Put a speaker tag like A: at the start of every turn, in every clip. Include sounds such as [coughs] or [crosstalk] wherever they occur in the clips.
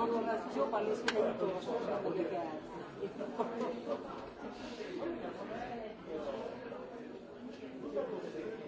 A: Γιώργο Ρασιό, παλής και δικαίος, όσο έχουν δικαίωμα. Thank you.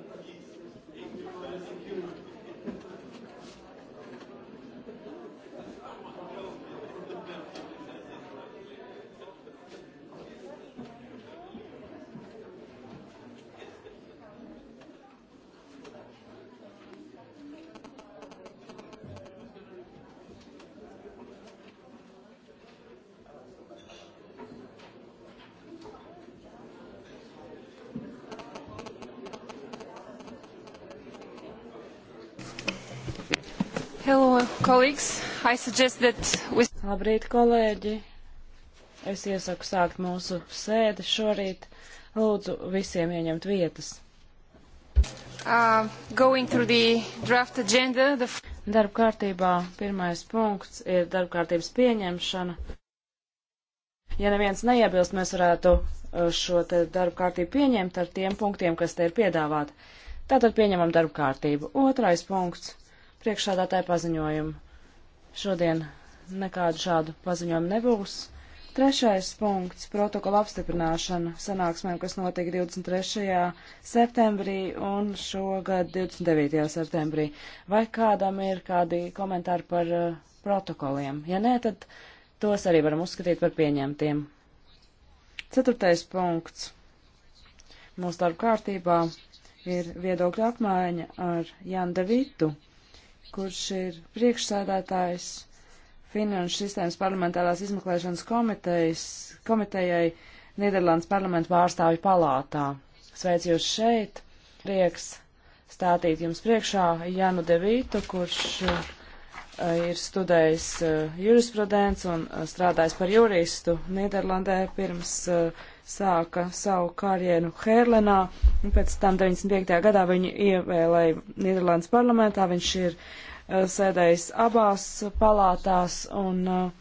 B: Hello, colleagues. I suggest that we... Labrīt, kolēģi. Es iesaku sākt mūsu sēdi šorīt. Lūdzu, visiem ieņemt vietas. Uh, going through the draft agenda. The... Darba kārtībā pirmais punkts ir darba kārtības pieņemšana. Ja neviens neiebilst, mēs varētu uh, šo te darba kārtību pieņemt ar tiem punktiem, kas te ir piedāvāti. Tātad pieņemam darba kārtību. Otrais punkts priekšādātāja paziņojumu. Šodien nekādu šādu paziņojumu nebūs. Trešais punkts - protokola apstiprināšana sanāksmēm, kas notika 23. septembrī un šogad 29. septembrī. Vai kādam ir kādi komentāri par uh, protokoliem? Ja nē, tad tos arī varam uzskatīt par pieņemtiem. Ceturtais punkts mūsu darba kārtībā ir viedokļa apmaiņa ar Janu Devitu kurš ir priekšsēdētājs Finanšu sistēmas parlamentārās izmeklēšanas komitejas, komitejai Nīderlandes parlamentu pārstāvju palātā. Sveic jūs šeit, prieks stātīt jums priekšā Janu Devītu, kurš eh, ir studējis eh, jurisprudenci un eh, strādājis par juristu Nīderlandē pirms uh, sāka savu karjeru Hērlenā, un pēc tam 95. gadā viņu ievēlēja Nīderlandes parlamentā. Viņš ir uh, sēdējis abās palātās, un uh,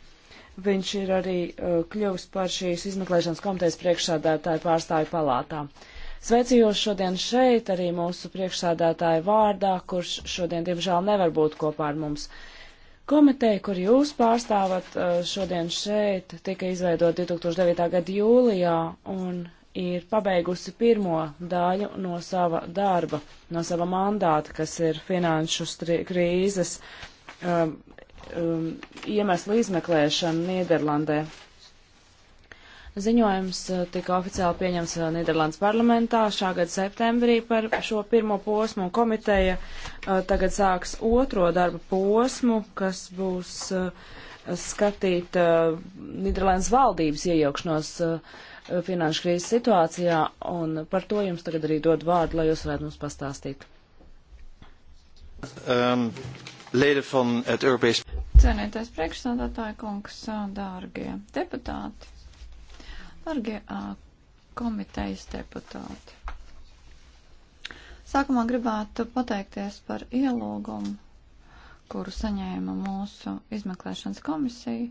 B: viņš ir arī uh, kļuvis par šīs izmeklēšanas komitejas priekšsādātāju pārstāju palātā. Sveicu jūs šodien šeit, arī mūsu priekšsādātāju vārdā, kurš šodien, diemžēl, nevar būt kopā ar mums. Uh, Komiteja, kur jūs pārstāvat uh, šodien šeit, tika izveidot 2009. gada jūlijā un ir pabeigusi pirmo daļu no sava darba, no sava mandāta, kas ir finanšu krīzes um, um, iemeslu izmeklēšana Niederlandē. Ziņojums eh, tika oficiāli pieņemts eh, Nīderlandes parlamentā šā gada septembrī par šo pirmo posmu, un komiteja eh, tagad sāks otro darba posmu, kas būs skatīt Nīderlandes valdības iejaukšanos finanšu krīzes situācijā, un par to jums tagad arī dod vārdu, lai jūs varētu mums pastāstīt.
A: Um, Leden van het Europees.
C: Cenītais priekšstādātāja kungs, dārgie deputāti. Dargie komitejas deputāti, sākumā gribētu pateikties par ielūgumu, kuru saņēma mūsu izmeklēšanas komisija.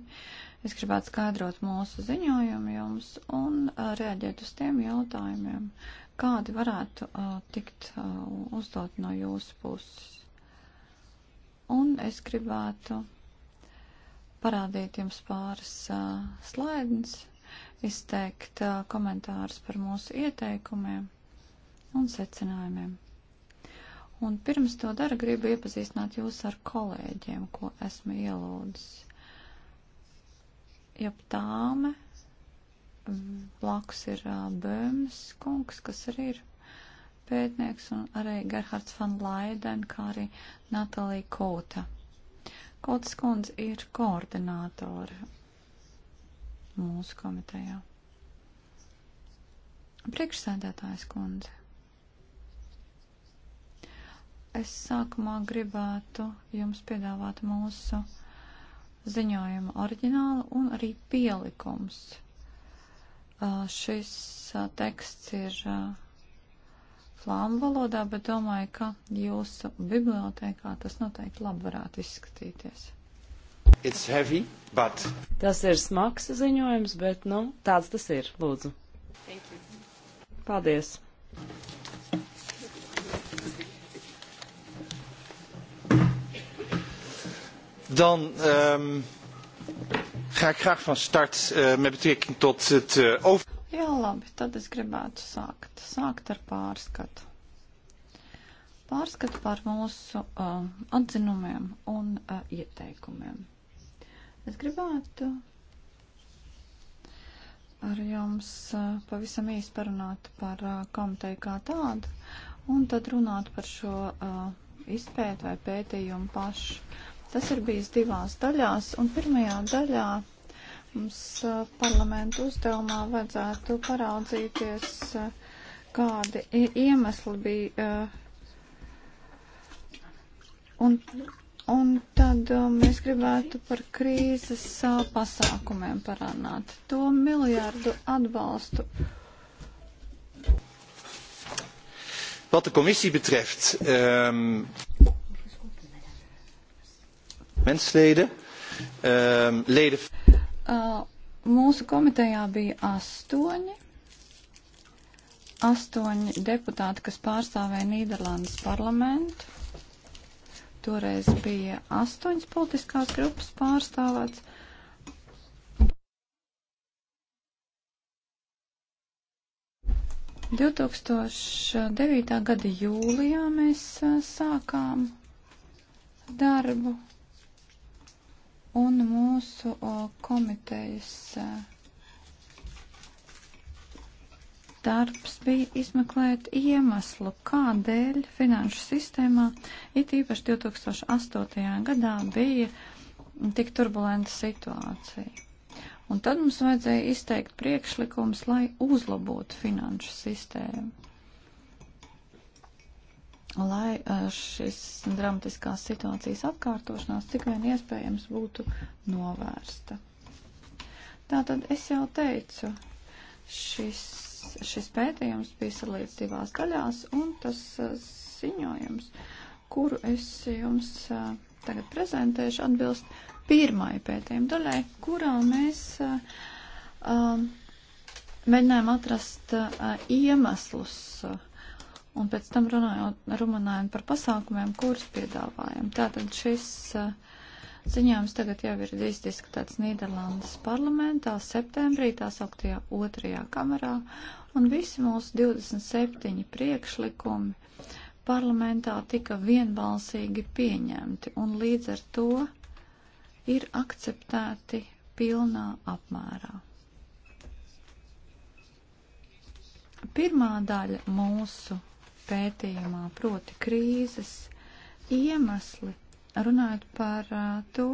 C: Es gribētu skaidrot mūsu ziņojumu jums un reaģēt uz tiem jautājumiem, kādi varētu uh, tikt uh, uzdot no jūsu puses. Un es gribētu parādīt jums pāris uh, slaidnes, izteikt uh, komentārus par mūsu ieteikumiem un secinājumiem. Un pirms to dara, gribu iepazīstināt jūs ar kolēģiem, ko esmu ielūdzis. Ja tāme, blakus ir uh, Böhmes kungs, kas arī ir pētnieks, un arī Gerhards van Laiden, kā arī Natalija Kūta. Kūtas kundze ir koordinātore mūsu komitejā. Priekšsēdētājs kundze. Es sākumā gribētu jums piedāvāt mūsu ziņojuma oriģinālu un arī pielikums. Šis teksts ir flāmu valodā, bet domāju, ka jūsu bibliotēkā tas noteikti labi varētu izskatīties.
A: Heavy, but...
B: Tas ir smags ziņojums, bet nu, tāds tas ir. Lūdzu. Paldies.
A: Dan um, ga ik graag van start uh, met betrekking tot het uh, over.
C: Jā, labi, tad es gribētu sākt. Sākt ar pārskatu. Pārskatu par mūsu uh, atzinumiem un uh, ieteikumiem. Es gribētu ar jums pavisam īsi parunāt par komiteju kā tādu un tad runāt par šo izpēt vai pētījumu pašu. Tas ir bijis divās daļās, un pirmajā daļā mums parlamentu uzdevumā vajadzētu paraudzīties, kādi iemesli bija un Un tad uh, mēs gribētu par krīzes uh, pasākumiem parunāt. To miljārdu atbalstu.
A: Wat de commissie betreft, um, mensleden, um, leden.
C: Uh, mūsu komitejā bija astoņi, astoņi deputāti, kas pārstāvēja Nīderlandes parlamentu toreiz bija astoņas politiskās grupas pārstāvēts. Divtūkstošdevītā gada jūlijā mēs sākām darbu un mūsu komitejas darbs bija izmeklēt iemeslu, kādēļ finanšu sistēmā, it īpaši 2008. gadā, bija tik turbulenta situācija. Un tad mums vajadzēja izteikt priekšlikums, lai uzlabotu finanšu sistēmu. Lai eh, šis dramatiskās situācijas atkārtošanās cik vien iespējams būtu novērsta. Tātad es jau teicu, šis šis pētījums bija salīdz divās daļās, un tas uh, ziņojums, kuru es jums uh, tagad prezentēšu, atbilst pirmai pētījuma daļai, kurā mēs uh, um, mēģinājām atrast iemeslus un pēc tam runājot, runājot par pasākumiem, kurus piedāvājam. Tātad šis uh, Ziņojums tagad jau ir izdiskutēts Nīderlandes parlamentā septembrī, tā sauktajā otrajā kamerā, un visi mūsu 27 priekšlikumi parlamentā tika vienbalsīgi pieņemti, un līdz ar to ir akceptēti pilnā apmērā. Pirmā daļa mūsu pētījumā, proti krīzes iemesli, runājot par to,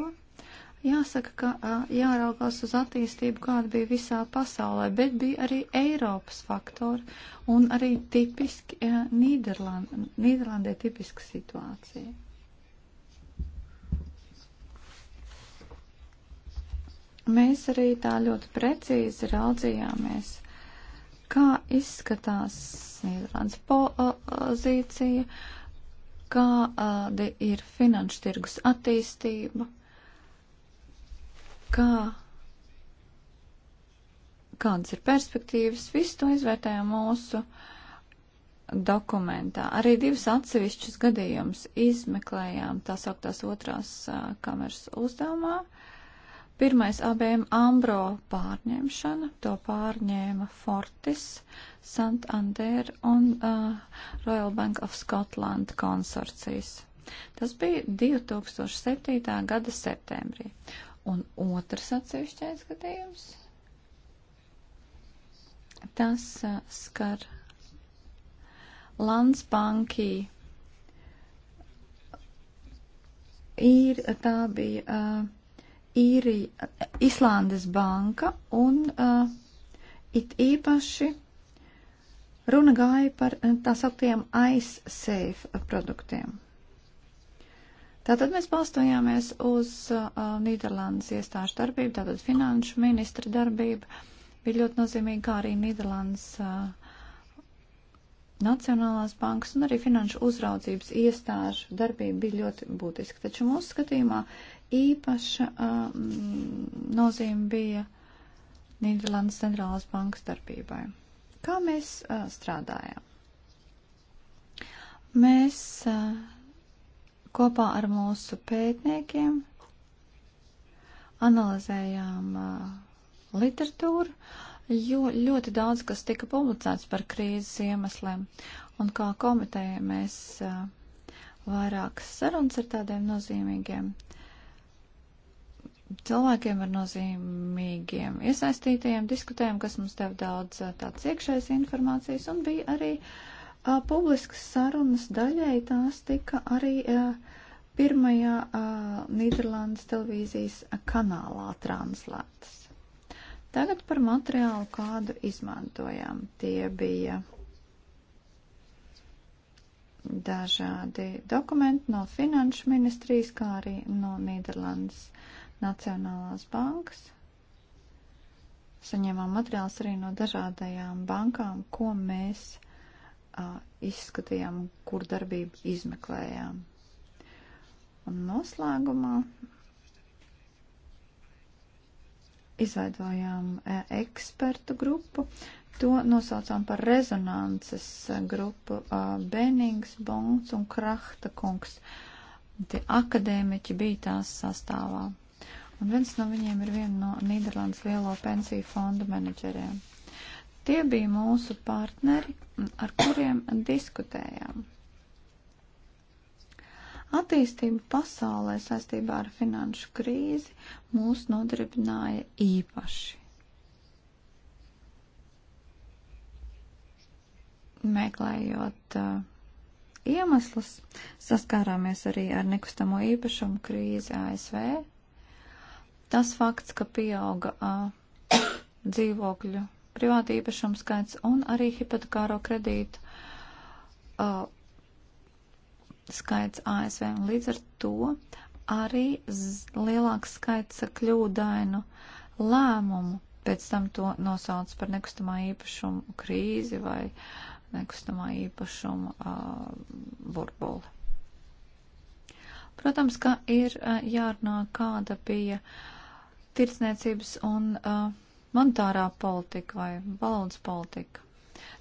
C: jāsaka, ka jāraugās uz attīstību, kāda bija visā pasaulē, bet bija arī Eiropas faktori un arī tipiski Nīderland, Nīderlandē tipiska situācija. Mēs arī tā ļoti precīzi raudzījāmies, kā izskatās Nīderlandes pozīcija. Uh, kāda ir finanšu tirgus attīstība, kā, kādas ir perspektīvas, visu to izvērtēja mūsu dokumentā. Arī divus atsevišķus gadījumus izmeklējām tās augtās otrās kameras uzdevumā. Uh, Pirmais abiem Ambro pārņemšana, to pārņēma Fortis, Santander un uh, Royal Bank of Scotland konsorcijas. Tas bija 2007. gada septembrī. Un otrs atsevišķais gadījums. Tas uh, skar Landsbankī. Ir, tā bija uh, Īri, Islandes banka un uh, it īpaši runa gāja par uh, tā sauktiem iSafe produktiem. Tātad mēs balstojāmies uz uh, Nīderlandes iestāžu darbību, tātad finanšu ministra darbība bija ļoti nozīmīga, kā arī Nīderlandes uh, Nacionālās bankas un arī finanšu uzraudzības iestāžu darbība bija ļoti būtiska. Taču mūsu skatījumā uh, Īpaša um, nozīme bija Nīderlandes centrālās bankas darbībai. Kā mēs uh, strādājām? Mēs uh, kopā ar mūsu pētniekiem analizējām uh, literatūru, jo ļoti daudz kas tika publicēts par krīzes iemesliem. Un kā komiteja mēs uh, vairākas sarunas ar tādiem nozīmīgiem cilvēkiem ar nozīmīgiem iesaistītajiem diskutējām, kas mums deva daudz tādas iekšējas informācijas, un bija arī a, publiskas sarunas daļai tās tika arī a, pirmajā a, Nīderlandes televīzijas kanālā translētas. Tagad par materiālu, kādu izmantojām. Tie bija dažādi dokumenti no Finanšu ministrijas, kā arī no Nīderlandes uh, Nacionālās bankas. Saņēmām materiālus arī no dažādajām bankām, ko mēs uh, izskatījām, kur darbību izmeklējām. Un noslēgumā izveidojām ekspertu grupu. To nosaucām par rezonances grupu uh, Benings, Bons un Krahta kungs. Tie akadēmiķi bija tās sastāvā. Un viens no viņiem ir viena no Nīderlandes lielo pensiju fondu menedžeriem. Tie bija mūsu partneri, ar kuriem diskutējām. Attīstība pasaulē saistībā ar finanšu krīzi mūs nodarbināja īpaši. Meklējot uh, iemeslus, saskārāmies arī ar nekustamo īpašumu krīzi ASV Tas fakts, ka pieauga uh, dzīvokļu privāta īpašuma skaits un arī hipotekāro kredītu uh, skaits ASV. Un līdz ar to arī lielāks skaits kļūdainu lēmumu. Pēc tam to nosauc par nekustamā īpašuma krīzi vai nekustamā īpašuma uh, burbuli. Protams, ka ir jārunā, kāda bija tirdzniecības un monetārā politika vai valodas politika.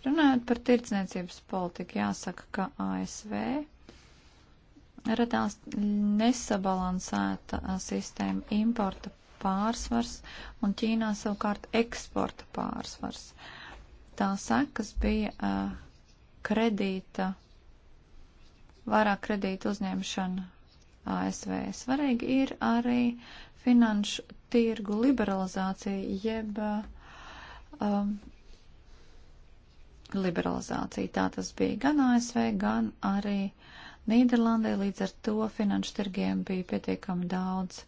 C: Runājot par tirdzniecības politiku, jāsaka, ka ASV radās nesabalansēta sistēma importa pārsvars un Ķīnā savukārt eksporta pārsvars. Tā sekas bija uh, kredīta, vairāk kredīta uzņemšana ASV. Svarīgi ir arī finanšu tirgu liberalizācija, jeb um, liberalizācija. Tā tas bija gan ASV, gan arī Nīderlandē. Līdz ar to finanšu tirgiem bija pietiekami daudz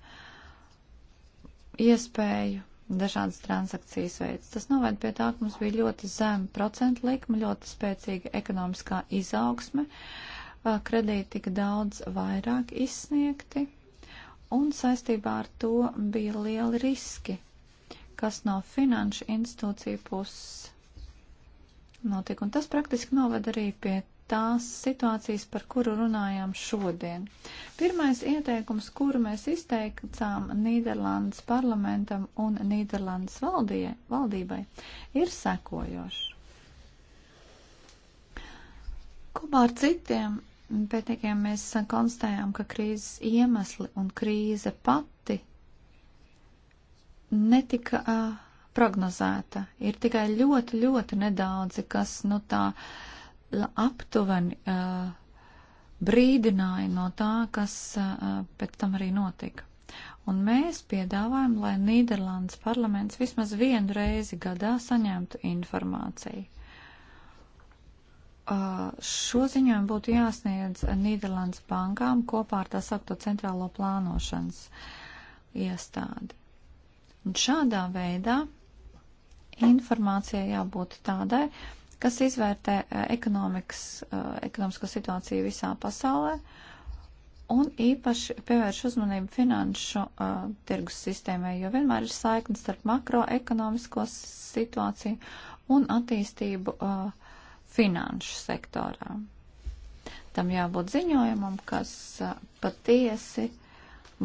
C: iespēju dažādas transakcijas veids. Tas noved pie tā, ka mums bija ļoti zema procentu likme, ļoti spēcīga ekonomiskā izaugsme. Uh, kredīti tika daudz vairāk izsniegti, un saistībā ar to bija lieli riski, kas no finanšu institūciju puses notiek. Un tas praktiski noved arī pie tās situācijas, par kuru runājām šodien. Pirmais ieteikums, kuru mēs izteicām Nīderlandes parlamentam un Nīderlandes valdie, valdībai, ir sekojošs. Kopā ar citiem Pētniekiem mēs konstatējām, ka krīzes iemesli un krīze pati netika uh, prognozēta. Ir tikai ļoti, ļoti nedaudzi, kas nu tā aptuveni uh, brīdināja no tā, kas uh, pēc tam arī notika. Un mēs piedāvājam, lai Nīderlandes parlaments vismaz vienu reizi gadā saņemtu informāciju Šo ziņojumu būtu jāsniedz Nīderlandes bankām kopā ar tā saukto centrālo plānošanas iestādi. Un šādā veidā informācijai jābūt tādai, kas izvērtē ekonomikas, ekonomisko situāciju visā pasaulē un īpaši pievērš uzmanību finanšu uh, tirgus sistēmai, jo vienmēr ir saiknes starp makroekonomisko situāciju un attīstību. Uh, finanšu sektorā. Tam jābūt ziņojumam, kas uh, patiesi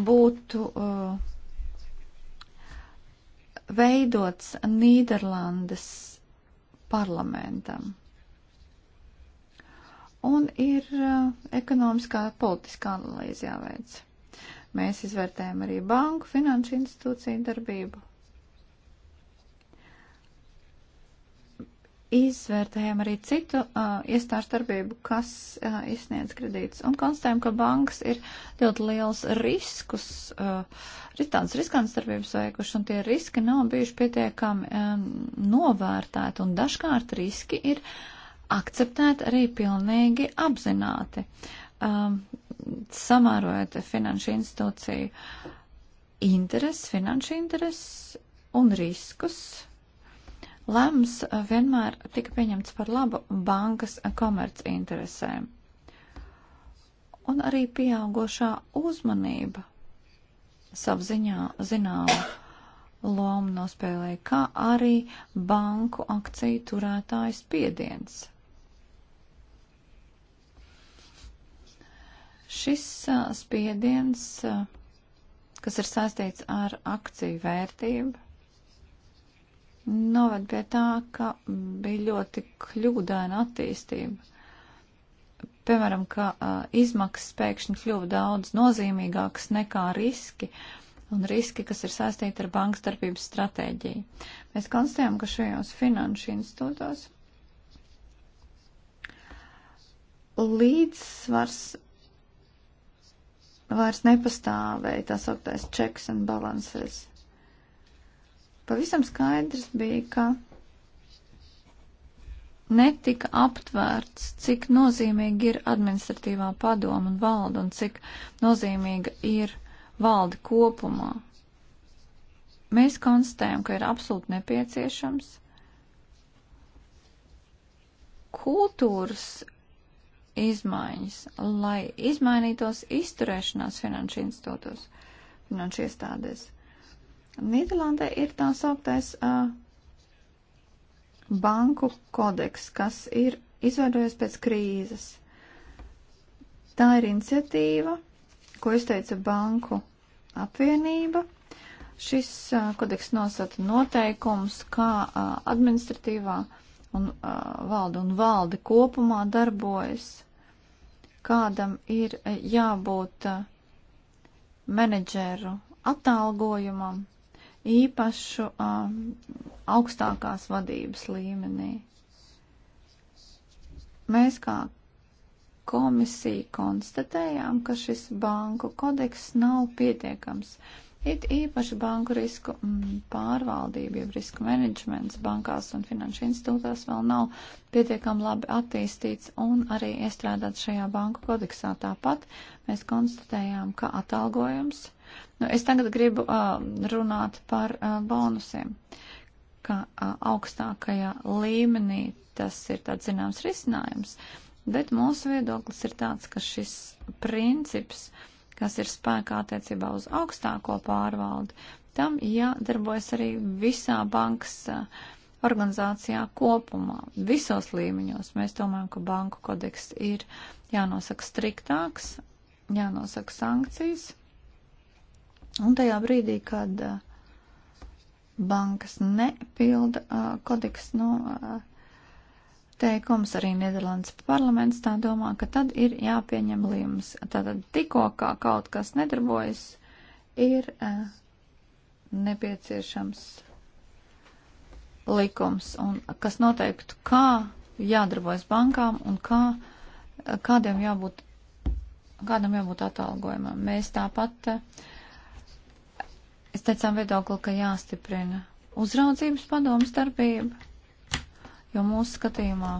C: būtu uh, veidots Nīderlandes parlamentam. Un ir uh, ekonomiskā politiskā analīze jāveic. Mēs izvērtējam arī banku finanšu institūciju darbību izvērtējam arī citu uh, iestāžu darbību, kas uh, izsniedz kredītus, un konstatējam, ka bankas ir ļoti liels riskus, uh, tādas riskantas darbības veikuši, un tie riski nav bijuši pietiekami um, novērtēti, un dažkārt riski ir akceptēti arī pilnīgi apzināti. Um, samērojot finanšu institūciju intereses, finanšu intereses un riskus Lēmums eh, vienmēr tika pieņemts par labu bankas komerc interesēm. Un arī pieaugošā uzmanība savziņā zināma lomu nospēlēja, kā arī banku akciju turētāju spiediens. Šis eh, spiediens, eh, kas ir saistīts ar akciju vērtību, noved pie tā, ka bija ļoti kļūdaina attīstība. Piemēram, ka uh, izmaksas pēkšņi kļuva daudz nozīmīgākas nekā riski un riski, kas ir saistīti ar bankas darbības stratēģiju. Mēs konstatējam, ka šajos finanšu institūtos līdzsvars vairs nepastāvēja tā sauktais checks and balances. Pavisam skaidrs bija, ka netika aptvērts, cik nozīmīgi ir administratīvā padoma un valda un cik nozīmīga ir valde kopumā. Mēs konstatējam, ka ir absolūti nepieciešams kultūras izmaiņas, lai izmainītos izturēšanās finanšu institūtos, finanšu iestādēs. Nīderlandē ir tā sauktais uh, banku kodeks, kas ir izveidojies pēc krīzes. Tā ir iniciatīva, ko izteica Banku apvienība. Šis uh, kodeks nosaka noteikums, kā uh, administratīvā un uh, valda un valde kopumā darbojas, kādam ir jābūt menedžeru atalgojumam, īpašu um, augstākās vadības līmenī. Mēs kā komisija konstatējām, ka šis banku kodeks nav pietiekams. It īpaši banku risku mm, pārvaldība, jeb risku menedžments bankās un finanšu institūtās vēl nav pietiekami labi attīstīts un arī iestrādāts šajā banku kodeksā. Tāpat mēs konstatējām, ka atalgojums uh, Nu, es tagad gribu uh, runāt par uh, bonusiem, ka uh, augstākajā līmenī tas ir tāds zināms risinājums, bet mūsu viedoklis ir tāds, ka šis princips, kas ir spēkā attiecībā uz augstāko pārvaldu, tam jādarbojas arī visā bankas. Uh, organizācijā kopumā, visos līmeņos. Mēs domājam, ka banku kodeks ir jānosaka striktāks, jānosaka sankcijas, Un tajā brīdī, kad eh, bankas nepilda eh, kodeks, nu, eh, teikums arī Nederlandes parlaments tā domā, ka tad ir jāpieņem līmums. Tātad tikko kā kaut kas nedarbojas, ir nepieciešams likums, un kas noteiktu, kā jādarbojas bankām un kā, kādiem jābūt, kādam jābūt atalgojumam. Mēs tāpat uh, izteicām viedokli, ka jāstiprina uzraudzības padomas darbība, jo mūsu skatījumā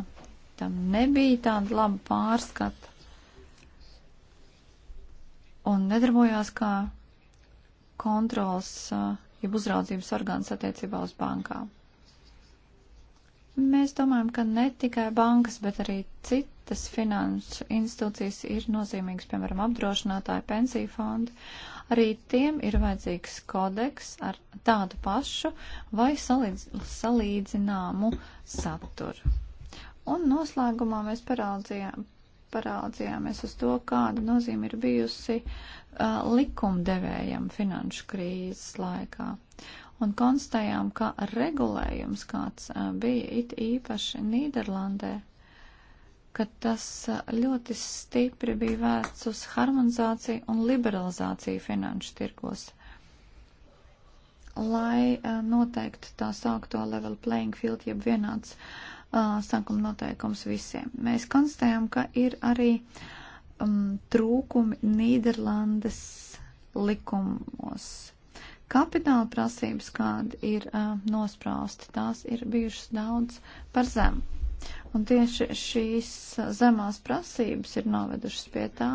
C: tam nebija tāda laba pārskata un nedarbojās kā kontrols, jeb uzraudzības orgāns attiecībā uz bankām. Mēs domājam, ka ne tikai bankas, bet arī citas finanšu institūcijas ir nozīmīgas, piemēram, apdrošinātāji, pensiju fondi, arī tiem ir vajadzīgs kodeks ar tādu pašu vai salīdz, salīdzināmu saturu. Un noslēgumā mēs paraudzījām, paraudzījāmies uz to, kāda nozīme ir bijusi uh, likumdevējam finanšu krīzes laikā. Un konstatējām, ka regulējums, kāds uh, bija it īpaši Nīderlandē, ka tas ļoti stipri bija vērts uz harmonizāciju un liberalizāciju finanšu tirgos, lai noteiktu tā sākto level playing field, jeb vienāds uh, sankuma noteikums visiem. Mēs konstatējam, ka ir arī um, trūkumi Nīderlandes likumos. Kapitāla prasības, kāda ir uh, nosprausti, tās ir bijušas daudz par zemu Un tieši šīs zemās prasības ir novedušas pie tā,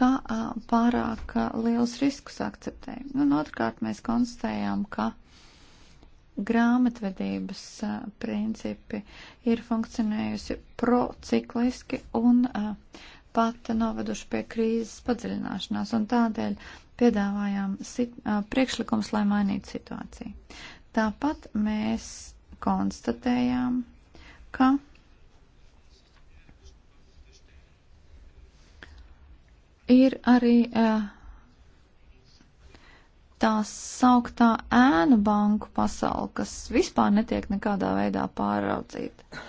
C: ka a, pārāk a, liels riskus akceptē. Un otrkārt mēs konstatējām, ka grāmatvedības a, principi ir funkcionējusi procikliski un a, pat noveduši pie krīzes padziļināšanās. Un tādēļ piedāvājām sit, a, priekšlikums, lai mainītu situāciju. Tāpat mēs konstatējām, ka ir arī e, tā sauktā ēnu banku pasauli, kas vispār netiek nekādā veidā pāraudzīta.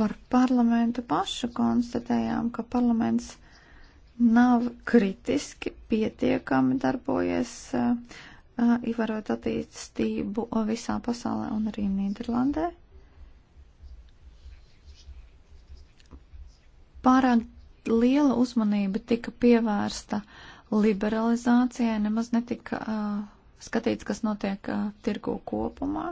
C: Par parlamentu pašu konstatējām, ka parlaments nav kritiski pietiekami darbojies uh, ievērot attīstību visā pasaulē un arī Nīderlandē. Pārāk liela uzmanība tika pievērsta liberalizācijai, nemaz netika uh, skatīts, kas notiek uh, tirgu kopumā.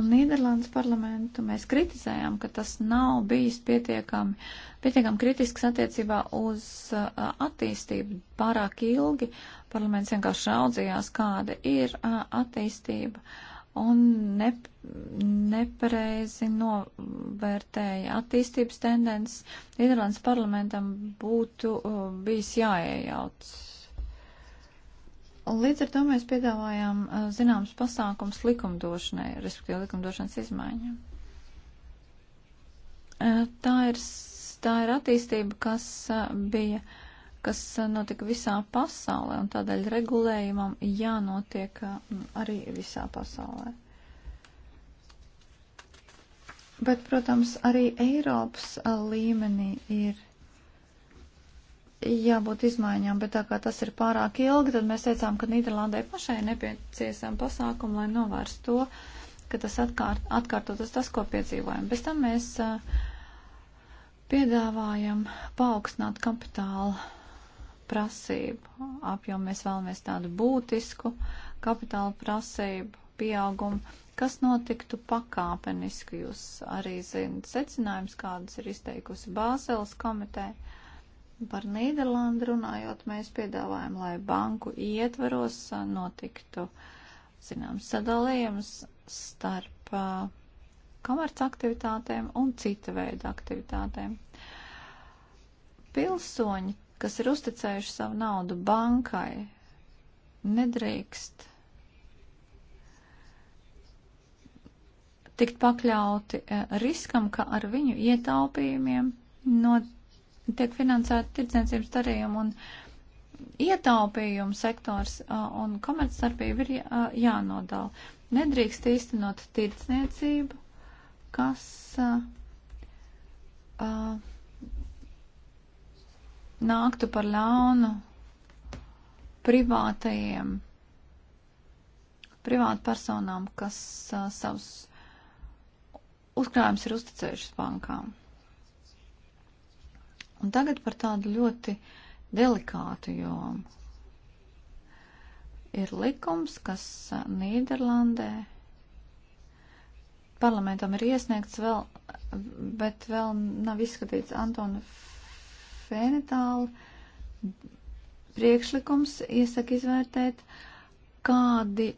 C: Un Nīderlandes parlamentu mēs kritizējām, ka tas nav bijis pietiekami, pietiekami kritisks attiecībā uz uh, attīstību. Pārāk ilgi parlaments vienkārši raudzījās, kāda ir uh, attīstība un ne, nepareizi novērtēja attīstības tendences. Nīderlandes parlamentam būtu uh, bijis jāiejaucas Līdz ar to mēs piedāvājām zināmas pasākums likumdošanai, respektīvi likumdošanas izmaiņām. Tā ir, tā ir attīstība, kas bija, kas notika visā pasaulē, un tādēļ regulējumam jānotiek arī visā pasaulē. Bet, protams, arī Eiropas līmenī ir jābūt izmaiņām, bet tā kā tas ir pārāk ilgi, tad mēs teicām, ka Nīderlandē pašai nepieciešama pasākuma, lai novērstu to, ka tas atkārt, atkārtotas tas, ko piedzīvojam. Bez tam mēs piedāvājam paaugstināt kapitāla prasību apjomu. Mēs vēlamies tādu būtisku kapitāla prasību pieaugumu, kas notiktu pakāpeniski. Jūs arī zinat secinājums, kādas ir izteikusi Bāzeles komiteja Par Nīderlandi runājot, mēs piedāvājam, lai banku ietvaros notiktu, zināms, sadalījums starp komerc aktivitātēm un cita veida aktivitātēm. Pilsoņi, kas ir uzticējuši savu naudu bankai, nedrīkst tikt pakļauti riskam, ka ar viņu ietaupījumiem notiek tiek finansēta tirdzniecības darījuma un ietaupījumu sektors un komercdarbība ir jānodala. Nedrīkst īstenot tirdzniecību, kas uh, nāktu par ļaunu privātajiem, privātu personām, kas uh, savus uzkrājumus ir uzticējušas bankām. Un tagad par tādu ļoti delikātu jomu. Ir likums, kas Nīderlandē parlamentam ir iesniegts vēl, bet vēl nav izskatīts Antona Fēnetāla priekšlikums, iesaka izvērtēt, kādi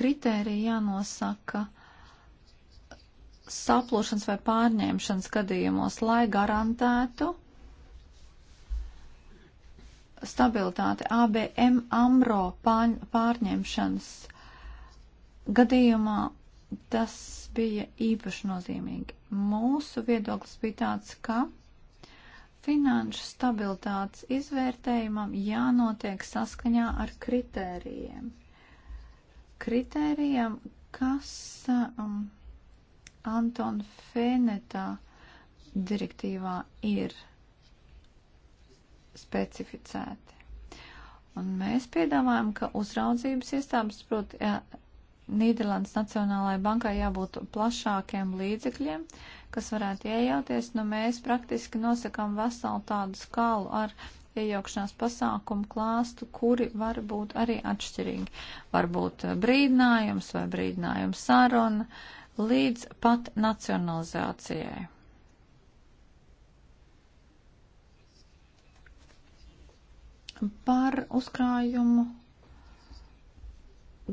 C: kriteriji jānosaka saplošanas vai pārņemšanas gadījumos, lai garantētu stabilitāti ABM AMRO pārņemšanas gadījumā tas bija īpaši nozīmīgi. Mūsu viedoklis bija tāds, ka finanšu stabilitātes izvērtējumam jānotiek saskaņā ar kritērijiem. Kritērijiem, kas um, Antona Fēnetā direktīvā ir specificēti. Un mēs piedāvājam, ka uzraudzības iestādes, proti, jā, Nīderlandes Nacionālajai bankai jābūt plašākiem līdzekļiem, kas varētu iejauties. Nu, mēs praktiski nosakām veselu tādu skalu ar iejaukšanās pasākumu klāstu, kuri var būt arī atšķirīgi. Varbūt eh, brīdinājums vai brīdinājums saruna līdz pat nacionalizācijai. par uzkrājumu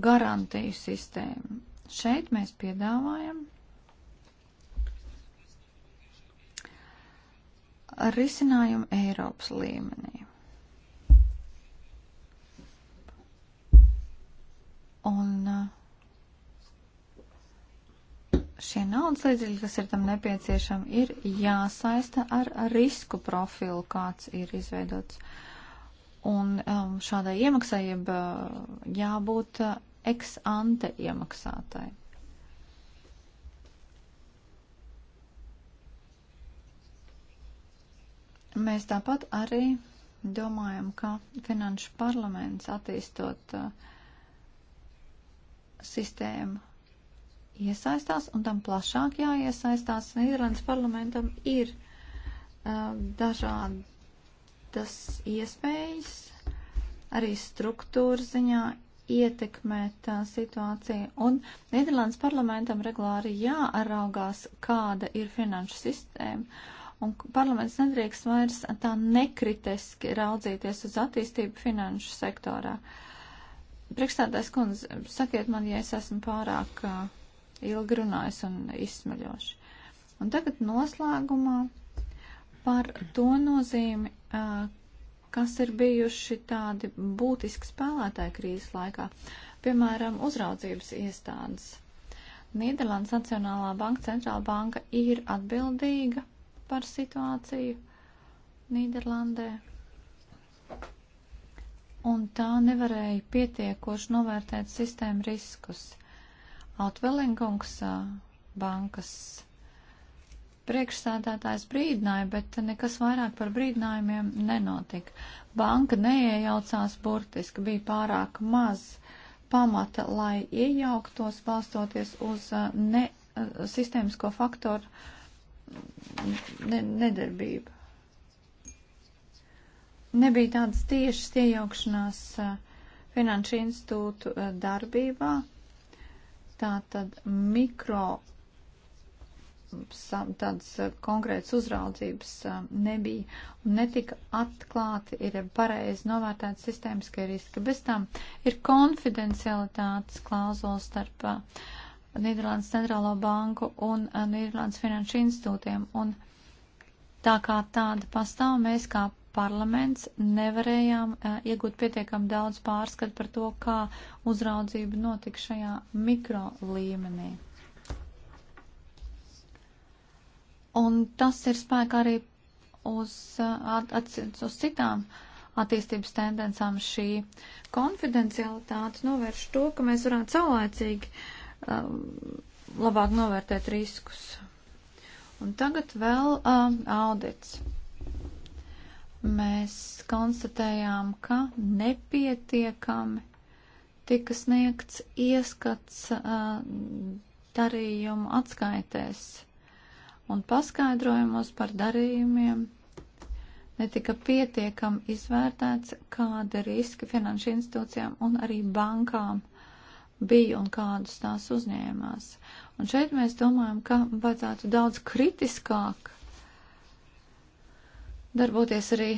C: garantiju sistēmu. Šeit mēs piedāvājam risinājumu Eiropas līmenī. Un uh, šie naudas līdzekļi, kas ir tam nepieciešami, ir jāsaista ar risku profilu, kāds ir izveidots. Uh, Un um, šādai iemaksai jeb, uh, jābūt uh, ex ante iemaksātai. Mēs tāpat arī domājam, ka Finanšu parlaments attīstot uh, sistēmu iesaistās un tam plašāk jāiesaistās. Nīderlandes parlamentam ir uh, dažādi tas iespējas arī struktūra ziņā ietekmēt tā uh, situācija. Un Nīderlandes parlamentam regulāri jāraugās, kāda ir finanšu sistēma. Un parlaments nedrīkst vairs tā nekritiski raudzīties uz attīstību finanšu sektorā. Priekšstādājs kundze, sakiet man, ja es esmu pārāk uh, ilgi runājis un izsmeļoši. Un tagad noslēgumā par to nozīmi, kas ir bijuši tādi būtiski spēlētāji krīzes laikā, piemēram, uzraudzības iestādes. Nīderlandes Nacionālā banka, centrāla banka ir atbildīga par situāciju Nīderlandē. Un tā nevarēja pietiekoši novērtēt sistēmu riskus. Altvelingungs bankas Priekšsādātājs brīdināja, bet nekas vairāk par brīdinājumiem nenotika. Banka neiejaucās burtiski, bija pārāk maz pamata, lai iejauktos, balstoties uz uh, ne, uh, sistēmisko faktoru mm, ne, nedarbību. Nebija tādas tiešas iejaukšanās uh, finanšu institūtu darbībā, tātad mikro tādas eh, konkrētas uzraudzības eh, nebija un netika atklāti, ir pareizi novērtēta sistēmiskie riski. Bez tam ir konfidencialitātes klauzula starp eh, Nīderlandes centrālo banku un Nīderlandes finanšu institūtiem. Un tā kā tāda pastāv, mēs kā parlaments nevarējām iegūt pietiekam daudz pārskat par to, kā uzraudzība notika šajā mikro līmenī. Un tas ir spēkā arī uz, uh, at, at, uz citām attīstības tendencām. Šī konfidencialitāte novērš to, ka mēs varētu saulēcīgi um, uh, labāk novērtēt riskus. Un tagad vēl um, audits. Mēs konstatējām, ka nepietiekami tika sniegts ieskats uh, darījumu atskaitēs un paskaidrojumos par darījumiem netika pietiekam izvērtēts, kāda riska finanšu institūcijām un arī bankām bija un kādus tās uzņēmās. Un šeit mēs domājam, ka vajadzētu daudz kritiskāk darboties arī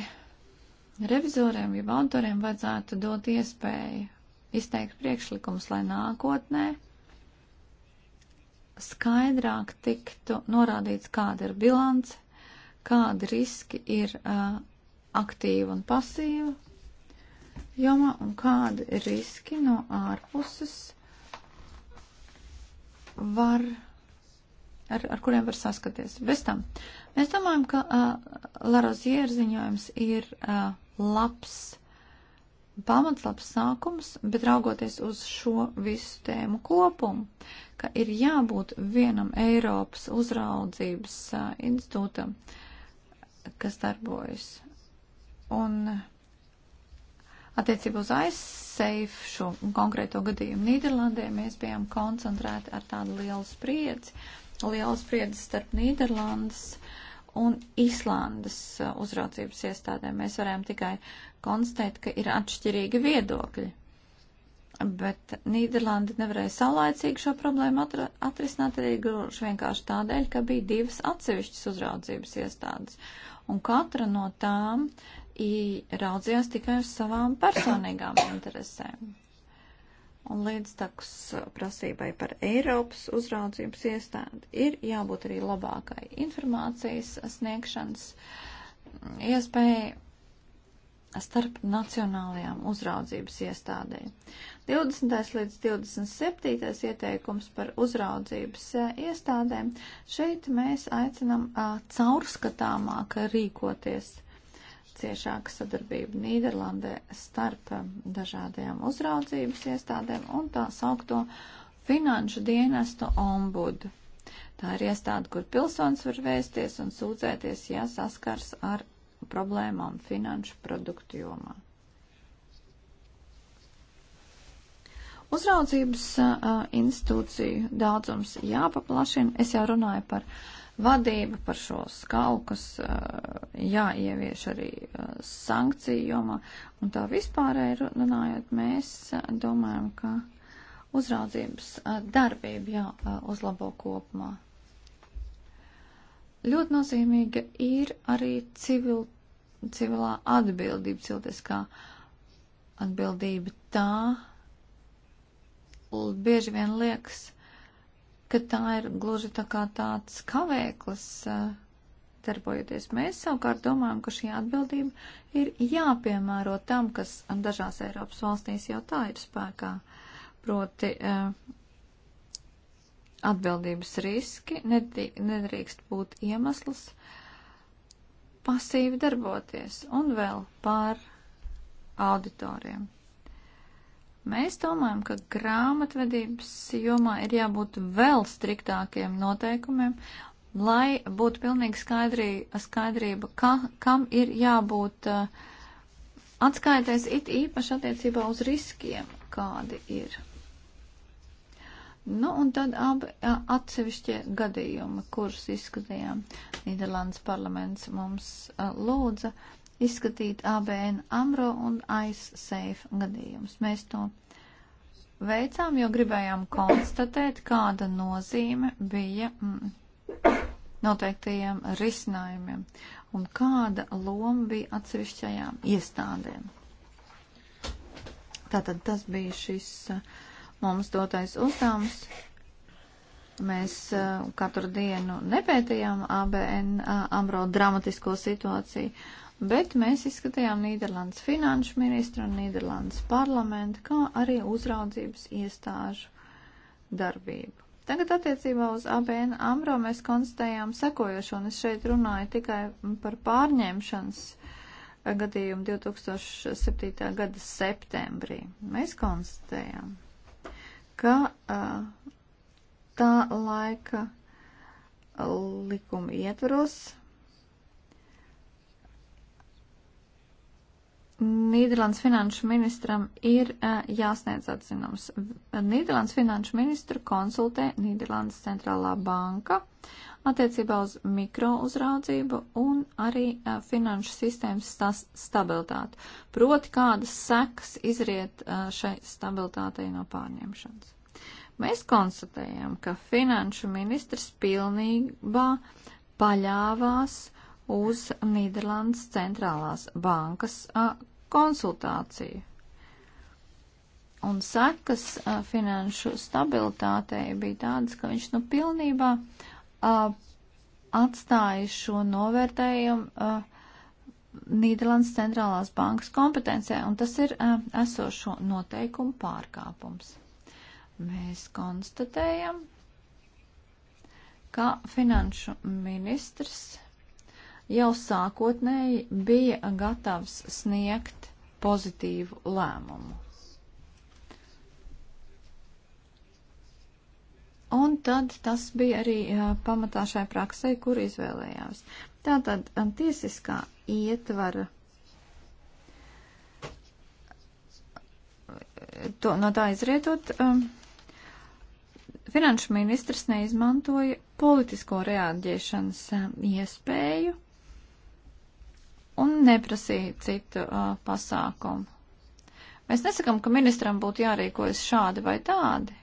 C: revizoriem, jeb autoriem vajadzētu dot iespēju izteikt priekšlikumus, lai nākotnē skaidrāk tiktu norādīts, kāda ir bilance, kādi riski ir uh, aktīva un pasīva jomā un kādi riski no ārpuses var, ar, ar kuriem var saskaties. Bez tam, mēs domājam, ka uh, Larozieru ziņojums ir uh, labs pamatslabs sākums, bet raugoties uz šo visu tēmu kopumu, ka ir jābūt vienam Eiropas uzraudzības uh, institūtam, kas darbojas. Un attiecībā uz aizseifu šo konkrēto gadījumu Nīderlandē mēs bijām koncentrēti ar tādu lielu spriedzi, lielu spriedzi starp Nīderlandes un Islandes uzraudzības iestādēm. Mēs varējām tikai konstatēt, ka ir atšķirīgi viedokļi. Bet Nīderlanda nevarēja saulaicīgi šo problēmu atra, atrisināt arī gluži vienkārši tādēļ, ka bija divas atsevišķas uzraudzības iestādes. Un katra no tām raudzījās tikai uz savām personīgām interesēm. Un līdz taks prasībai par Eiropas uzraudzības iestādi ir jābūt arī labākai informācijas sniegšanas iespējai starp nacionālajām uzraudzības iestādēm. 20. līdz 27. ieteikums par uzraudzības eh, iestādēm. Šeit mēs aicinam eh, caurskatāmāk rīkoties ciešāka sadarbība Nīderlandē starp eh, dažādajām uzraudzības iestādēm un tā saukto finanšu dienestu ombudu. Tā ir iestāde, kur pilsonis var vēsties un sūdzēties, ja saskars ar problēmām finanšu produktu jomā. Uzraudzības uh, institūciju daudzums jāpaplašina. Es jau runāju par vadību, par šo skalu, kas uh, jāievieš arī uh, sankciju jomā. Un tā vispārēji runājot, mēs uh, domājam, ka uzraudzības uh, darbība jāuzlabo uh, kopumā. Ļoti nozīmīga ir arī civil civilā atbildība, cilvēciskā atbildība, tā bieži vien liekas, ka tā ir gluži tā kā tāds kavēklis eh, darbojoties. Mēs savukārt domājam, ka šī atbildība ir jāpiemēro tam, kas dažās Eiropas valstīs jau tā ir spēkā. Proti eh, atbildības riski nedrīkst būt iemesls, uh, pasīvi darboties un vēl par auditoriem. Mēs domājam, ka grāmatvedības jomā ir jābūt vēl striktākiem noteikumiem, lai būtu pilnīgi skaidrī, skaidrība, ka, kam ir jābūt uh, atskaitēs it īpaši attiecībā uz riskiem, kādi ir. Nu, un tad abi atsevišķie gadījumi, kurus izskatījām. Nīderlandes parlaments mums lūdza izskatīt ABN AMRO un ICE gadījumus. Mēs to veicām, jo gribējām konstatēt, kāda nozīme bija mm, noteiktajiem risinājumiem un kāda loma bija atsevišķajām iestādēm. Tātad tas bija šis uh, mums dotais uzdevums. Mēs uh, katru dienu nepētījām ABN uh, AMRO dramatisko situāciju, bet mēs izskatījām Nīderlandes finanšu ministru un Nīderlandes parlamentu, kā arī uzraudzības iestāžu darbību. Tagad attiecībā uz ABN AMRO mēs konstatējām sekojošo, un es šeit runāju tikai par pārņemšanas uh, gadījumu 2007. gada septembrī. Mēs konstatējām ka tā laika likuma ietvaros Nīderlandes finanšu ministram ir uh, jāsniedz atzinums. Nīderlandes finanšu ministru konsultē Nīderlandes centrālā banka, attiecībā uz mikrouzraudzību un arī a, finanšu sistēmas stas, stabilitāti. Proti, kādas sekas izriet a, šai stabilitātei no pārņemšanas. Mēs konstatējam, ka finanšu ministrs pilnībā paļāvās uz Nīderlandes centrālās bankas a, konsultāciju un sekas finanšu stabilitātei bija tādas, ka viņš nu pilnībā atstāja šo novērtējumu Nīderlandes centrālās bankas kompetencijā, un tas ir esošo noteikumu pārkāpums. Mēs konstatējam, ka finanšu ministrs jau sākotnēji bija gatavs sniegt pozitīvu lēmumu. Un tad tas bija arī pamatā šai praksē, kur izvēlējās. Tātad um, tiesiskā ietvara. To, no tā izrietot, um, finanšu ministrs neizmantoja politisko reaģēšanas um, iespēju un neprasīja citu uh, pasākumu. Mēs nesakām, ka ministram būtu jārīkojas šādi vai tādi.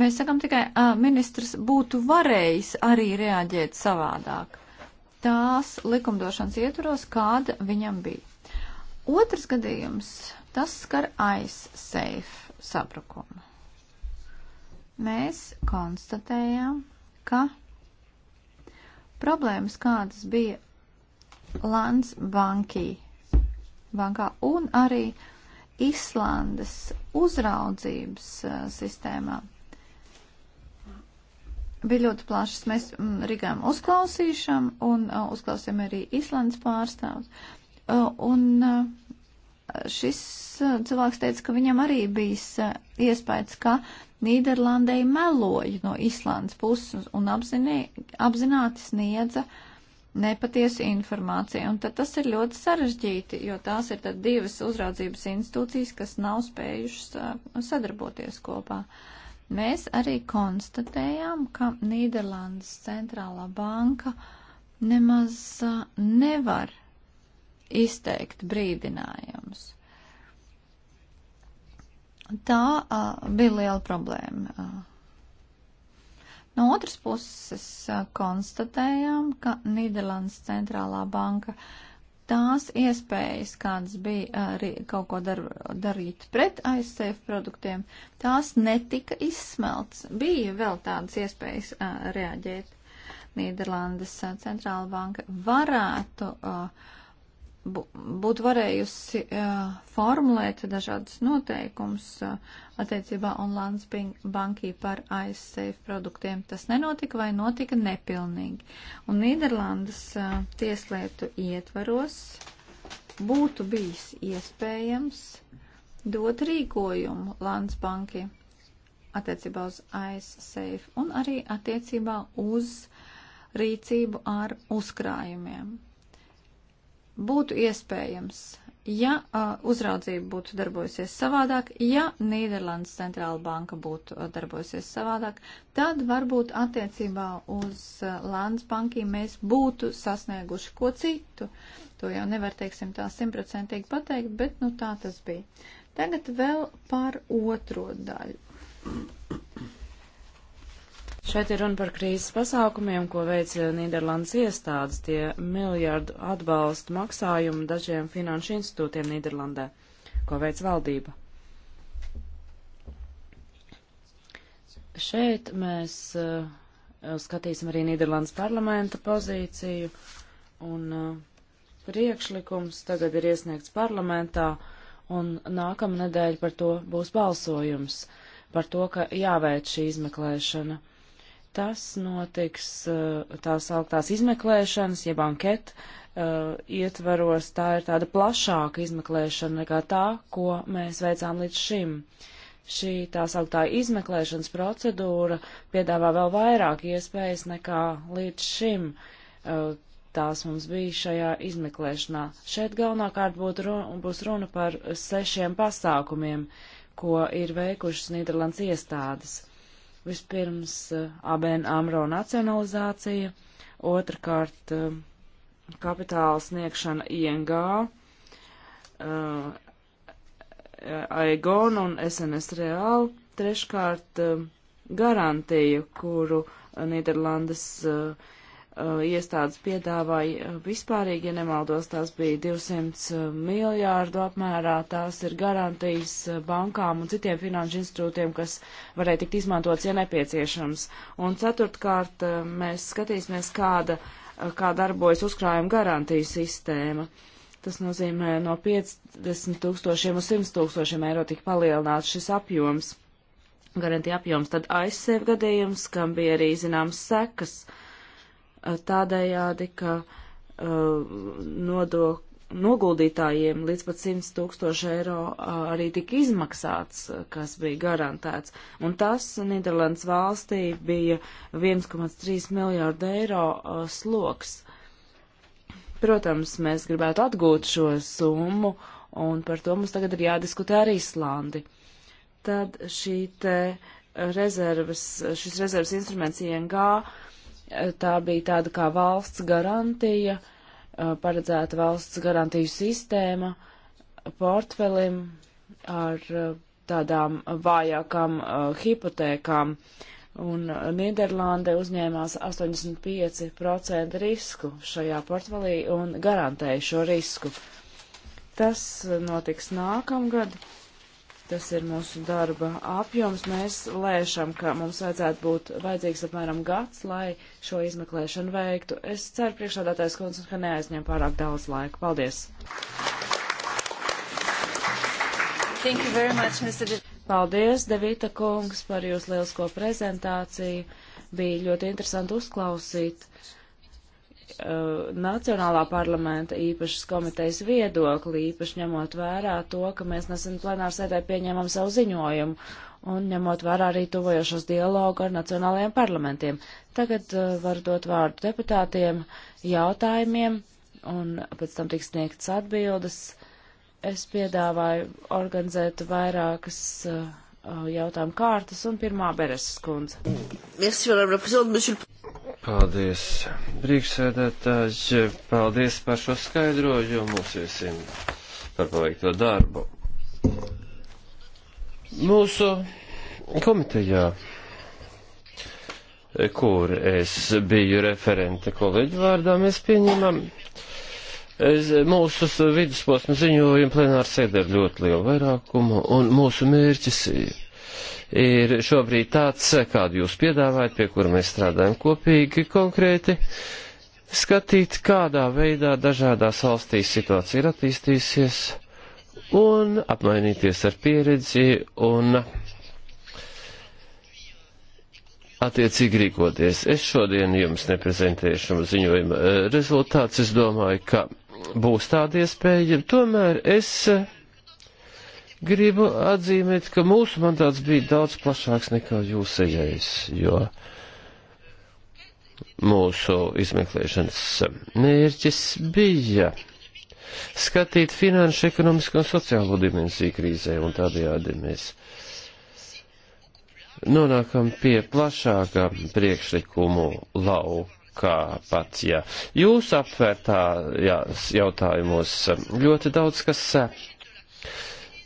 C: Mēs sakam tikai, uh, ministrs būtu varējis arī reaģēt savādāk. Tās likumdošanas ietvaros, kāda viņam bija. Otrs gadījums, tas skar aizseifu sabrukumu. Mēs konstatējām, ka problēmas, kādas bija Lands bankī, bankā un arī Islandes uzraudzības uh, sistēmā bija ļoti plašas. Mēs mm, Rīgām uzklausīšam un uh, uzklausījām arī Islandes pārstāvus. Uh, un uh, šis cilvēks teica, ka viņam arī bijis iespējas, ka Nīderlandei meloja no Islandes puses un apzinī, apzināti sniedza nepatiesu informāciju. Un tad tas ir ļoti sarežģīti, jo tās ir tad divas uzraudzības institūcijas, kas nav spējušas sadarboties kopā. Uh, Mēs arī konstatējām, ka Nīderlandes centrālā banka nemaz nevar izteikt brīdinājumus. Tā uh, bija liela problēma. Uh, No otras puses konstatējām, ka Nīderlandes centrālā banka uh, tās iespējas, kādas bija arī uh, kaut ko dar, darīt pret aizsēju produktiem, tās netika izsmelts. Bija vēl tādas iespējas uh, reaģēt. Nīderlandes uh, centrāla banka varētu uh, būtu varējusi uh, formulēt dažādas noteikums uh, attiecībā on Lands bankī par aizsēju produktiem. Tas nenotika vai notika nepilnīgi. Un Nīderlandes uh, tieslietu ietvaros būtu bijis iespējams dot rīkojumu Lands banki attiecībā uz aizsēju un arī attiecībā uz rīcību ar uzkrājumiem būtu iespējams, ja uh, uzraudzība būtu darbojusies savādāk, ja Nīderlandes centrāla banka būtu uh, darbojusies savādāk, tad varbūt attiecībā uz uh, Landsbankīm mēs būtu sasnieguši ko citu. To jau nevar, teiksim, tā simtprocentīgi pateikt, bet nu tā tas bija. Tagad vēl par otro daļu.
B: Šeit ir runa par krīzes pasākumiem, ko veic eh, Nīderlandes iestādes, tie miljārdu atbalstu maksājumu dažiem finanšu institūtiem Nīderlandē, ko veic valdība. Šeit mēs uh, skatīsim arī Nīderlandes parlamenta pozīciju, un uh, priekšlikums tagad ir iesniegts parlamentā, un nākamnedēļ par to būs balsojums, par to, ka jāveic šī izmeklēšana Tas notiks eh, tās augtās izmeklēšanas, jeb anket eh, ietvaros. Tā ir tāda plašāka izmeklēšana nekā tā, ko mēs veicām līdz šim. Šī tā sauktā izmeklēšanas procedūra piedāvā vēl vairāk iespējas nekā līdz šim eh, tās mums bija šajā izmeklēšanā. Šeit galvenokārt runa, būs runa par sešiem pasākumiem, ko ir veikušas Nīderlandes iestādes. Vispirms eh, ABN AMRO nacionalizācija, otrkārt eh, kapitāla sniegšana ING, eh, Aigon un SNS Real, treškārt garantiju, kuru Nīderlandes uh, Uh, iestādes piedāvāja uh, vispārīgi, ja nemaldos, tās bija 200 uh, miljārdu apmērā, tās ir garantijas bankām un citiem finanšu institūtiem, kas varēja tikt izmantots, ja nepieciešams. Un ceturtkārt, mēs skatīsimies, kāda, kā darbojas uzkrājuma garantiju sistēma. Tas nozīmē no 50 tūkstošiem uz 100 tūkstošiem eiro tika palielināts šis apjoms, garantija apjoms. Tad aizsev gadījums, kam bija arī zināms sekas. Uh, Eh, tādējādi, ka eh, nodok, noguldītājiem līdz pat 100 tūkstoši eiro eh, arī tika izmaksāts, kas bija garantēts. Un tas Nīderlandes valstī bija 1,3 miljārdu eiro sloks. Protams, mēs gribētu atgūt šo summu, un par to mums tagad ir jādiskutē ar Īslandi. Tad šī te rezerves, šis rezerves instruments ING Tā bija tāda kā valsts garantija, paredzēta valsts garantiju sistēma portfelim ar tādām vājākām hipotēkām. Un Nīderlande uzņēmās 85% risku šajā portfelī un garantēja šo risku. Tas notiks nākamgad. Uh, Tas ir mūsu darba apjoms. Mēs lēšam, ka mums vajadzētu būt vajadzīgs apmēram gads, lai šo izmeklēšanu veiktu. Es ceru, priekšādātais kundze, ka neaizņem pārāk daudz laika. Paldies! Much, De... Paldies, Devita kungs, par jūsu lielisko prezentāciju. Bija ļoti interesanti uzklausīt. Uh, uh, Nacionālā parlamenta īpašas komitejas viedokli, īpaši ņemot vērā to, ka mēs nesen plenāru sēdē pieņēmām savu ziņojumu un ņemot vērā arī tuvojošos dialogu ar nacionālajiem parlamentiem. Tagad uh, varu dot vārdu deputātiem jautājumiem un pēc tam tiks sniegts atbildes. Es piedāvāju organizēt vairākas uh, uh jautājumu kārtas un pirmā Bereses kundze. Merci,
A: Paldies, priekšsēdētāji. Paldies par šo skaidrojumu mums visiem par paveikto darbu. Mūsu komitejā, kur es biju referente kolēģu vārdā, mēs pieņemam mūsu vidusposmu ziņojumu plenāru sēdē ar ļoti lielu vairākumu, un mūsu mērķis ir ir šobrīd tāds, kādu jūs piedāvājat, pie kura mēs strādājam kopīgi konkrēti, skatīt, kādā veidā dažādās valstīs situācija ir attīstīsies un apmainīties ar pieredzi un attiecīgi rīkoties. Es šodien jums neprezentēšu ziņojuma eh, rezultāts. Es domāju, ka būs tāda iespēja. Tomēr es Gribu atzīmēt, ka mūsu mandāts bija daudz plašāks nekā jūsējais, jo mūsu izmeklēšanas mērķis bija skatīt finanšu, ekonomisko un sociālo dimensiju krīzē, un tādējādi mēs nonākam pie plašākā priekšlikumu lauka kā pat, ja jūs apvērtā jā, jautājumos um, ļoti daudz kas um,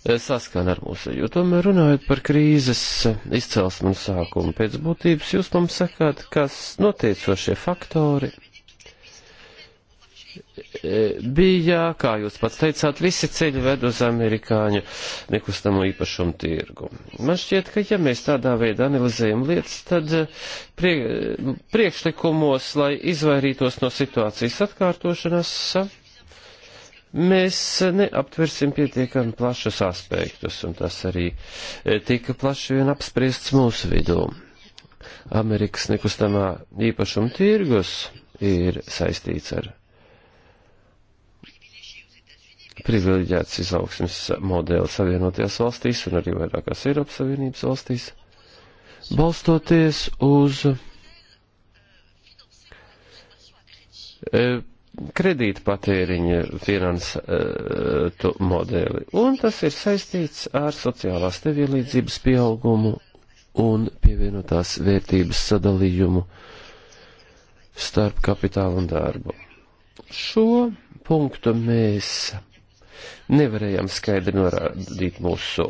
A: Eh, saskana ar mūsu jūtumu. Runājot par krīzes eh, izcelsmu un sākumu pēc būtības, jūs mums sakāt, kas noteicošie faktori eh, bija, kā jūs pats teicāt, visi ceļi ved uz amerikāņu nekustamo īpašumu tirgu. Man šķiet, ka ja mēs tādā veidā analizējam lietas, tad prie, priekšlikumos, lai izvairītos no situācijas atkārtošanās, mēs neaptversim pietiekami plašus aspektus, un tas arī eh, tika plaši vien apspriests mūsu vidū. Amerikas nekustamā īpašuma tirgus ir saistīts ar privileģēts izaugsmes modeli Savienotajās valstīs un arī vairākās Eiropas Savienības valstīs, balstoties uz eh, kredīta patēriņa finansētu modeli, un tas ir saistīts ar sociālās nevienlīdzības pieaugumu un pievienotās vērtības sadalījumu starp kapitālu un darbu. Šo punktu mēs nevarējām skaidri norādīt mūsu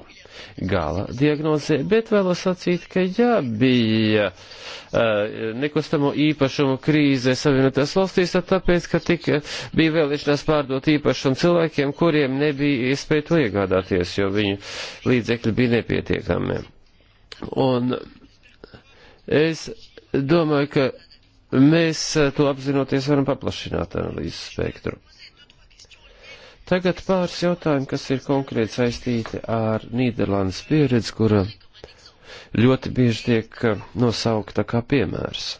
A: gala diagnozē, bet vēlos sacīt, ka jā, bija uh, nekustamo īpašumu krīze Savienotās valstīs, tāpēc, ka tika, eh, bija vēlēšanās pārdot īpašumu cilvēkiem, kuriem nebija iespēja to iegādāties, jo viņu līdzekļi bija nepietiekami. Un es domāju, ka mēs eh, to apzinoties varam paplašināt analīzes spektru. Tagad pāris jautājumi, kas ir konkrēti saistīti ar Nīderlandes pieredzi, kura ļoti bieži tiek eh, nosaukta kā piemērs.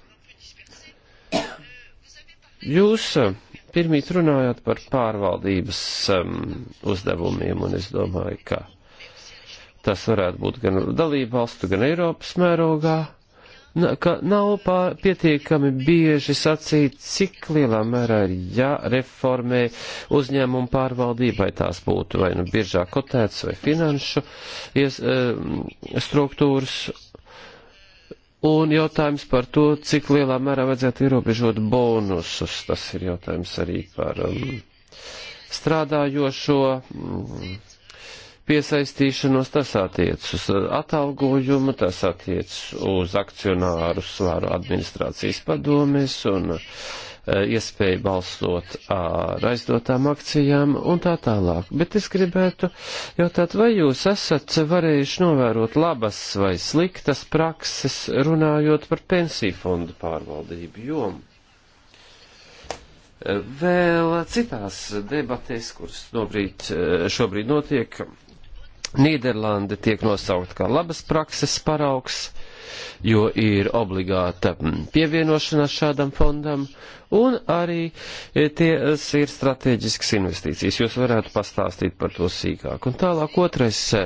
A: Jūs eh, pirmīt runājāt par pārvaldības um, uzdevumiem, un es domāju, ka tas varētu būt gan dalību valstu, gan Eiropas mērogā ka nav pār, pietiekami bieži sacīt, cik lielā mērā ir jāreformē uzņēmumu pārvaldībai tās būtu vai nu biežāk kotēts vai finanšu ies, eh, struktūras. Un jautājums par to, cik lielā mērā vajadzētu ierobežot bonusus. Tas ir jautājums arī par um, strādājošo. Um, piesaistīšanos, tas attiec uz atalgojumu, tas attiec uz akcionāru svaru administrācijas padomēs un e, iespēju balsot ar aizdotām akcijām un tā tālāk. Bet es gribētu jautāt, vai jūs esat varējuši novērot labas vai sliktas prakses runājot par pensiju fondu pārvaldību jomu? E, vēl citās debatēs, kuras nobrīd, e, šobrīd notiek, Nīderlanda tiek nosaukt kā labas prakses paraugs, jo ir obligāta mm, pievienošanās šādam fondam, un arī e, tās ir strateģiskas investīcijas. Jūs varētu pastāstīt par to sīkāk. Un tālāk otrais e,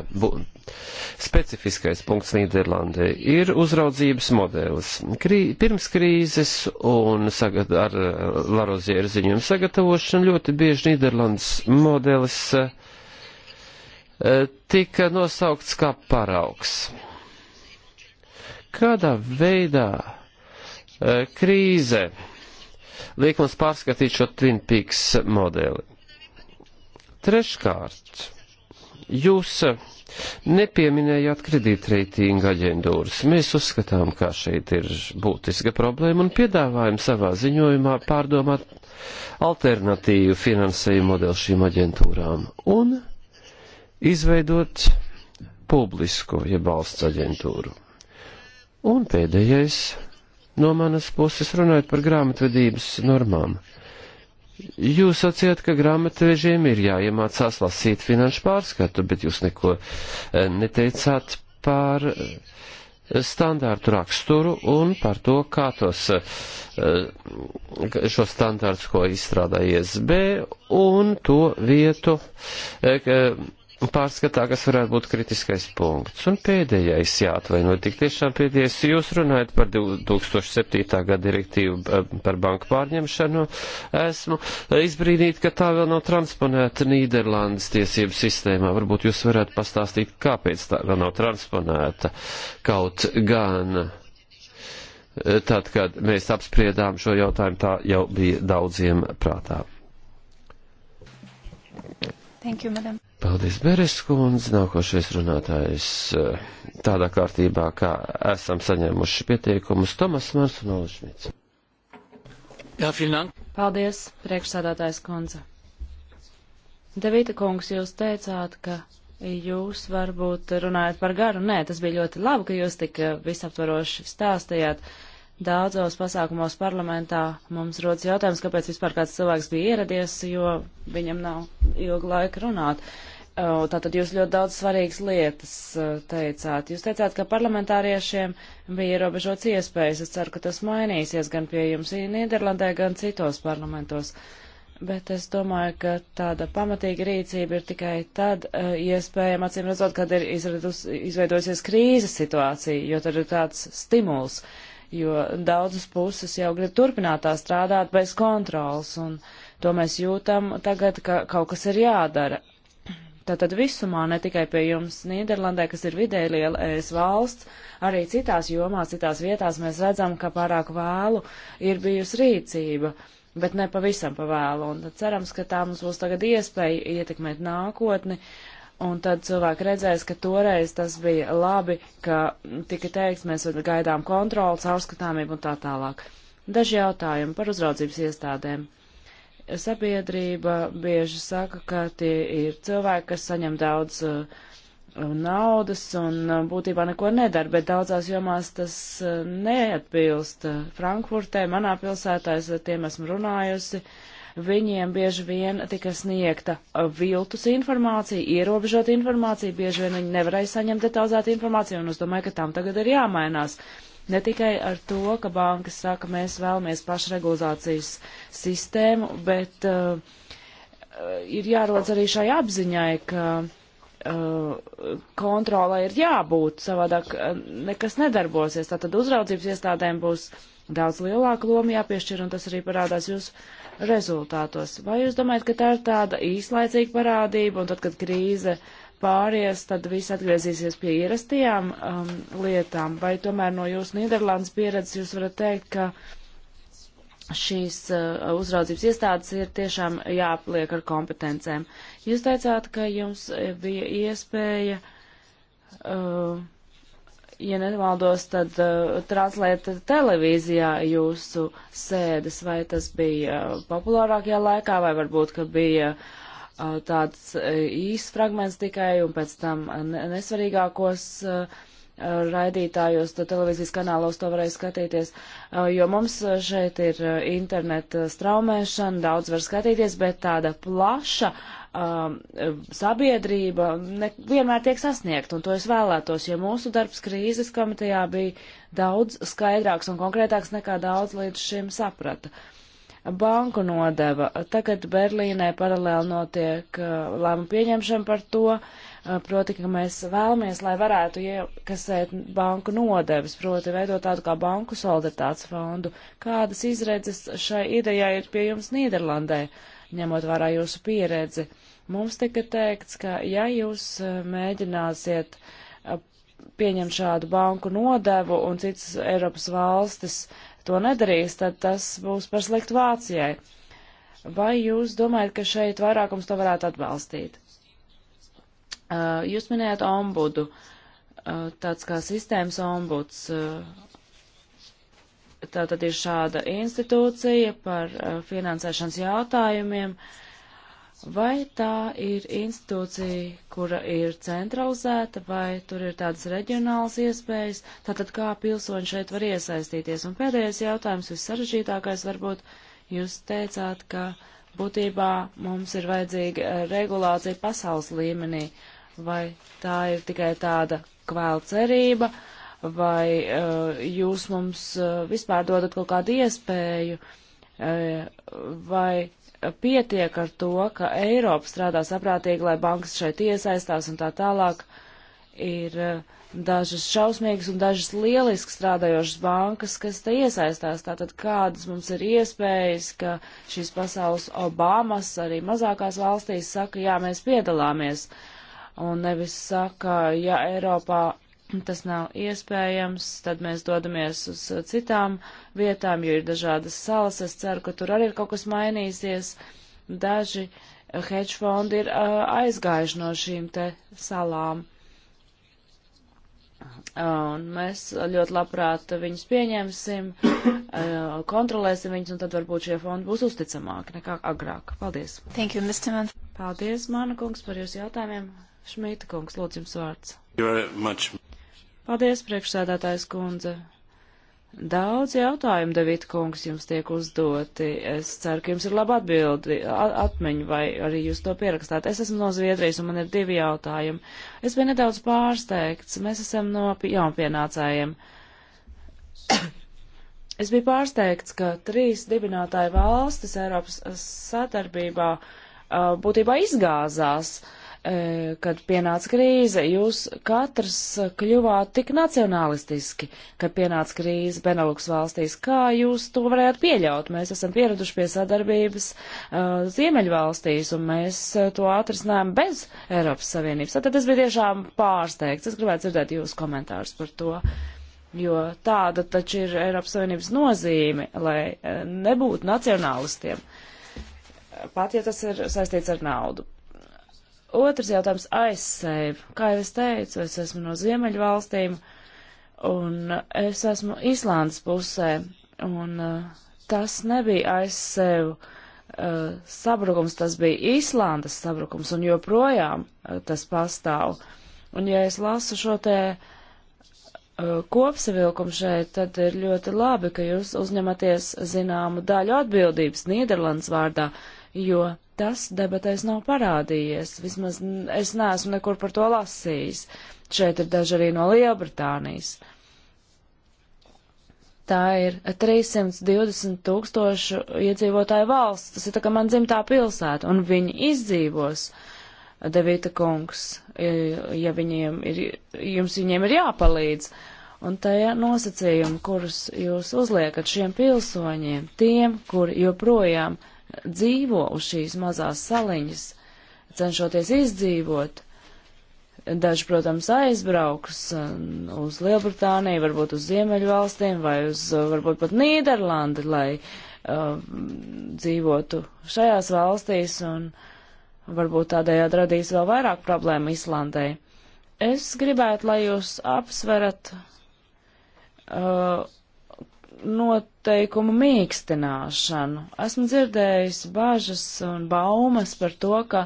A: specifiskais punkts Nīderlandē ir uzraudzības modelis. Krī, pirms krīzes un sagad, ar e, Larozieru ziņojumu sagatavošanu ļoti bieži Nīderlandes modelis uh, E, tika nosaukts kā paraugs. Kādā veidā e, krīze liek mums pārskatīt šo Twin Peaks modeli? Treškārt, jūs nepieminējāt kredītreitinga aģentūras. Mēs uzskatām, ka šeit ir būtiska problēma un piedāvājam savā ziņojumā pārdomāt alternatīvu finansējumu modeli šīm aģentūrām. Un izveidot publisko, ja valsts aģentūru. Un pēdējais no manas puses runājot par grāmatvedības normām. Jūs sacījāt, ka grāmatvežiem ir jāiemācās lasīt finanšu pārskatu, bet jūs neko eh, neteicāt par eh, standārtu raksturu un par to, kā tos eh, šo standārtu, ko izstrādā ISB, un to vietu, pārskatā, kas varētu būt kritiskais punkts. Un pēdējais, jāatvaino, tik tiešām pēdējais, jūs runājat par 2007. gada direktīvu eh, par banku pārņemšanu. Esmu izbrīnīti, ka tā vēl nav transponēta Nīderlandes tiesību sistēmā. Varbūt jūs varētu pastāstīt, kāpēc tā vēl nav transponēta. Kaut gan. Eh, tad, kad mēs apspriedām šo jautājumu, tā jau bija daudziem prātā. Thank you, madam. Paldies, Beres kundze. Nākošais runātājs eh, tādā kārtībā, kā esam saņēmuši pieteikumus. Tomas Mars un Ola Šmits.
B: Jā, Finan. Paldies, priekšsādātājs kundze. Devīta kungs, jūs teicāt, ka jūs varbūt runājat par garu. Nē, tas bija ļoti labi, ka jūs tik eh, visaptvaroši stāstījāt. Uh, daudzos pasākumos parlamentā mums rodas jautājums, kāpēc vispār kāds cilvēks bija ieradies, jo viņam nav ilga laika runāt. Tātad jūs ļoti daudz svarīgas lietas teicāt. Jūs teicāt, ka parlamentāriešiem bija ierobežots iespējas. Es ceru, ka tas mainīsies gan pie jums Nīderlandē, gan citos parlamentos. Bet es domāju, ka tāda pamatīga rīcība ir tikai tad uh, iespējama, acīm redzot, kad ir izveidosies krīzes situācija, jo tad ir tāds stimuls. Uh, jo daudzas puses jau grib turpināt tā strādāt bez kontrols, un to mēs jūtam tagad, ka kaut kas ir jādara. Tātad visumā, ne tikai pie jums Nīderlandē, kas ir vidēji liela ES valsts, arī citās jomās, citās vietās mēs redzam, ka pārāk vēlu ir bijusi rīcība, bet ne pavisam pa vēlu, un cerams, ka tā mums būs tagad iespēja ietekmēt nākotni, uh, Un tad cilvēki redzēs, ka toreiz tas bija labi, ka tika teikts, mēs gaidām kontroli, caurskatāmību un tā tālāk. Daži jautājumi par uzraudzības iestādēm. Sabiedrība bieži saka, ka tie ir cilvēki, kas saņem daudz uh, naudas un uh, būtībā neko nedara, bet daudzās jomās tas uh, neatbilst. Frankfurtē, manā pilsētā, es ar tiem esmu runājusi. Uh, viņiem bieži vien tika sniegta uh, viltus informācija, ierobežota informācija, bieži vien viņi nevarēja saņemt detalizētu informāciju, un es domāju, ka tam tagad ir jāmainās. Ne tikai ar to, ka bankas saka, mēs vēlamies pašregulācijas sistēmu, bet uh, uh ir jārodz arī šai apziņai, ka uh, kontrolai ir jābūt, savādāk uh, nekas nedarbosies. Tātad uzraudzības iestādēm būs uh, daudz lielāku lomu jāpiešķir, un tas arī parādās jūsu rezultātos. Vai jūs domājat, ka tā ir tāda īslaicīga parādība, un tad, kad krīze pāries, tad viss atgriezīsies pie ierastajām um, lietām, vai tomēr no jūsu Nīderlandes pieredzes jūs varat teikt, ka šīs uh, uzraudzības iestādes ir tiešām jāpliek ar kompetencēm. Jūs teicāt, ka jums bija iespēja uh, ja nemaldos, tad uh, translēta televīzijā jūsu sēdes, vai tas bija uh, populārākajā laikā, vai varbūt, ka bija uh, tāds uh, īsts fragments tikai, un pēc tam uh, ne nesvarīgākos uh, raidītājos, to televīzijas kanālos to varēja skatīties, uh, jo mums uh, šeit ir interneta straumēšana, daudz var skatīties, bet tāda plaša um, sabiedrība ne, vienmēr tiek sasniegt, un to es vēlētos, jo mūsu darbs krīzes komitejā bija daudz skaidrāks un konkrētāks nekā daudz līdz šim saprata. Banku nodeva. Tagad Berlīnē paralēli notiek uh, lēma pieņemšana par to, uh, proti, ka mēs vēlamies, lai varētu iekasēt banku nodevis, proti veidot tādu kā banku solidaritātes fondu. Kādas izredzes šai idejai ir pie jums Nīderlandē? Uh, ņemot vērā jūsu pieredzi. Mums tika teikts, ka ja jūs eh, mēģināsiet eh, pieņemt šādu banku nodevu un citas Eiropas valstis to nedarīs, tad tas būs par sliktu Vācijai. Vai jūs domājat, ka šeit vairākums to varētu atbalstīt? Eh, jūs minējat ombudu, tāds kā sistēmas ombuds Tā tad ir šāda institūcija par uh, finansēšanas jautājumiem. Vai tā ir institūcija, kura ir centralizēta, vai tur ir tādas reģionālas iespējas? Tātad kā pilsoņi šeit var iesaistīties? Un pēdējais jautājums, vissarežģītākais varbūt, jūs teicāt, ka būtībā mums ir vajadzīga uh, regulācija pasaules līmenī, vai tā ir tikai tāda kvēl cerība? Uh, vai uh, jūs mums uh, vispār dodat kaut kādu iespēju, uh, vai pietiek ar to, ka Eiropa strādā saprātīgi, lai bankas šeit iesaistās un tā tālāk. Ir dažas šausmīgas un dažas lieliski strādājošas bankas, kas te iesaistās. Tātad kādas mums ir iespējas, ka šīs pasaules Obamas arī mazākās valstīs saka, jā, mēs piedalāmies. Un nevis saka, ja Eiropā tas nav iespējams, tad mēs dodamies uz uh, citām vietām, jo ir dažādas salas. Es ceru, ka tur arī ir kaut kas mainīsies. Daži uh, hedge fondi ir uh, aizgājuši no šīm te salām. Un mēs ļoti labprāt viņus pieņemsim, [coughs] uh, kontrolēsim viņus, un tad varbūt šie fondi būs uzticamāki nekā agrāk. Paldies! Thank you, Mr. Man. Paldies, Mana kungs, par jūsu jautājumiem. Šmita kungs, lūdzu jums vārds. Much. Paldies, priekšsēdētājs kundze. Daudz jautājumu, Devita kungs, jums tiek uzdoti. Es ceru, ka jums ir laba atbildi, atmiņa, vai arī jūs to pierakstāt. Es esmu no Zviedrijas, un man ir divi jautājumi. Es biju nedaudz pārsteigts. Mēs esam no jaunpienācējiem. [coughs] es biju pārsteigts, ka trīs dibinātāju valstis Eiropas sadarbībā būtībā izgāzās. Uh, E, kad pienāca krīze, jūs katrs kļuvāt tik nacionalistiski, kad pienāca krīze Beneluks valstīs. Kā jūs to varējāt pieļaut? Mēs esam pieraduši pie sadarbības uh, e, Ziemeļvalstīs, un mēs e, to atrisinājām bez Eiropas Savienības. Tad es biju tiešām pārsteigts. Es gribētu dzirdēt jūsu komentārus par to. Jo tāda taču ir Eiropas Savienības nozīme, lai nebūtu nacionālistiem, pat ja tas ir saistīts ar naudu. Otrs jautājums - aizsēv. Kā jau es teicu, es esmu no Ziemeļu valstīm un es esmu Islandes pusē. Un uh, tas nebija aizsēv uh, sabrukums, tas bija Islandes sabrukums un joprojām uh, tas pastāv. Un ja es lasu šo te uh, kopsavilkumu šeit, tad ir ļoti labi, ka jūs uzņematies zināmu daļu atbildības Nīderlandes vārdā. Uh, jo tas debatēs nav parādījies. Vismaz es neesmu nekur par to lasījis. Šeit ir daži arī no Lielbritānijas. Tā ir 320 tūkstošu iedzīvotāju valsts. Tas ir tā kā man dzimtā pilsēta, un viņi izdzīvos, Devīta kungs, ja viņiem ir, jums viņiem ir jāpalīdz. Un tajā nosacījumi, kurus jūs uzliekat šiem pilsoņiem, tiem, kuri joprojām dzīvo uz šīs mazās saliņas, cenšoties izdzīvot. Daži, protams, aizbrauks um, uz Lielbritāniju, varbūt uz Ziemeļu valstīm vai uz uh, varbūt pat Nīderlandi, lai uh, dzīvotu šajās valstīs un varbūt tādējādi radīs vēl vairāk problēmu Islandai. Es gribētu, lai jūs apsverat uh, noteikumu mīkstināšanu. Esmu dzirdējis bažas un baumas par to, ka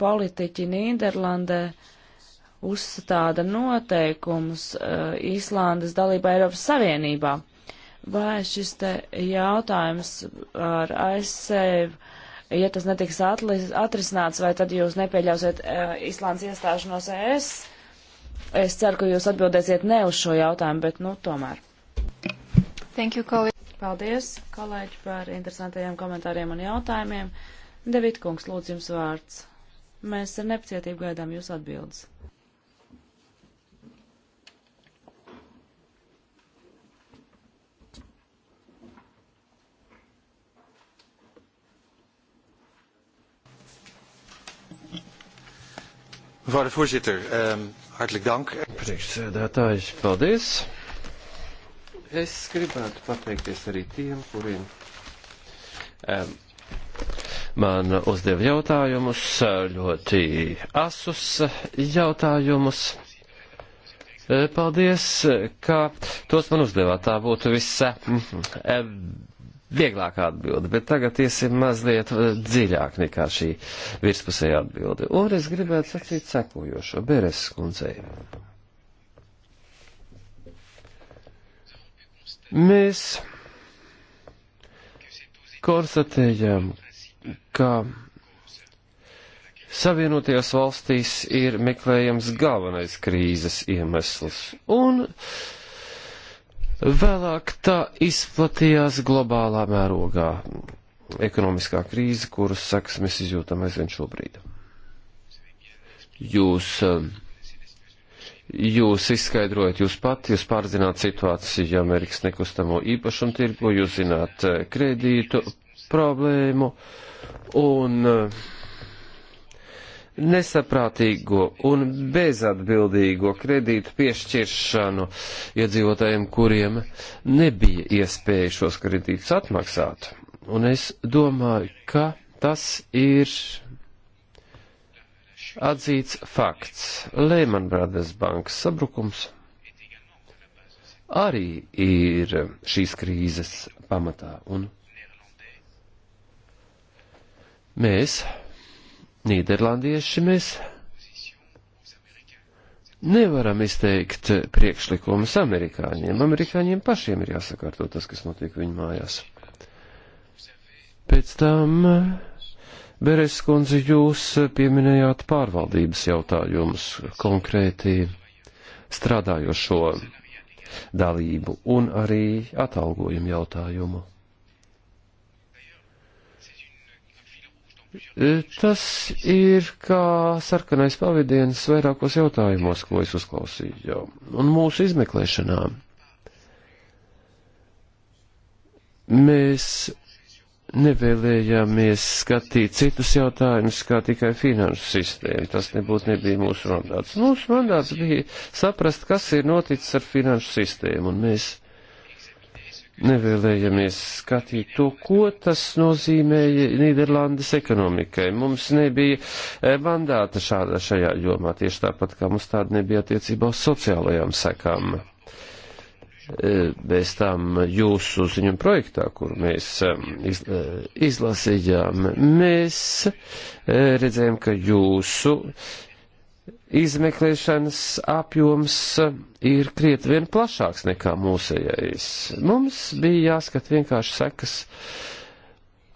B: politiķi Nīderlandē uzstāda noteikumus uh, Īslandes dalībā Eiropas Savienībā. Vai šis te jautājums ar aizsēju, ja tas netiks atlis, atrisināts, vai tad jūs nepieļausiet uh, Īslandes iestāšanos ES? Es ceru, ka jūs atbildēsiet ne uz šo jautājumu, bet nu tomēr. Thank you, kolēģi. Paldies, kolēģi, par interesantajiem komentāriem un jautājumiem. David Kungs, lūdzu jums vārds. Mēs ar nepacietību gaidām jūs atbildes.
A: Mevrouw de voorzitter, um, hartelijk dank. Priekšsēdētājs, paldies. Es gribētu pateikties arī tiem, kuriem um, man uzdeva jautājumus, ļoti asus jautājumus. E, paldies, ka tos man uzdevāt. Tā būtu visa mhm, e, vieglākā atbilde, bet tagad iesim mazliet dziļāk nekā šī virspusēja atbilde. Un es gribētu sacīt sekojošo Beres kundzei. Mēs konstatējam, ka Savienotajās valstīs ir meklējams galvenais krīzes iemesls, un vēlāk tā izplatījās globālā mērogā - ekonomiskā krīze, kuras sekas mēs izjūtam aizvien šobrīd. Jūs uh, Jūs izskaidrojat jūs pati, jūs pārzināt situāciju Amerikas nekustamo īpašumu tirgu, jūs zināt eh, kredītu problēmu un eh, nesaprātīgo un bezatbildīgo kredītu piešķiršanu iedzīvotājiem, kuriem nebija iespēja šos kredītus atmaksāt. Un es domāju, ka tas ir atzīts fakts. Lehman Brothers bankas sabrukums arī ir šīs krīzes pamatā. Un mēs, Nīderlandieši, mēs nevaram izteikt priekšlikumus amerikāņiem. Amerikāņiem pašiem ir jāsakārto tas, kas notiek viņu mājās. Pēc tam Beres kundze, jūs pieminējāt pārvaldības jautājumus konkrēti strādājošo dalību un arī atalgojumu jautājumu. E, tas ir kā sarkanais pavadiens vairākos jautājumos, ko es uzklausīju jau, un mūsu izmeklēšanā. Mēs nevēlējāmies skatīt citus jautājumus, kā tikai finanšu sistēmu. Tas nebūtu nebija mūsu mandāts. Mūsu mandāts bija saprast, kas ir noticis ar finanšu sistēmu, un mēs nevēlējamies skatīt to, ko tas nozīmēja Nīderlandes ekonomikai. Mums nebija eh, mandāta šādā šajā jomā, tieši tāpat kā mums tāda nebija attiecībā uz sociālajām sekām bez tam jūsu ziņu projektā, kur mēs e, e, izlasījām, mēs e, redzējām, ka jūsu izmeklēšanas apjoms ir krietni vien plašāks nekā mūsējais. Mums bija jāskat vienkārši sekas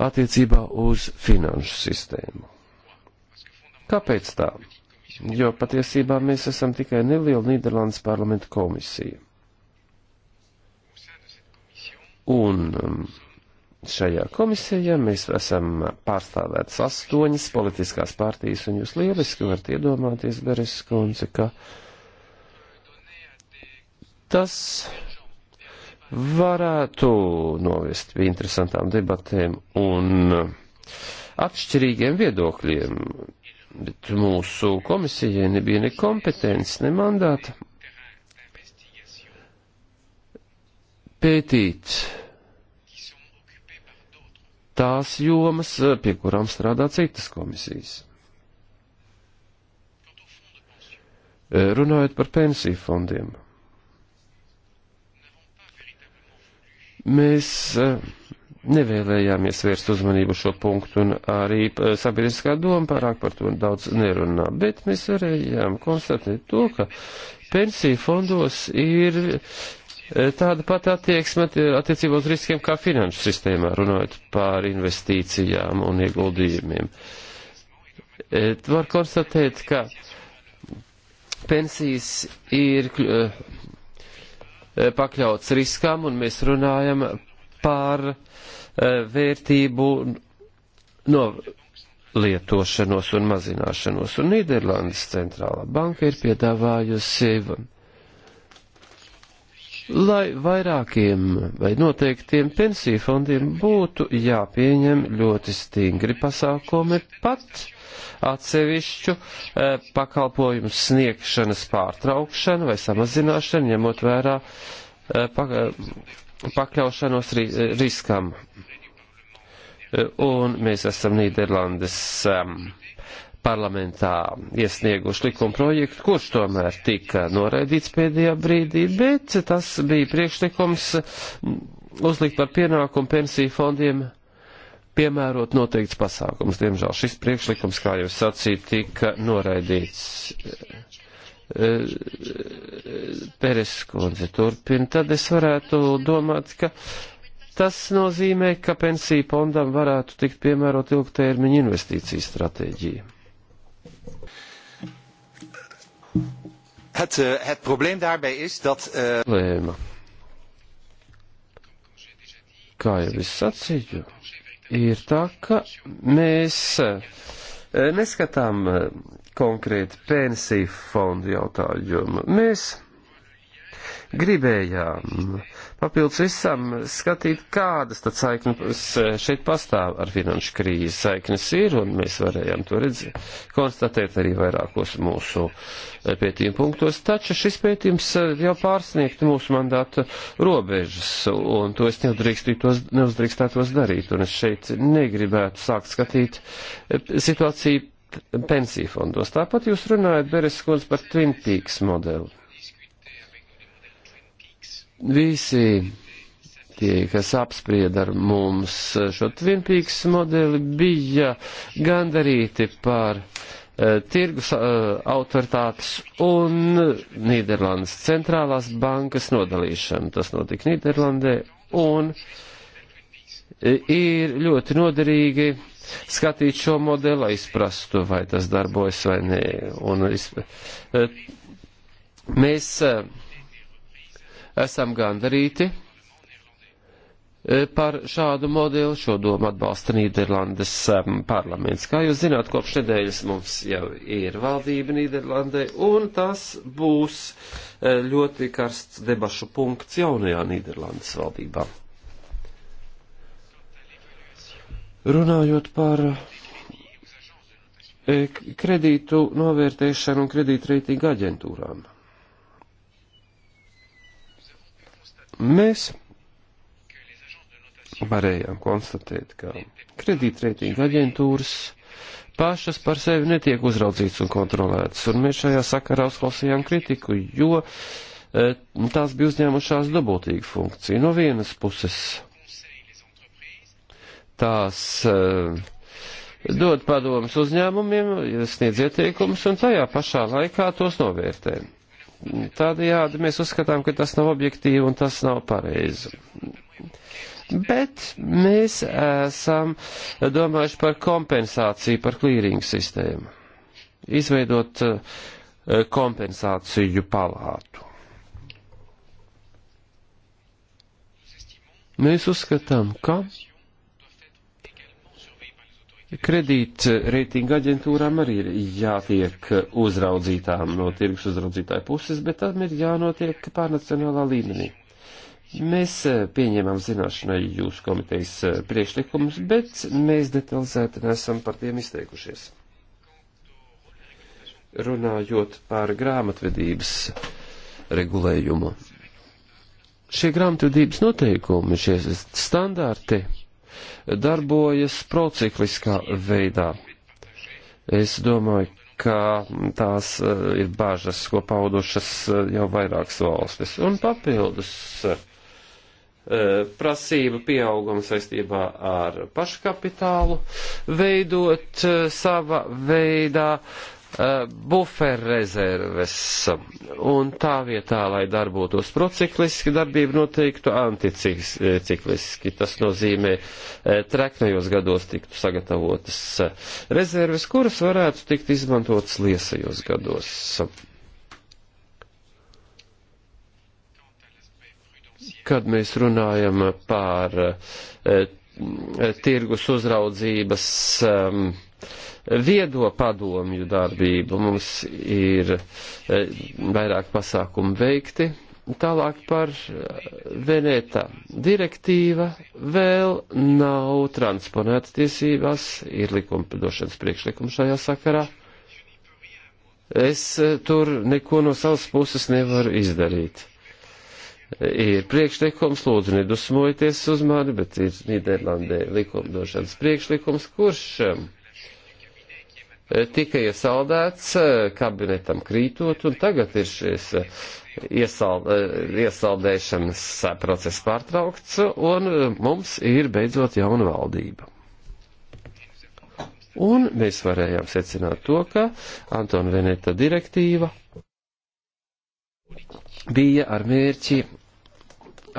A: attiecībā uz finanšu sistēmu. Kāpēc tā? Jo patiesībā mēs esam tikai neliela Nīderlandes parlamenta komisija. Un um, šajā komisijā mēs esam pārstāvētas astoņas politiskās partijas, un jūs lieliski varat iedomāties, Beres kundze, ka tas varētu novest pie interesantām debatēm un atšķirīgiem viedokļiem, bet mūsu komisijai nebija ne kompetence, ne mandāta, pētīt tās jomas, eh, pie kurām strādā citas komisijas. Eh, runājot par pensiju fondiem, mēs eh, nevēlējāmies vērst uzmanību šo punktu, un arī sabiedriskā doma pārāk par to daudz nerunā, bet mēs varējām konstatēt to, ka pensiju fondos ir E, tāda pati attieksme attiecībā uz riskiem kā finanšu sistēmā, runājot par investīcijām un ieguldījumiem. E, var konstatēt, ka pensijas ir e, pakļauts riskam, un mēs runājam par vērtību nolietošanos un mazināšanos. Un Nīderlandes centrālā banka ir piedāvājusi lai vairākiem vai noteiktiem pensiju fondiem būtu jāpieņem ļoti stingri pasākumi pat atsevišķu e, pakalpojumu sniegšanas pārtraukšanu vai samazināšanu, ņemot vērā e, pa, e, pakļaušanos ri, e, riskam. E, un mēs esam Nīderlandes. E, parlamentā iesnieguši likuma projektu, kurš tomēr tika noraidīts pēdējā brīdī, bet tas bija priekšlikums uzlikt par pienākumu pensiju fondiem piemērot noteikts pasākums. Diemžēl šis priekšlikums, kā jau sacīja, tika noraidīts. Pereskundze turpina, tad es varētu domāt, ka Tas nozīmē, ka pensiju fondam varētu tikt piemērot ilgtermiņa investīciju stratēģiju. Het, uh, het probleem daarbij is dat. Uh... Eh, Lēma. Kā jau es sacīju, ir tā, ka mēs eh, neskatām konkrēti pensiju fondu jautājumu. Mēs gribējām. Papildus visam skatīt, kādas tad saiknes šeit pastāv ar finanšu krīzi. Saiknes ir, un mēs varējām to redzēt, konstatēt arī vairākos mūsu pētījuma punktos. Taču šis pētījums jau pārsniegt mūsu mandātu robežas, un to es neuzdrīkstētos darīt, un es šeit negribētu sākt skatīt situāciju pensiju fondos. Tāpat jūs runājat, Beres kundze, par Twin Peaks modeli. Visi tie, kas apsprieda ar mums šo Twinpeaks modeli, bija gandarīti par eh, tirgus uh, autoritātes un Nīderlandes centrālās bankas nodalīšanu. Tas notika Nīderlandē un eh, ir ļoti noderīgi skatīt šo modeli, lai izprastu, vai tas darbojas vai nē. Un, uh, mēs uh, esam gandarīti e, par šādu modeli. Šo domu atbalsta Nīderlandes parlaments. Kā jūs zināt, kopš nedēļas mums jau ir valdība Nīderlandē, un tas būs e, ļoti karsts debašu punkts jaunajā Nīderlandes valdībā. Runājot par e, kredītu novērtēšanu un kredītreitingu aģentūrām. Mēs varējām konstatēt, ka kredītreitinga aģentūras pašas par sevi netiek uzraudzītas un kontrolētas, un mēs šajā sakarā uzklausījām kritiku, jo e, tās bija uzņēmušās dubultīgu funkciju. No vienas puses tās e, dod padomus uzņēmumiem, sniedz ieteikumus, un tajā pašā laikā tos novērtē. Tādējādi mēs uzskatām, ka tas nav objektīvi un tas nav pareizi. Bet mēs esam domājuši par kompensāciju, par klīringu sistēmu. Izveidot eh, kompensāciju palātu. Mēs uzskatām, ka Kredīt reitinga aģentūrām arī ir jātiek uzraudzītām no tirgus uzraudzītāja puses, bet tam ir jānotiek pārnacionālā līmenī. Mēs eh, pieņēmām zināšanai jūsu komitejas eh, priekšlikumus, bet mēs detalizēti nesam par tiem izteikušies. Runājot par grāmatvedības regulējumu. Šie grāmatvedības noteikumi, šie standarti darbojas procikliskā veidā. Es domāju, ka tās eh, ir bažas, ko paudušas eh, jau vairākas valstis. Un papildus eh, prasība pieauguma saistībā ar paškapitālu veidot sava veidā uh, Uh, buferrezerves, un tā vietā, lai darbotos procikliski, darbība noteiktu anticikliski. Tas nozīmē, uh, treknajos gados tiktu sagatavotas uh, rezerves, kuras varētu tikt izmantotas liesajos gados. Kad mēs runājam par tirgus uzraudzības um, viedo padomju darbību. Mums ir e, vairāk pasākumu veikti. Tālāk par e, Venētā. Direktīva vēl nav transponēta tiesībās, ir likumdošanas priekšlikums šajā sakarā. Es e, tur neko no savas puses nevaru izdarīt ir priekšlikums, lūdzu, nedusmojieties uz mani, bet ir Nīderlandē likumdošanas priekšlikums, kurš tika iesaldēts eh, kabinetam krītot, un tagad ir šis eh, iesald, eh, iesaldēšanas process pārtraukts, un mums ir beidzot jauna valdība. Un mēs varējām secināt to, ka Antona Veneta direktīva bija ar mērķi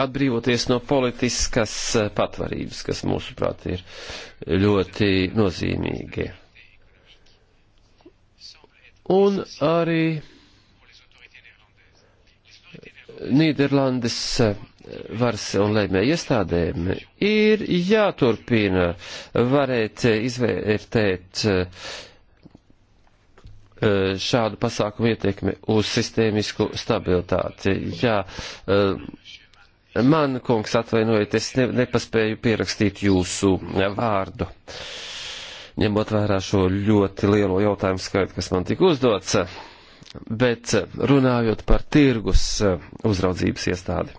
A: atbrīvoties no politiskas patvarības, kas mūsuprāt ir ļoti nozīmīgi un arī Nīderlandes eh, varas un lēmē iestādēm ir jāturpina varēt izvērtēt eh, šādu pasākumu ietekmi uz sistēmisku stabilitāti. Jā, eh, man, kungs, atvainojiet, es ne, nepaspēju pierakstīt jūsu vārdu. Uh, ņemot vērā šo ļoti lielo jautājumu skaitu, kas man tika uzdots, bet runājot par tirgus eh, uzraudzības iestādi.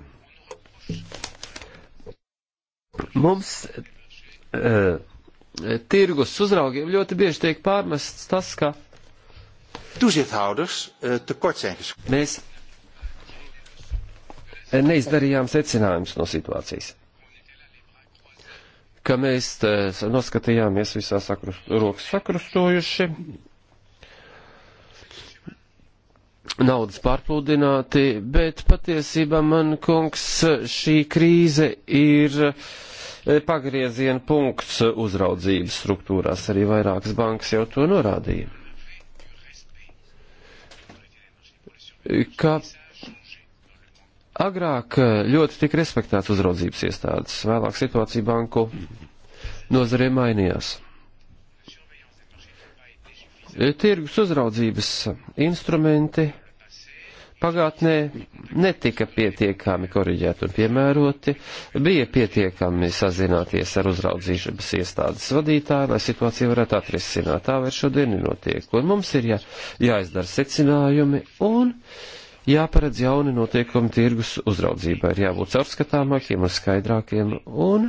A: Mums e, tirgus uzraugiem ļoti bieži tiek pārmests tas, ka toezichthouders eh, tekort zijn geschoten. Mēs neizdarījām secinājumus no situācijas ka mēs noskatījāmies visā sakrust, rokas sakrustojuši, naudas pārplūdināti, bet patiesībā man, kungs, šī krīze ir eh, pagrieziena punkts uzraudzības struktūrās, arī vairākas bankas jau to norādīja. Kāpēc? Agrāk eh, ļoti tika respektēts uzraudzības iestādes, vēlāk situācija banku nozarē mainījās. Eh, tirgus uzraudzības instrumenti pagātnē netika pietiekami koriģēti un piemēroti, bija pietiekami sazināties ar uzraudzības iestādes vadītāju, lai situācija varētu atrisināt. Tā vairs šodien nenotiek, un mums ir jā, jāizdara secinājumi un. Uh, jāparedz jauni notiekumi tirgus uzraudzībai, ir jābūt caurskatāmākiem un skaidrākiem un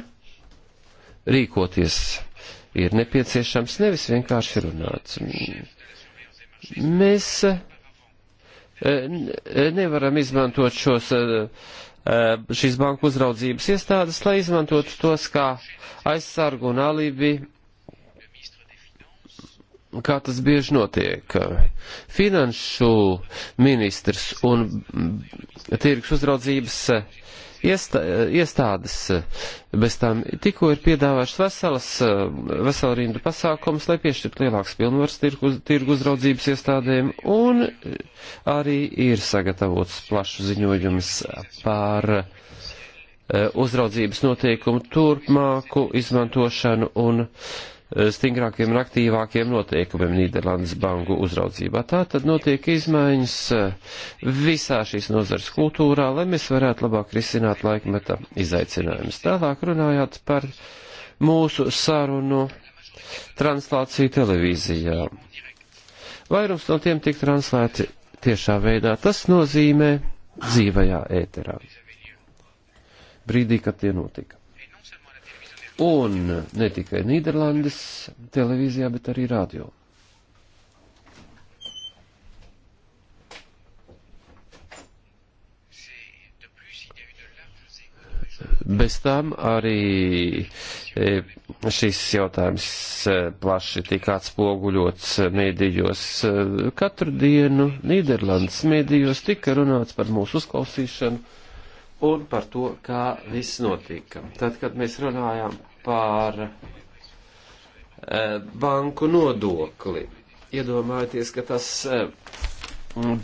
A: rīkoties ir nepieciešams nevis vienkārši runāt. Mēs eh, eh, nevaram izmantot šos, eh, šīs banku uzraudzības iestādes, lai izmantotu tos kā aizsargu un alibi kā tas bieži notiek. Finanšu ministrs un tirgus uzraudzības iestā, iestādes bez tām tikko ir piedāvājušas veselas, veselu rindu pasākums, lai piešķirtu lielāks pilnvars tirgu, tirgu uzraudzības iestādēm, un arī ir sagatavots plašu ziņojums par eh, uzraudzības noteikumu turpmāku izmantošanu un uh, stingrākiem un aktīvākiem noteikumiem Nīderlandes banku uzraudzībā. Tā tad notiek izmaiņas eh, visā šīs nozars kultūrā, lai mēs varētu labāk risināt laikmeta izaicinājumus. Tālāk runājāt par mūsu sarunu translāciju televīzijā. Vairums no tiem tik translēti tiešā veidā. Tas nozīmē dzīvajā ēterā. Brīdī, kad tie notika un ne tikai Nīderlandes televīzijā, bet arī radio. Bez tam arī e, šis jautājums e, plaši tika atspoguļots e, mēdījos. Katru dienu Nīderlandes mēdījos tika runāts par mūsu uzklausīšanu un par to, kā viss notika. Tad, kad mēs runājām par e, banku nodokli, iedomājieties, ka tas e,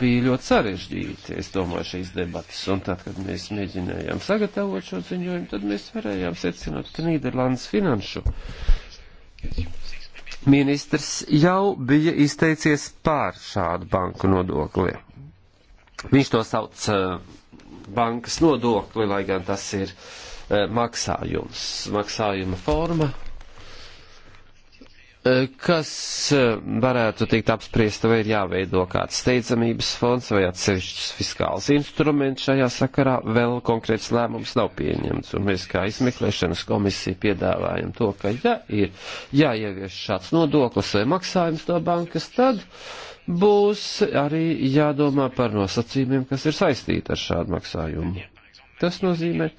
A: bija ļoti sarežģīti, es domāju, šīs debatas. Un tad, kad mēs mēģinājām sagatavot šo ziņojumu, tad mēs varējām secināt, ka Nīderlandes finanšu ministrs jau bija izteicies pār šādu banku nodokli. Viņš to sauc uh, bankas nodokli, lai gan tas ir e, maksājums, maksājuma forma, e, kas e, varētu tikt apspriesta, vai ir jāveido kāds steidzamības fonds vai atsevišķs fiskāls instruments šajā sakarā, vēl konkrēts lēmums nav pieņemts. Un mēs kā izmeklēšanas komisija piedāvājam to, ka ja ir jāievieš šāds nodoklis vai maksājums no bankas, tad uh, būs arī jādomā par nosacījumiem, kas ir saistīti ar šādu maksājumu. Tas nozīmē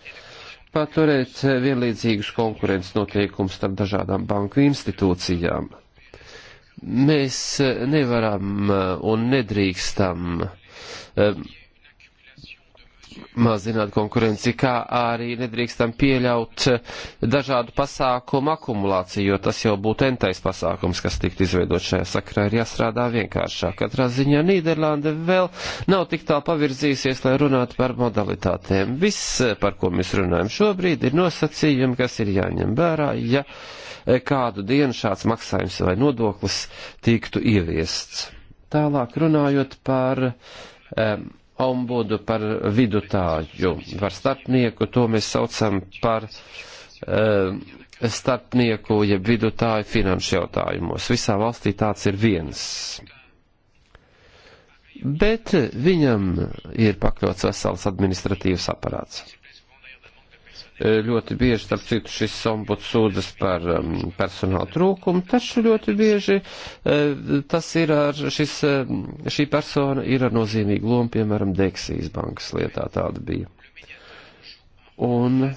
A: paturēt vienlīdzīgus konkurences noteikumus starp dažādām banku institūcijām. Mēs nevaram un nedrīkstam um, mazināt konkurenci, kā arī nedrīkstam pieļaut dažādu pasākumu akumulāciju, jo tas jau būtu entais pasākums, kas tiktu izveidot šajā sakrā, ir jāstrādā vienkāršāk. Katrā ziņā Nīderlanda vēl nav tik tā pavirzījusies, lai runātu par modalitātēm. Viss, par ko mēs runājam šobrīd, ir nosacījumi, kas ir jāņem vērā, ja kādu dienu šāds maksājums vai nodoklis tiktu ieviests. Tālāk runājot par um, ombudu, par vidutāju, par starpnieku, to mēs saucam par uh, starpnieku, jeb vidutāju finanšu jautājumos. Visā valstī tāds ir viens. Bet viņam ir pakļauts vesels administratīvs aparāts. Ļoti bieži, starp citu, šis ombuds sūdzas par um, personāla trūkumu, taču ļoti bieži uh, tas ir ar, šis, uh, šī persona ir ar nozīmīgu lomu, piemēram, Deksijas bankas lietā tāda bija. Un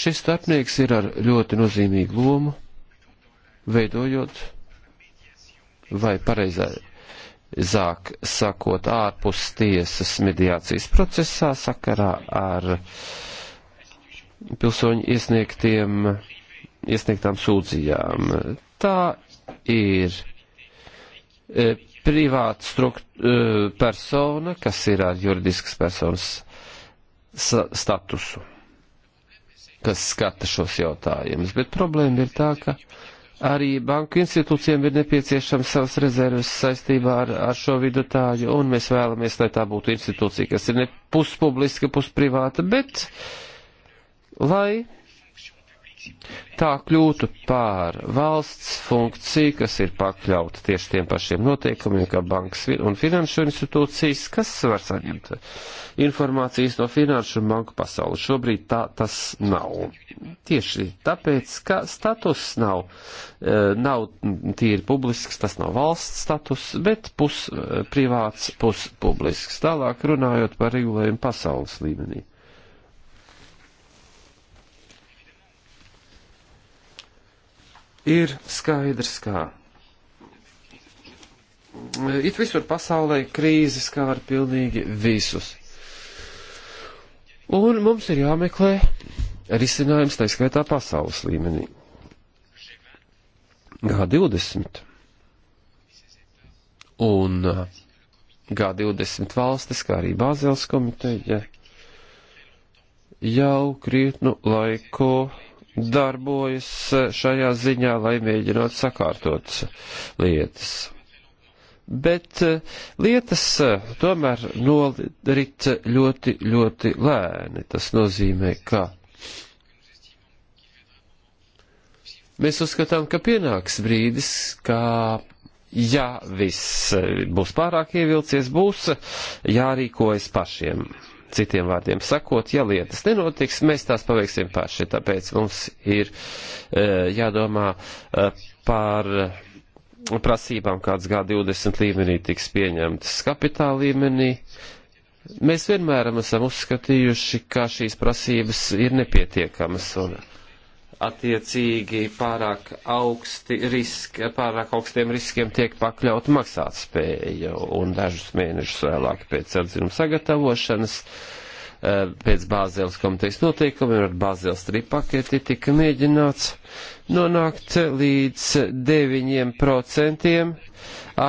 A: šis starpnieks ir ar ļoti nozīmīgu lomu, veidojot vai pareizai zāk sakot ārpus tiesas mediācijas procesā sakarā ar pilsoņu iesniegtiem, iesniegtām sūdzījām. Tā ir e, privāta strukt, e, persona, kas ir ar juridiskas personas statusu, kas skata šos jautājumus. Bet problēma ir tā, ka arī banku institūcijiem ir nepieciešams savas rezerves saistībā ar, ar šo vidutāju, un mēs vēlamies, lai tā būtu institūcija, kas ir ne puspubliska, pusprivāta, bet lai tā kļūtu par valsts funkciju, kas ir pakļauta tieši tiem pašiem noteikumiem, kā bankas un finanšu institūcijas, kas var saņemt informācijas no finanšu un banku pasaules. Šobrīd tā tas nav. Tieši tāpēc, ka status nav, e, nav tīri publisks, tas nav valsts status, bet pus e, privāts, pus publisks. Tālāk runājot par regulējumu pasaules līmenī. ir skaidrs, kā. It visur pasaulē krīzes skār pilnīgi visus. Un mums ir jāmeklē risinājums, tā skaitā pasaules līmenī. G20 un uh, G20 valstis, kā arī Bāzēlas komiteja, jau krietnu laiku darbojas šajā ziņā, lai mēģinot sakārtot lietas. Bet eh, lietas eh, tomēr norit ļoti, ļoti lēni. Tas nozīmē, ka mēs uzskatām, ka pienāks brīdis, kā ja viss eh, būs pārāk ievilcies, būs jārīkojas pašiem. Citiem vārdiem sakot, ja lietas nenotiks, mēs tās paveiksim paši, tāpēc mums ir e, jādomā e, par prasībām, kādas G20 līmenī tiks pieņemtas kapitāla līmenī. Mēs vienmēr esam uzskatījuši, ka šīs prasības ir nepietiekamas un attiecīgi pārāk, augsti riski, pārāk augstiem riskiem tiek pakļaut maksāt spēja un dažus mēnešus vēlāk pēc atzinuma sagatavošanas, eh, pēc Bāzēles komitejas noteikumiem ar Bāzēles tripaketi tika mēģināts nonākt līdz 9%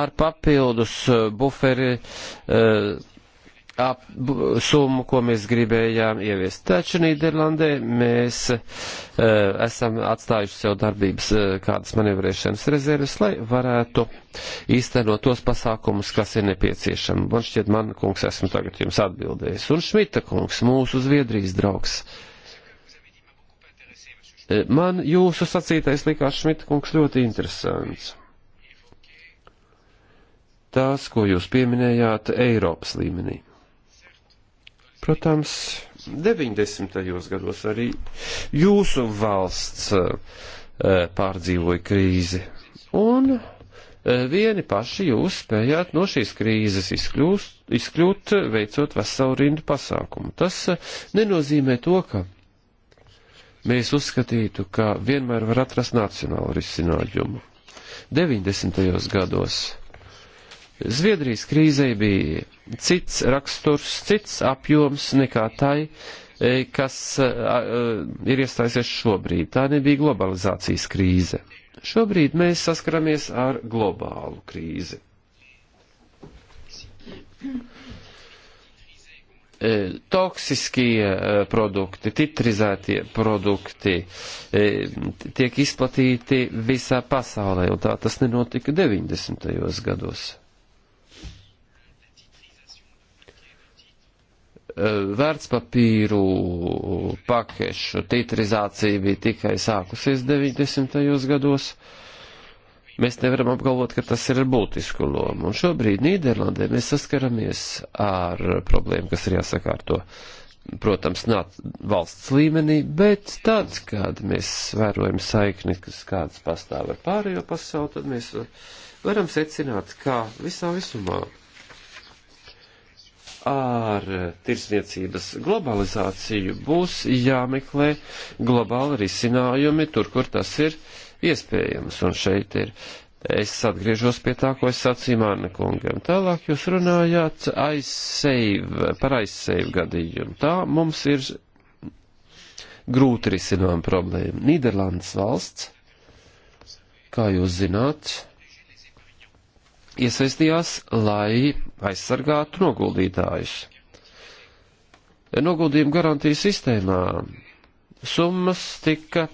A: ar papildus eh, buferi uh, ap, summu, ko mēs gribējām ieviest. Taču Nīderlandē mēs uh, esam atstājuši sev darbības uh, kādas manevrēšanas rezerves, lai varētu īstenot tos pasākumus, kas ir nepieciešami. Man šķiet, man kungs, esmu tagad jums atbildējis. Un Šmita kungs, mūsu Zviedrijas draugs. Eh, man jūsu sacītais likās Šmita kungs ļoti interesants. Tās, ko jūs pieminējāt Eiropas līmenī. Protams, 90. gados arī jūsu valsts eh, pārdzīvoja krīzi. Un eh, vieni paši jūs spējāt no šīs krīzes izkļūst, izkļūt, veicot veselu rindu pasākumu. Tas eh, nenozīmē to, ka mēs uzskatītu, ka vienmēr var atrast nacionālu risinājumu. 90. gados Zviedrijas krīzei bija cits raksturs, cits apjoms nekā tai, e, kas e, e, ir iestājusies šobrīd. Tā nebija globalizācijas krīze. Šobrīd mēs saskaramies ar globālu krīzi. Toksiskie produkti, titrizētie produkti tiek izplatīti visā pasaulē, un tā tas nenotika 90. gados. vērtspapīru pakešu titrizācija bija tikai sākusies 90. gados. Mēs nevaram apgalvot, ka tas ir būtisku lomu. Un šobrīd Nīderlandē mēs saskaramies ar problēmu, kas ir jāsakārto, protams, nāc valsts līmenī, bet tad, kad mēs vērojam saikni, kas kādas pastāv ar pārējo pasauli, tad mēs varam secināt, ka visā visumā ar tirsniecības globalizāciju būs jāmeklē globāli risinājumi tur, kur tas ir iespējams. Un šeit ir. Es atgriežos pie tā, ko es sacīju Mārna kungam. Tālāk jūs runājāt aizseiv, par aizseiv gadījumu. Tā mums ir grūti risinām problēma. Nīderlandes valsts, kā jūs zināt, iesaistījās, lai aizsargātu noguldītājus. Noguldījuma garantijas sistēmā summas tika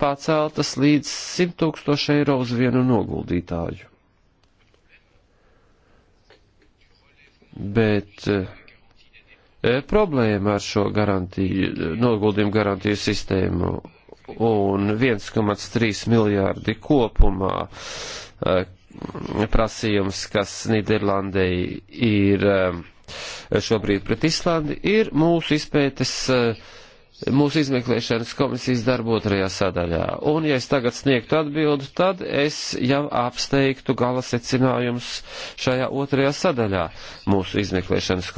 A: paceltas līdz 100 tūkstoši eiro uz vienu noguldītāju. Bet e, problēma ar šo garantiju, noguldījumu garantiju sistēmu un 1,3 miljārdi kopumā, e, prasījums, kas Nīderlandei ir um, šobrīd pret Islandi, ir mūsu izpētes, uh, mūsu izmeklēšanas komisijas darba otrajā sadaļā. Un, ja es tagad sniegtu atbildu, tad es jau apsteigtu gala secinājumus šajā otrajā sadaļā mūsu izmeklēšanas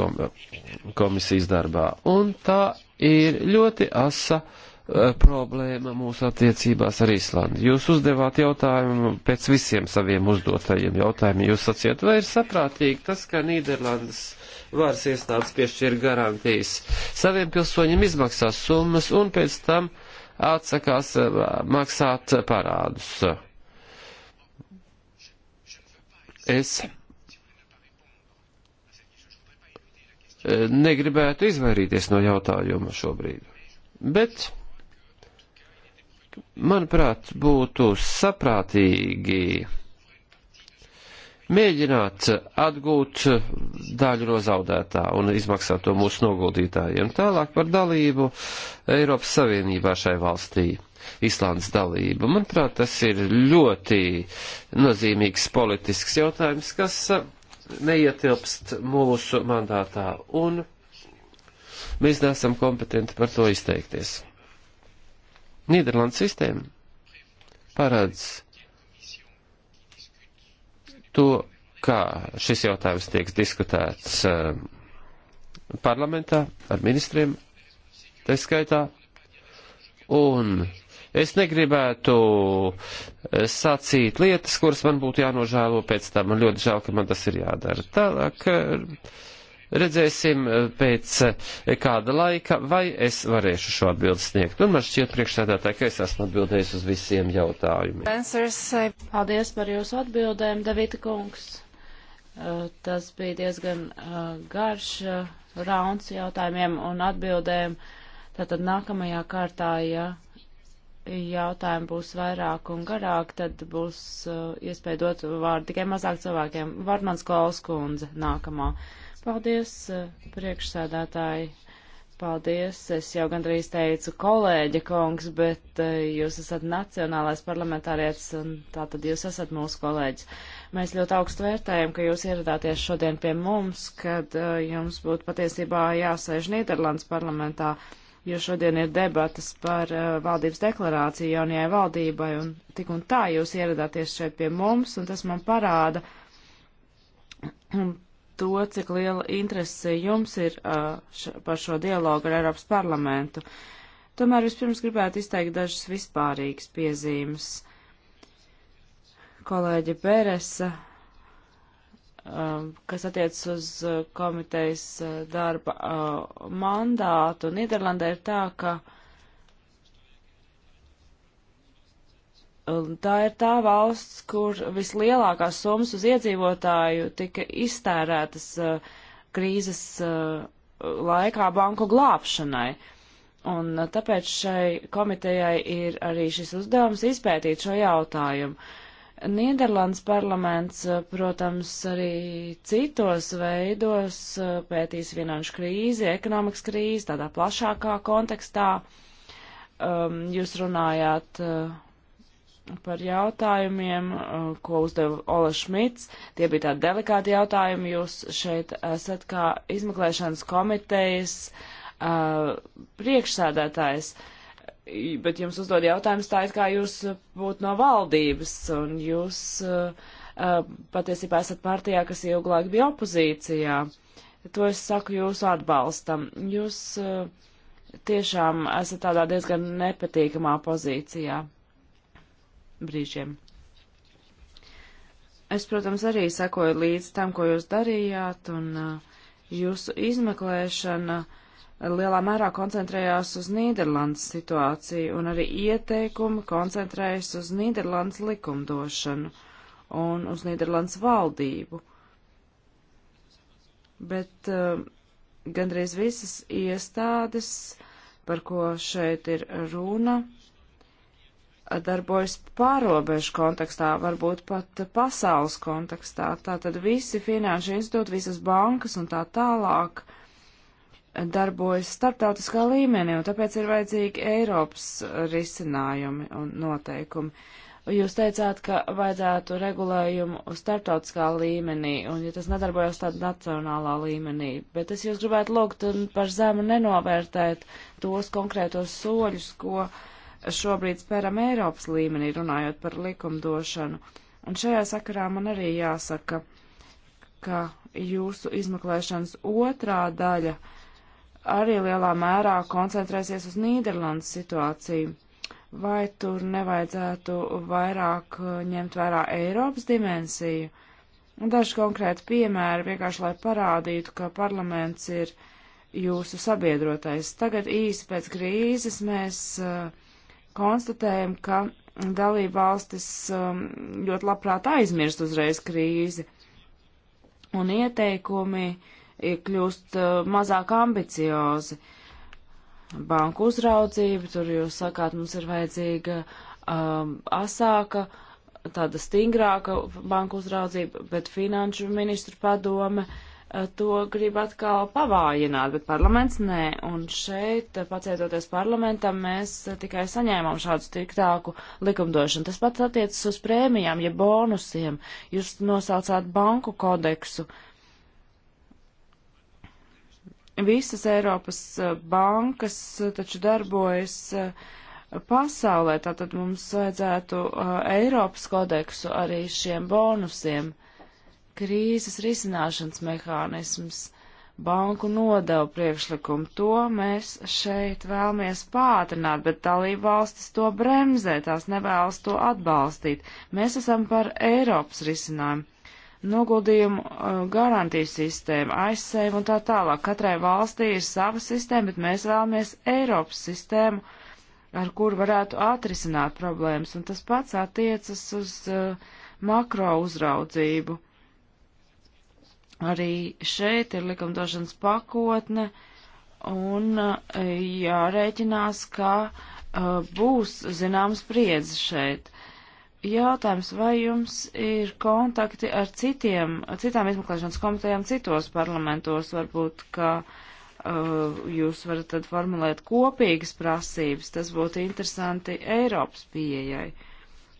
A: komisijas darbā. Un tā ir ļoti asa uh, Eh, problēma mūsu attiecībās ar Īslandi. Jūs uzdevāt jautājumu pēc visiem saviem uzdotajiem jautājumiem. Jūs sacījāt, vai ir saprātīgi tas, ka Nīderlandes varas iestādes piešķir garantijas saviem pilsoņiem izmaksās summas un pēc tam atsakās eh, maksāt parādus. Es eh, negribētu izvairīties no jautājuma šobrīd, bet manuprāt, būtu saprātīgi mēģināt atgūt daļu no zaudētā un izmaksāt to mūsu noguldītājiem. Tālāk par dalību Eiropas Savienībā šai valstī. Islandes dalība. Manuprāt, tas ir ļoti nozīmīgs politisks jautājums, kas neietilpst mūsu mandātā, un mēs neesam kompetenti par to izteikties. Nīderlandes sistēma paredz to, kā šis jautājums tiek diskutēts eh, parlamentā ar ministriem, tā skaitā, un es negribētu eh, sacīt lietas, kuras man būtu jānožēlo pēc tam. Man ļoti žēl, ka man tas ir jādara. Tālāk eh, Redzēsim eh, pēc eh, kāda laika, vai es varēšu šo atbildi sniegt. Un man šķiet priekšsēdētāji, ka es esmu atbildējis uz visiem jautājumiem.
B: Eh, Paldies par jūsu atbildēm, Davita kungs. Tas bija diezgan garš rauns jautājumiem un atbildēm. Tātad nākamajā kārtā, ja jautājumi būs vairāk un garāk, tad būs uh, iespēja dot vārdu tikai mazāk cilvēkiem. Vārtmans Klauskundze nākamā. Uh, Paldies, eh, priekšsēdētāji. Paldies. Es jau gandrīz teicu kolēģa kungs, bet eh, jūs esat nacionālais parlamentārietis un tā tad jūs esat mūsu kolēģis. Mēs ļoti augstu vērtējam, ka jūs ieradāties šodien pie mums, kad eh, jums būtu patiesībā jāsēž Nīderlandes parlamentā, jo šodien ir debatas par valdības deklarāciju jaunajai valdībai un tik un tā jūs ieradāties šeit pie mums un tas man parāda to, cik liela interese jums ir uh, š, par šo dialogu ar Eiropas parlamentu. Tomēr vispirms gribētu izteikt dažas vispārīgas piezīmes. Kolēģi Pēresa, uh, kas attiecas uz komitejas darba uh, mandātu, Nīderlandē ir tā, ka uh, tā ir tā valsts, kur vislielākās summas uz iedzīvotāju tika iztērētas uh, krīzes uh, laikā banku glābšanai. Un uh, tāpēc šai komitejai ir arī šis uzdevums izpētīt šo jautājumu. Nīderlandes parlaments, uh, protams, arī citos veidos uh, pētīs finanšu krīzi, ekonomikas krīzi, tādā plašākā kontekstā. Um, jūs runājāt uh, par jautājumiem, uh, ko uzdeva Ola Šmits. Tie bija tādi delikāti jautājumi. Jūs šeit esat kā izmeklēšanas komitejas uh, priekšsēdētājs, bet jums uzdod jautājums tā, it kā jūs būtu no valdības un jūs uh, uh, patiesībā esat partijā, kas ilglāk bija opozīcijā. To es saku jūsu atbalstam. Jūs uh, tiešām esat tādā diezgan nepatīkamā pozīcijā brīžiem. Es, protams, arī sekoju līdz tam, ko jūs darījāt, un uh, jūsu izmeklēšana uh, lielā mērā koncentrējās uz Nīderlandes situāciju, un arī ieteikumi koncentrējas uz Nīderlandes likumdošanu un uz Nīderlandes valdību. Bet uh, gandrīz visas iestādes, par ko šeit ir runa, darbojas pārobežu kontekstā, varbūt pat pasaules kontekstā. Tātad visi finanšu institūti, visas bankas un tā tālāk darbojas starptautiskā līmenī, un tāpēc ir vajadzīgi Eiropas risinājumi un noteikumi. Jūs teicāt, ka vajadzētu regulējumu starptautiskā līmenī, un ja tas nedarbojas tādā nacionālā līmenī, bet es jūs gribētu lūgt par zemu nenovērtēt tos konkrētos soļus, ko uh, šobrīd spēram Eiropas līmenī, runājot par likumdošanu. Un šajā sakarā man arī jāsaka, ka jūsu izmeklēšanas otrā daļa arī lielā mērā koncentrēsies uz Nīderlandes situāciju. Vai tur nevajadzētu vairāk uh, ņemt vērā Eiropas dimensiju? Daži konkrēti piemēri vienkārši, lai parādītu, ka parlaments ir jūsu sabiedrotais. Tagad īsi pēc krīzes mēs uh, konstatējam, ka dalība valstis um, ļoti labprāt aizmirst uzreiz krīzi, un ieteikumi kļūst uh, mazāk ambiciozi. Banku uzraudzība, tur jūs sakāt, mums ir vajadzīga um, asāka, tāda stingrāka banku uzraudzība, bet finanšu ministru padome uh, Eh, to grib atkal pavājināt, bet parlaments nē. Un šeit, eh, pacētoties parlamentam, mēs eh, tikai saņēmām šādu striktāku likumdošanu. Tas pats attiecas uz prēmijām, ja bonusiem. Jūs nosaucāt banku kodeksu. Visas Eiropas bankas taču darbojas pasaulē, tātad mums vajadzētu Eiropas kodeksu arī šiem bonusiem. Uh, krīzes risināšanas mehānisms, banku nodevu priekšlikumu. To mēs šeit vēlamies pātrināt, bet dalība valstis to bremzē, tās nevēlas to atbalstīt. Mēs esam par Eiropas risinājumu noguldījumu uh, garantiju sistēmu, aizsējumu un tā tālāk. Katrai valstī ir sava sistēma, bet mēs vēlamies Eiropas sistēmu, ar kuru varētu atrisināt problēmas, un tas pats attiecas uz uh, makro uzraudzību. Arī šeit ir likumdošanas pakotne un e, jārēķinās, ka e, būs zināms spriedzi šeit. Jautājums, vai jums ir kontakti ar citiem, citām izmeklēšanas komitejām citos parlamentos, varbūt, ka uh, jūs varat tad formulēt kopīgas prasības, tas būtu interesanti Eiropas pieejai. Uh,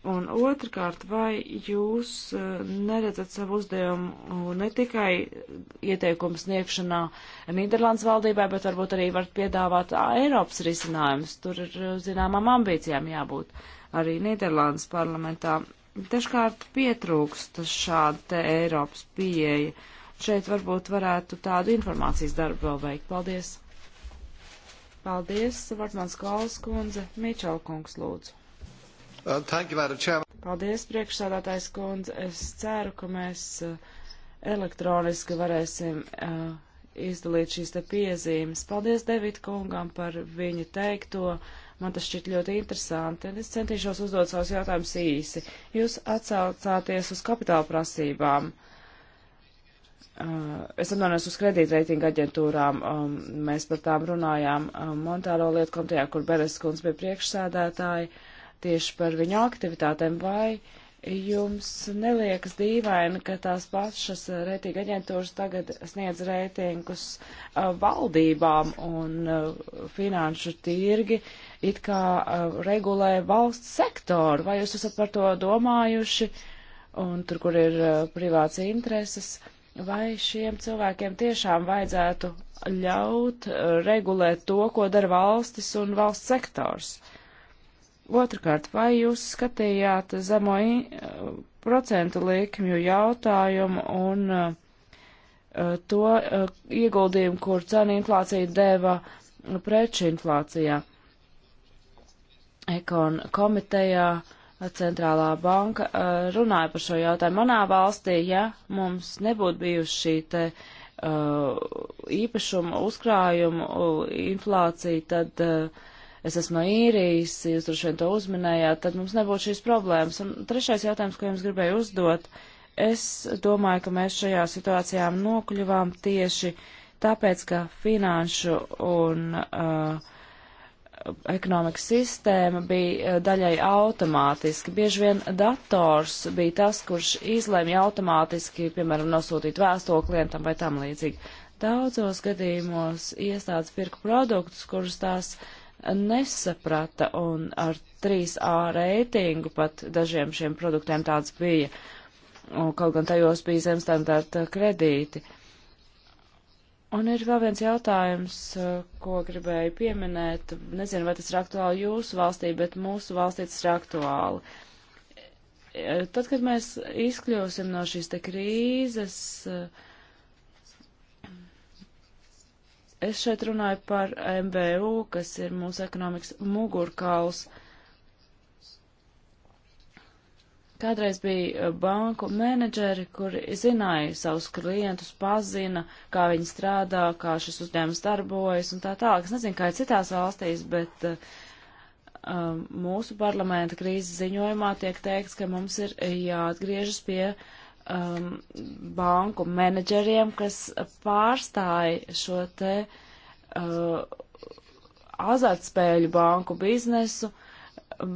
B: Un otrkārt, vai jūs eh, neredzat savu uzdevumu ne tikai ieteikumu sniegšanā Nīderlandes valdībai, bet varbūt arī varat piedāvāt Eiropas risinājumus? Tur ir eh, zināmām ambīcijām jābūt arī Nīderlandes parlamentā. Dažkārt pietrūkst šāda te Eiropas pieeja. Šeit varbūt varētu tādu informācijas darbu vēl veikt. Paldies! Paldies, Vartmans Kols kundze, Mičelkungs lūdzu.
A: Paldies,
B: priekšsādātājs kundze. Es ceru, ka mēs uh, elektroniski varēsim uh, izdalīt šīs te piezīmes. Paldies Devita kungam par viņa teikto. Man tas šķiet ļoti interesanti, un es centīšos uzdot savus jautājumus īsi. Jūs atsaucāties uz kapitāla prasībām. Uh, es atvainojos uz kredītreitinga aģentūrām, um, mēs par tām runājām um, Montāro lietu komitejā, kur Beres kundze bija priekšsēdētāji. Uh, tieši par viņu aktivitātēm, vai jums neliekas dīvaini, ka tās pašas reitinga aģentūras tagad sniedz reitingus uh, valdībām un uh, finanšu tirgi it kā uh, regulē valsts sektoru? Vai jūs esat par to domājuši un tur, kur ir privāts intereses? Vai šiem cilvēkiem tiešām vajadzētu ļaut regulēt to, ko dara valstis un valsts sektors? Uh, Otrakārt, vai jūs skatījāt zemo eh, procentu likmju jautājumu un uh, to uh, ieguldījumu, kur cena inflācija deva preču inflācijā? Ekon komitejā centrālā banka uh, runāja par šo jautājumu. Manā valstī, ja mums nebūtu bijusi šī te īpašuma uzkrājuma inflācija, tad uh, es esmu no īrijas, jūs droši vien to uzminējāt, tad mums nebūtu šīs problēmas. Un trešais jautājums, ko jums gribēju uzdot, es domāju, ka mēs šajā situācijā nokļuvām tieši tāpēc, ka finanšu un uh, ekonomikas sistēma bija uh, daļai automātiski. Bieži vien dators bija tas, kurš izlēma automātiski, piemēram, nosūtīt vēstuli klientam vai tam līdzīgi. Daudzos gadījumos iestādes pirka produktus, kurus tās uh, nesaprata, un ar 3A reitingu pat dažiem šiem produktiem tāds bija, un kaut gan tajos bija zemstandarta kredīti. Un ir vēl viens jautājums, ko gribēju pieminēt. Nezinu, vai tas ir aktuāli jūsu valstī, bet mūsu valstī tas ir aktuāli. Tad, kad mēs izkļūsim no šīs te krīzes, uh, Es šeit runāju par MBU, kas ir mūsu ekonomikas mugurkauls. Kādreiz bija eh, banku menedžeri, kuri zināja savus klientus, pazina, kā viņi strādā, kā šis uzņēmums darbojas un tā tālāk. Es nezinu, kā ir citās valstīs, bet uh, mūsu parlamenta krīzes ziņojumā tiek teikts, ka mums ir jāatgriežas pie uh, um, banku menedžeriem, kas pārstāja šo te uh, azartspēļu banku biznesu,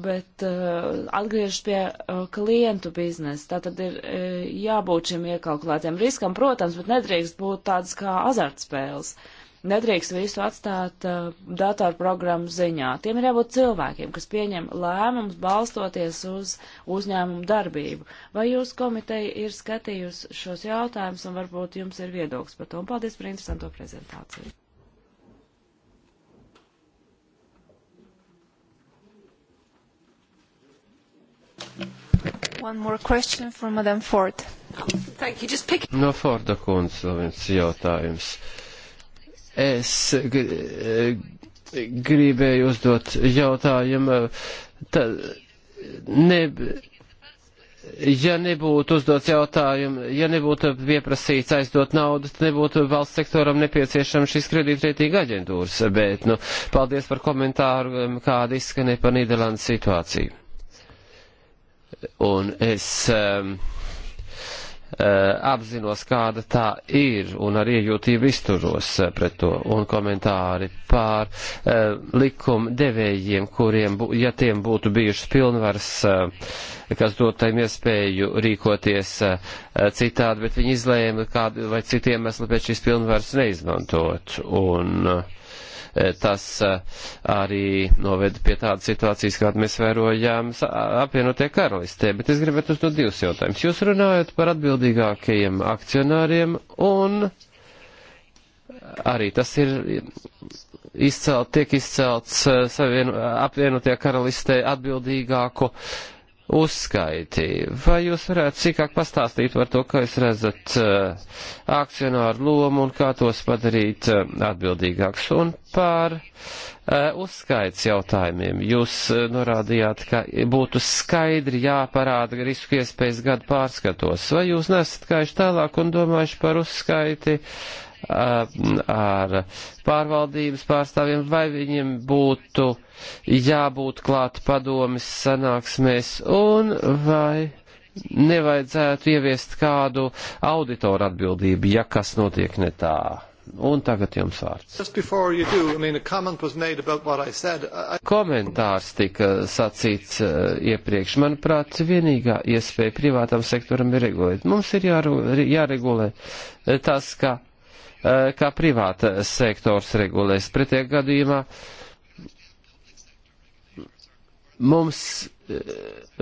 B: bet uh, atgriežas pie uh, klientu biznesa. Tā tad ir uh, jābūt šim iekalkulētiem riskam, protams, bet nedrīkst būt tāds kā azartspēles. Uh, Nedrīkst visu atstāt uh, datorprogrammu ziņā. Tiem ir jābūt cilvēkiem, kas pieņem lēmumus balstoties uz uzņēmumu darbību. Vai jūs komiteja ir skatījusi šos jautājumus un varbūt jums ir viedoklis par to? Un paldies par interesanto prezentāciju. One more
C: question from Madam Ford. Thank you. Just pick...
A: No Forda kundze, viens jautājums. Uh, Es gribēju uzdot jautājumu. Tā, ne, ja nebūtu uzdots jautājumu, ja nebūtu pieprasīts aizdot naudu, tad nebūtu valsts sektoram nepieciešama šīs kredītrētīga aģentūras. Bet, nu, paldies par komentāru, um, kāda izskanē par Nīderlandes situāciju. Un es. Um, Eh, apzinos, kāda tā ir, un ar iejūtību izturos eh, pret to, un komentāri pār uh, eh, likuma devējiem, kuriem, bū, ja tiem būtu bijušas pilnvaras, uh, kas dot tiem iespēju rīkoties uh, citādi, bet viņi izlēma kādu vai citu iemeslu pēc šīs pilnvaras neizmantot. Un, uh, Eh, tas eh, arī noveda pie tādas situācijas, kādu mēs vērojām apvienotie karalistē, bet es gribētu uzdot divus jautājumus. Jūs runājat par atbildīgākajiem akcionāriem un arī tas ir izcelt, tiek izcelts eh, savienu, apvienotie karalistē atbildīgāku uh, uzskaiti. Vai jūs varētu cikāk pastāstīt par to, kā jūs redzat uh, akcionāru lomu un kā tos padarīt uh, atbildīgāks? Un par uh, uzskaits jautājumiem. Jūs uh, norādījāt, ka būtu skaidri jāparāda risku iespējas gadu pārskatos. Vai jūs nesat kājuši tālāk un domājuši par uzskaiti? Uh, ar pārvaldības pārstāvjiem, vai viņiem būtu jābūt klāt padomis sanāksmēs un vai nevajadzētu ieviest kādu auditoru atbildību, ja kas notiek ne tā. Un tagad jums vārds. Do, I mean, said, I... Komentārs tika sacīts uh, iepriekš. Manuprāt, vienīgā iespēja privātam sektoram ir regulēt. Mums ir jāru, jāregulē tas, ka Eh, kā privāta sektors regulēs. Pretie gadījumā mums, eh,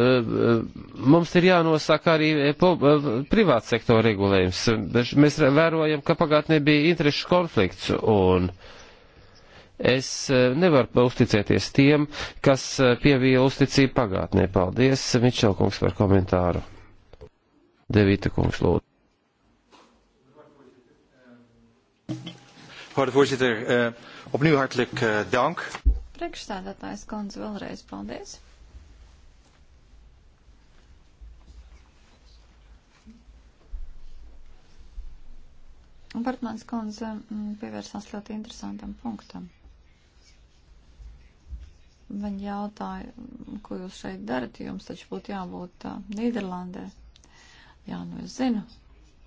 A: eh, mums ir jānosaka arī privāta sektora regulējums. Mēs vērojam, ka pagātnē bija interešu konflikts un es nevaru uzticēties tiem, kas pievīla uzticību pagātnē. Paldies, Mičelkungs, par komentāru. Devīta kungs lūdzu. Voorzitter, uh, opnieuw hartelijk uh, dank.
C: Priekšstādātājs kundze vēlreiz paldies. Bartmans kundze mm, pievērsās ļoti interesantam punktam. Viņa jautāja, ko jūs šeit darat, jums taču būtu jābūt uh, Nīderlandē. Jā, nu es zinu,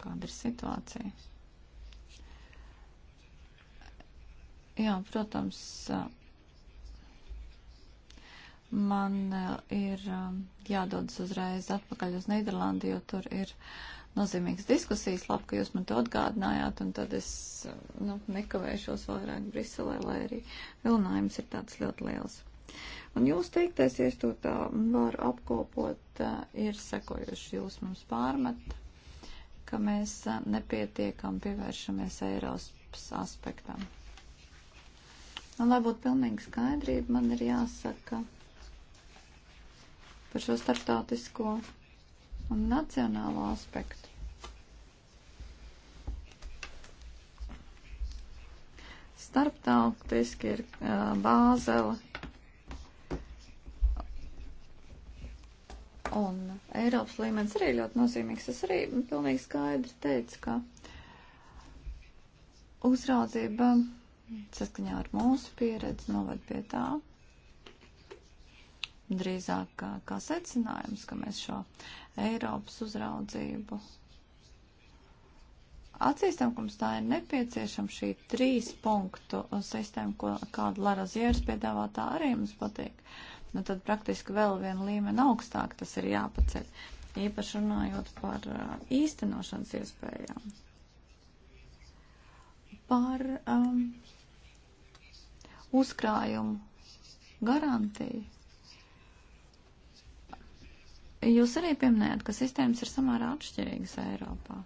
C: kāda ir situācija. Jā, protams, man ir um, jādodas uzreiz atpakaļ uz Nīderlandi, jo tur ir nozīmīgas diskusijas. Labi, ka jūs man to atgādinājāt, un tad es uh, nu, nekavēšos vairāk Briselē, lai arī vilinājums ir tāds ļoti liels. Un jūs teiktais, ja es to tā varu apkopot, uh, ir sekojuši jūs mums pārmet, ka mēs uh, nepietiekam pievēršamies Eiropas aspektam. Un, lai būtu pilnīga skaidrība, man ir jāsaka par šo starptautisko un nacionālo aspektu. Starptautiski ir uh, Bāzela un Eiropas līmenis arī ļoti nozīmīgs. Es arī pilnīgi skaidri teicu, ka uzraudzība saskaņā ar mūsu pieredzi novad pie tā, drīzāk kā, kā secinājums, ka mēs šo Eiropas uzraudzību atzīstam, ka mums tā ir nepieciešama šī trīs punktu sistēma, ko kāda Lara Zieras piedāvā, tā arī mums patīk. Nu, tad praktiski vēl vienu līmeni augstāk tas ir jāpaceļ, īpaši runājot par uh, īstenošanas iespējām. Par um, uzkrājumu garantiju. Jūs arī pieminējat, ka sistēmas ir samērā atšķirīgas Eiropā.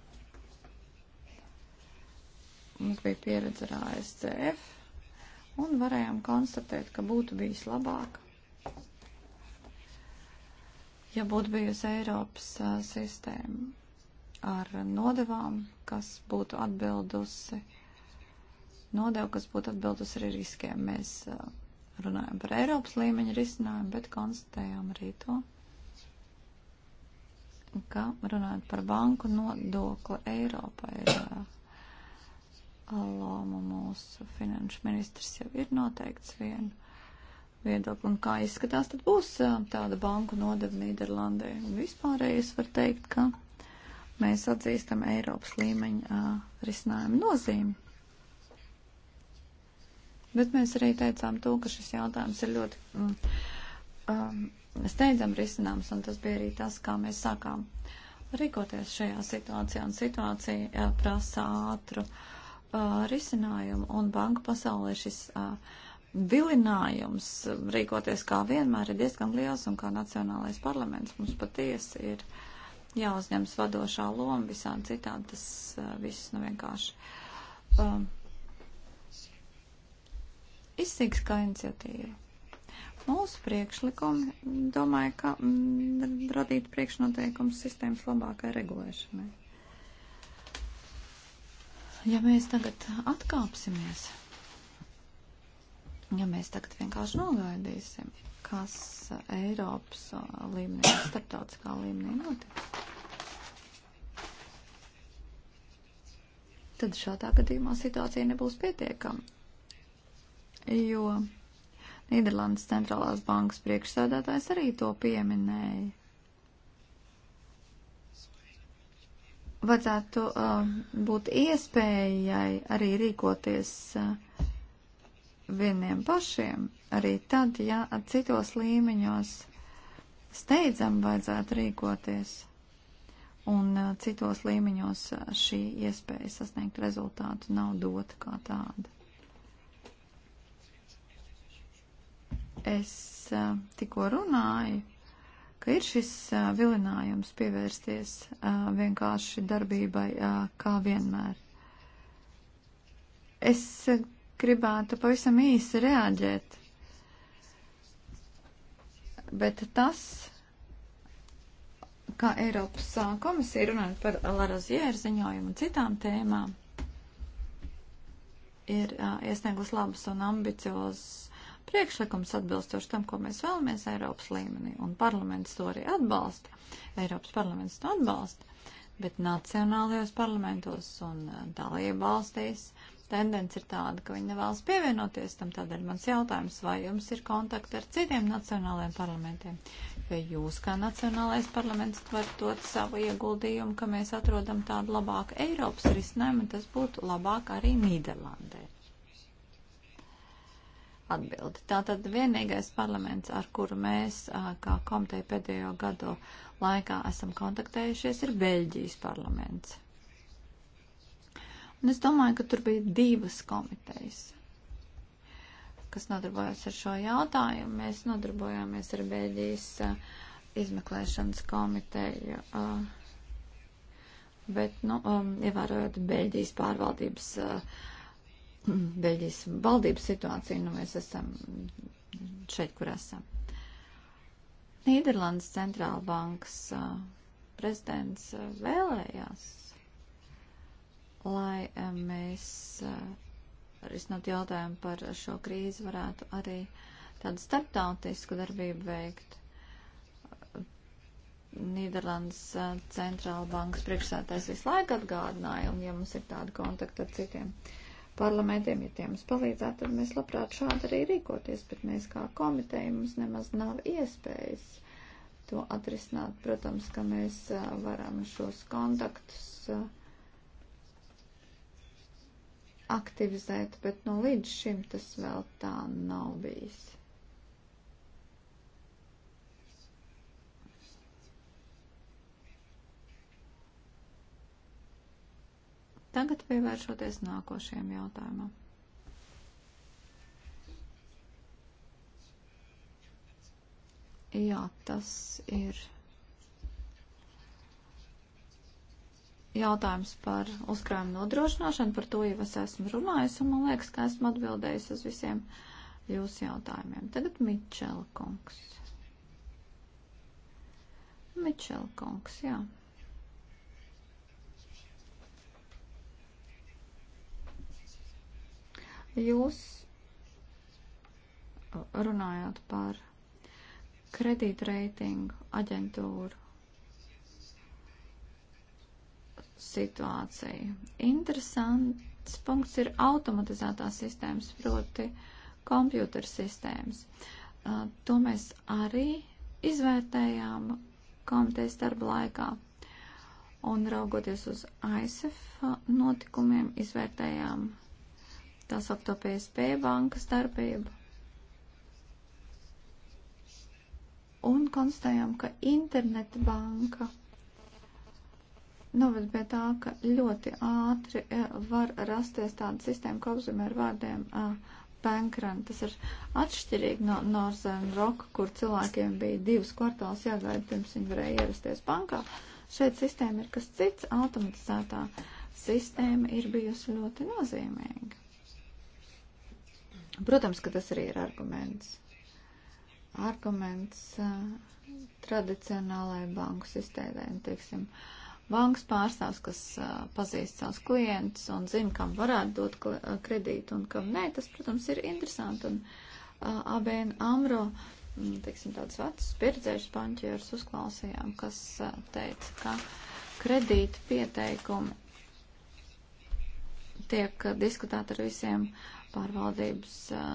C: Mums bija pieredze ar ASCF un varējām konstatēt, ka būtu bijis labāk, ja būtu bijusi Eiropas uh, sistēma ar nodevām, kas būtu atbildusi uh, nodevu, kas būtu atbildus arī riskiem. Mēs uh, runājam par Eiropas līmeņa risinājumu, bet konstatējām arī to, ka runājot par banku nodokli Eiropai, uh, loma mūsu finanšu ministrs jau ir noteikts vienu viedokli. Un kā izskatās, tad būs uh, tāda banku nodeva Nīderlandē. Un vispārējais var teikt, ka mēs atzīstam Eiropas līmeņa uh, risinājumu nozīmi. Bet mēs arī teicām to, ka šis jautājums ir ļoti mm, um, steidzam risināms, un tas bija arī tas, kā mēs sākām rīkoties šajā situācijā, un situācija jā, prasa ātru uh, risinājumu, un banku pasaulē šis uh, vilinājums um, rīkoties kā vienmēr ir diezgan liels, un kā nacionālais parlaments mums patiesi ir jāuzņems vadošā loma visādi citādi, tas uh, viss nu vienkārši. Um, izsīgs kā iniciatīva. Mūsu priekšlikumi, domāju, ka mm, radītu priekšnoteikums sistēmas labākai regulēšanai. Ja mēs tagad atkāpsimies, ja mēs tagad vienkārši nogaidīsim, kas Eiropas līmenī, starptautiskā līmenī notiks, tad šādā gadījumā situācija nebūs pietiekama jo Nīderlandes centrālās bankas priekšsēdētājs arī to pieminēja. Vajadzētu uh, būt iespējai arī rīkoties uh, vieniem pašiem, arī tad, ja citos līmeņos steidzam vajadzētu rīkoties un uh, citos līmeņos uh, šī iespēja sasniegt rezultātu nav dota kā tāda. es tikko runāju, ka ir šis vilinājums pievērsties vienkārši darbībai kā vienmēr. Es gribētu pavisam īsi reaģēt, bet tas, kā Eiropas komisija runājot par Larozieru ziņojumu un citām tēmām, ir iesniegus labus un ambiciozus priekšlikums atbilstoši tam, ko mēs vēlamies Eiropas līmenī, un parlaments to arī atbalsta. Eiropas parlaments to atbalsta, bet nacionālajos parlamentos un uh, dalību valstīs tendence ir tāda, ka viņi nevēlas pievienoties tam. Tādēļ mans jautājums, vai jums ir kontakti ar citiem nacionālajiem parlamentiem? Vai jūs kā nacionālais parlaments varat dot savu ieguldījumu, ka mēs atrodam tādu labāku Eiropas risinājumu, un tas būtu labāk arī Nīderlandē? atbildi. Tātad vienīgais parlaments, ar kuru mēs kā komiteja pēdējo gadu laikā esam kontaktējušies, ir Beļģijas parlaments. Un es domāju, ka tur bija divas komitejas, kas nodarbojas ar šo jautājumu. Mēs nodarbojāmies ar Beļģijas izmeklēšanas komiteju. Uh, bet, nu, um, ievērojot Beļģijas pārvaldības uh, Beļģijas valdības situāciju, nu mēs esam šeit, kur esam. Nīderlandes centrāla bankas prezidents vēlējās, lai mēs risinot jautājumu par šo krīzi varētu arī tādu starptautisku darbību veikt. Nīderlandes centrāla bankas priekšsētājs visu laiku atgādināja, un ja mums ir tāda kontakta ar citiem uh, parlamentiem, ja tie mums palīdzētu, tad mēs labprāt šādi arī rīkoties, bet mēs kā komiteja mums nemaz nav iespējas to atrisināt. Protams, ka mēs varam šos kontaktus aktivizēt, bet no nu līdz šim tas vēl tā nav bijis. Tagad pievēršoties nākošajam jautājumam. Jā, tas ir jautājums par uzkrājumu nodrošināšanu, par to jau es esmu runājis, un man liekas, ka esmu atbildējis uz visiem jūsu jautājumiem. Tagad Mičela kungs. Mičela kungs, jā. Jūs runājāt par kredītreitingu aģentūru situāciju. Interesants punkts ir automatizētās sistēmas, proti kompjūter sistēmas. To mēs arī izvērtējām komitejas darba laikā. Un raugoties uz ASF notikumiem, izvērtējām tā saukto PSP bankas darbību. Un konstatējām, ka interneta banka noved pie tā, ka ļoti ātri eh, var rasties tāda sistēma, ko apzīmē ar vārdiem eh, bankrun. Tas ir atšķirīgi no Northern Rock, kur cilvēkiem bija divas kvartāls jāgaida, pirms viņi varēja ierasties bankā. Šeit sistēma ir kas cits, automatizētā sistēma ir bijusi ļoti nozīmīga. Protams, ka tas arī ir arguments. Arguments uh, tradicionālajai banku sistēmai, teiksim, bankas pārstāvs, kas uh, pazīst savus klientus un zina, kam varētu dot kredītu un kam nē, tas, protams, ir interesanti. Un uh, ABN AMRO, mm, teiksim, tāds vecs pieredzējušs banķieris uzklausījām, kas uh, teica, ka kredīta pieteikumi tiek diskutēti ar visiem uh, pārvaldības uh,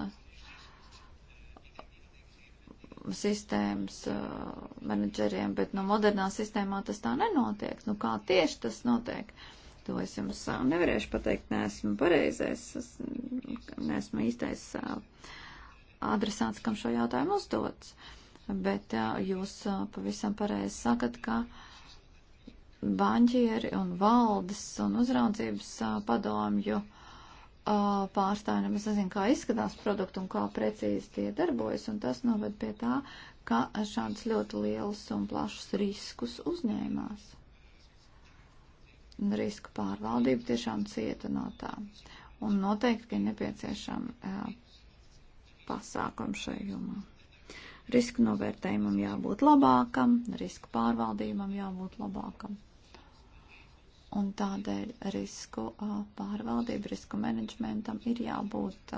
C: sistēmas uh, menedžeriem, bet no nu, modernā sistēmā tas tā nenotiek. Nu, kā tieši tas notiek? To es jums uh, nevarēšu pateikt, neesmu pareizais, neesmu īstais adresāts, kam šo jautājumu uzdots. Bet jūs pavisam pareizi sakat, ka banķieri un valdes un uzraudzības padomju pārstāvji nemaz nu, nezin, kā izskatās produkti un kā precīzi tie darbojas, un tas noved pie tā, ka šāds ļoti liels un plašs riskus uzņēmās. Un risku pārvaldība tiešām cieta no tā. Un noteikti, ka ir nepieciešama pasākuma šajā jomā. Risku novērtējumam jābūt labākam, risku pārvaldījumam jābūt labākam. Un tādēļ risku pārvaldību, risku menedžmentam ir jābūt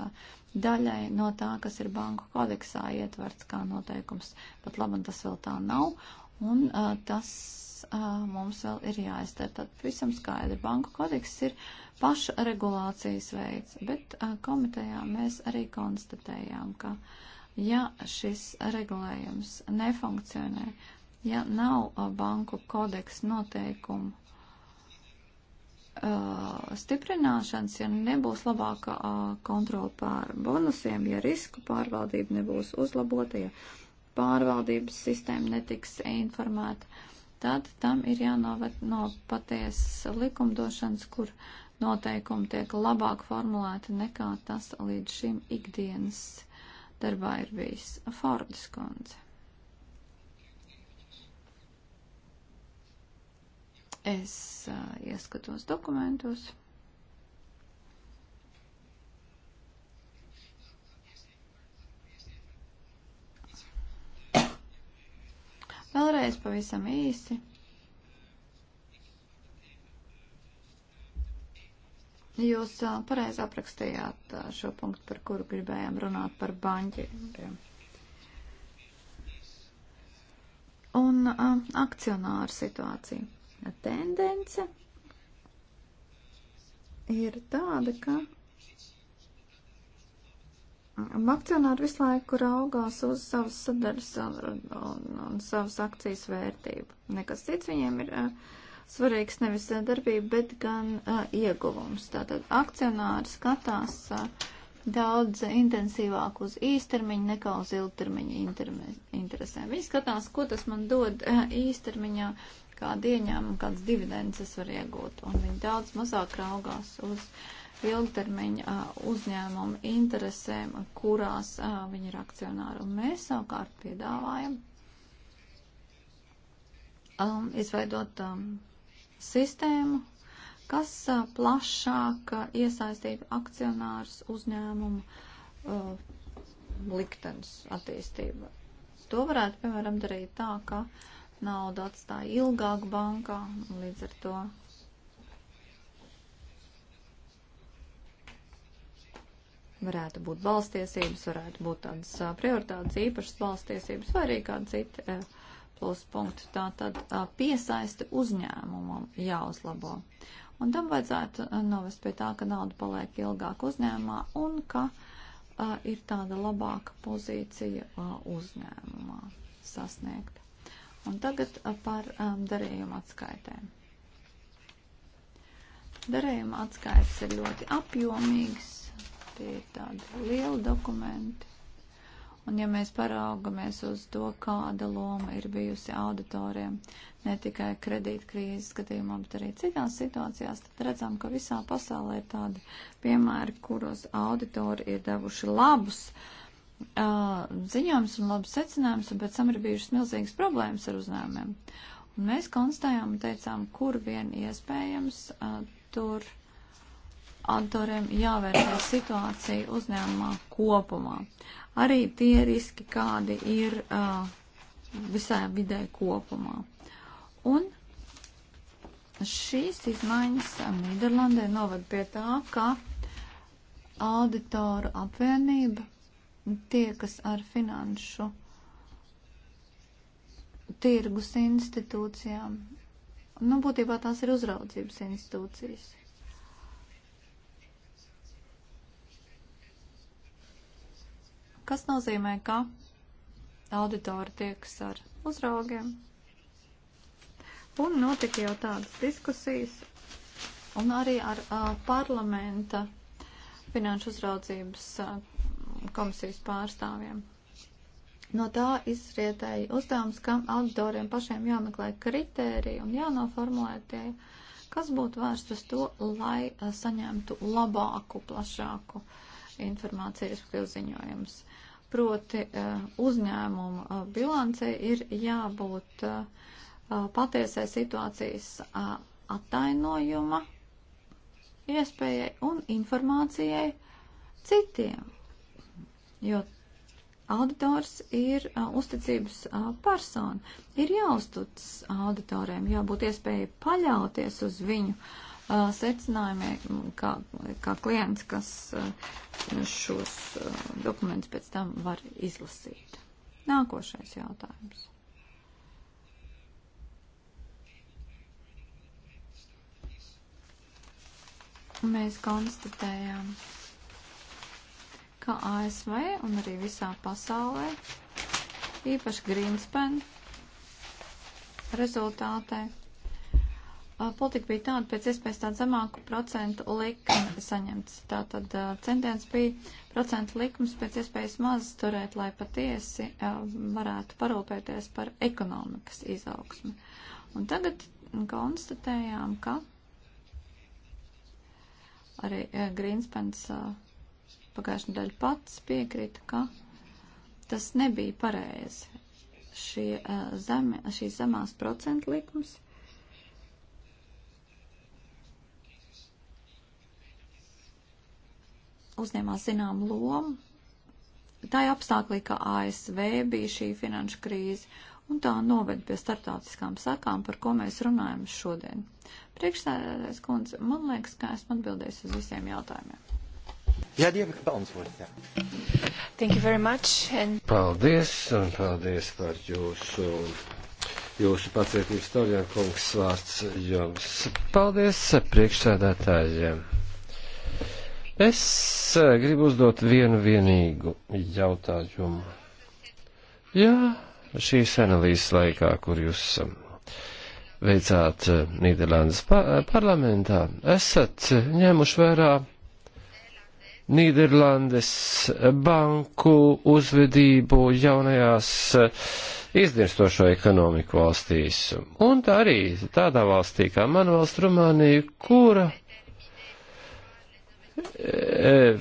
C: daļai no tā, kas ir banku kodeksā ietverts kā noteikums. Pat labi, tas vēl tā nav. Un tas mums vēl ir jāiztver. Tad visam skaidri, banku kodeks ir paša regulācijas veids, bet komitejā mēs arī konstatējām, ka ja šis regulējums nefunkcionē, ja nav banku kodeksa noteikumu, uh, stiprināšanas, ja nebūs labāka uh, kontrola pār bonusiem, ja risku pārvaldība nebūs uzlabota, ja pārvaldības sistēma netiks informēta, tad tam ir jānovet no patiesas likumdošanas, kur noteikumi tiek labāk formulēti nekā tas līdz šim ikdienas darbā ir bijis Fordas kundze. Es uh, ieskatos dokumentos. Vēlreiz pavisam īsi. Jūs uh, pareizi aprakstījāt uh, šo punktu, par kuru gribējām runāt par banķieriem. Un uh, akcionāru situāciju tendence ir tāda, ka Akcionāri visu laiku raugās uz savas sadaļas un, un, un savas akcijas vērtību. Nekas cits viņiem ir uh, svarīgs nevis eh, darbība, bet gan uh, ieguvums. Tātad akcionāri skatās uh, daudz intensīvāk uz īstermiņu nekā uz ilgtermiņu interesēm. Viņi skatās, ko tas man dod uh, īstermiņā kādu ieņēmumu, kādas dividendes es varu iegūt. Un viņi daudz mazāk raugās uz ilgtermiņa uzņēmumu interesēm, kurās viņi ir akcionāri. Un mēs savukārt piedāvājam um, izveidot um, sistēmu, kas uh, plašāk uh, iesaistītu akcionārus uzņēmumu uh, liktenes attīstību. To varētu, piemēram, darīt tā, ka uh, naudu atstāja ilgāk bankā, līdz ar to varētu būt balstiesības, varētu būt tādas prioritātes īpašas balstiesības vai arī kāda cita pluspunkta. Tā tad piesaisti uzņēmumam jāuzlabo. Un tam vajadzētu novest pie tā, ka nauda paliek ilgāk uzņēmumā un ka a, ir tāda labāka pozīcija a, uzņēmumā sasniegta. Un tagad uh, par um, darījuma atskaitēm. Darījuma atskaites ir ļoti apjomīgas, tie ir tādi lieli dokumenti. Un ja mēs paraugamies uz to, kāda loma ir bijusi auditoriem, ne tikai kredītkrīzes gadījumā, bet arī citās situācijās, tad redzam, ka visā pasaulē ir tādi piemēri, kuros auditori ir devuši labus uh, uh, ziņojums un labs secinājums, un pēc tam ir bijušas milzīgas problēmas ar uzņēmumiem. Un mēs konstatējām un teicām, kur vien iespējams, uh, tur autoriem jāvērtē situācija uzņēmumā kopumā. Arī tie riski, kādi ir uh, visā vidē kopumā. Un šīs izmaiņas Nīderlandē novada pie tā, ka auditoru apvienība tie, kas ar finanšu tirgus institūcijām, nu, būtībā tās ir uzraudzības institūcijas. Kas nozīmē, ka auditori tieks ar uzraugiem. Un notika jau tādas diskusijas, un arī ar uh, parlamenta finanšu uzraudzības uh, komisijas pārstāvjiem. No tā izrietēja uzdevums, kam auditoriem pašiem jāmeklē kritēriji un jānoformulē tie, kas būtu vērsts uz to, lai eh, saņemtu labāku, plašāku informāciju, respektīvi ziņojumus. Proti eh, uzņēmumu eh, bilancei ir jābūt patiesai situācijas attainojuma iespējai un informācijai citiem jo auditors ir uh, uzticības uh, persona. Ir jāuztic auditoriem, jābūt iespēja paļauties uz viņu uh, secinājumiem, kā, kā klients, kas uh, šos uh, dokumentus pēc tam var izlasīt. Nākošais jautājums. Mēs konstatējām, ka ASV un arī visā pasaulē, īpaši Greenspan rezultātē, politika bija tāda, pēc iespējas tāda zemāku procentu likmi saņemts. Tātad centiens bija procentu likmes pēc iespējas maz turēt, lai patiesi varētu parūpēties par ekonomikas izaugsmi. Un tagad konstatējām, ka arī Grīnspens pagājušajā nedēļā pats piekrita, ka tas nebija pareizi. Šie, eh, zem, šīs zemās procentu likums uzņēmās zinām lomu. Tā ir apstākļi, ka ASV bija šī finanšu krīze, un tā noved pie startautiskām sakām, par ko mēs runājam šodien. Priekšsēdētājs kundze, man liekas, ka esmu atbildējis uz visiem jautājumiem.
A: Jā, Dieva, ka paantvodat.
C: Thank you very much. And...
A: Paldies, un paldies par jūsu, jūsu pacietības stoļā, kungs, vārds jums. Paldies priekšsēdētājiem. Es eh, gribu uzdot vienu vienīgu jautājumu. Jā, šīs analīzes laikā, kur jūs eh, veicāt eh, Nīderlandes parlamentā, esat ņēmuši vērā Nīderlandes banku uzvedību jaunajās izdirstošo ekonomiku valstīs. Un tā arī tādā valstī kā man valsts Rumānija, kura e,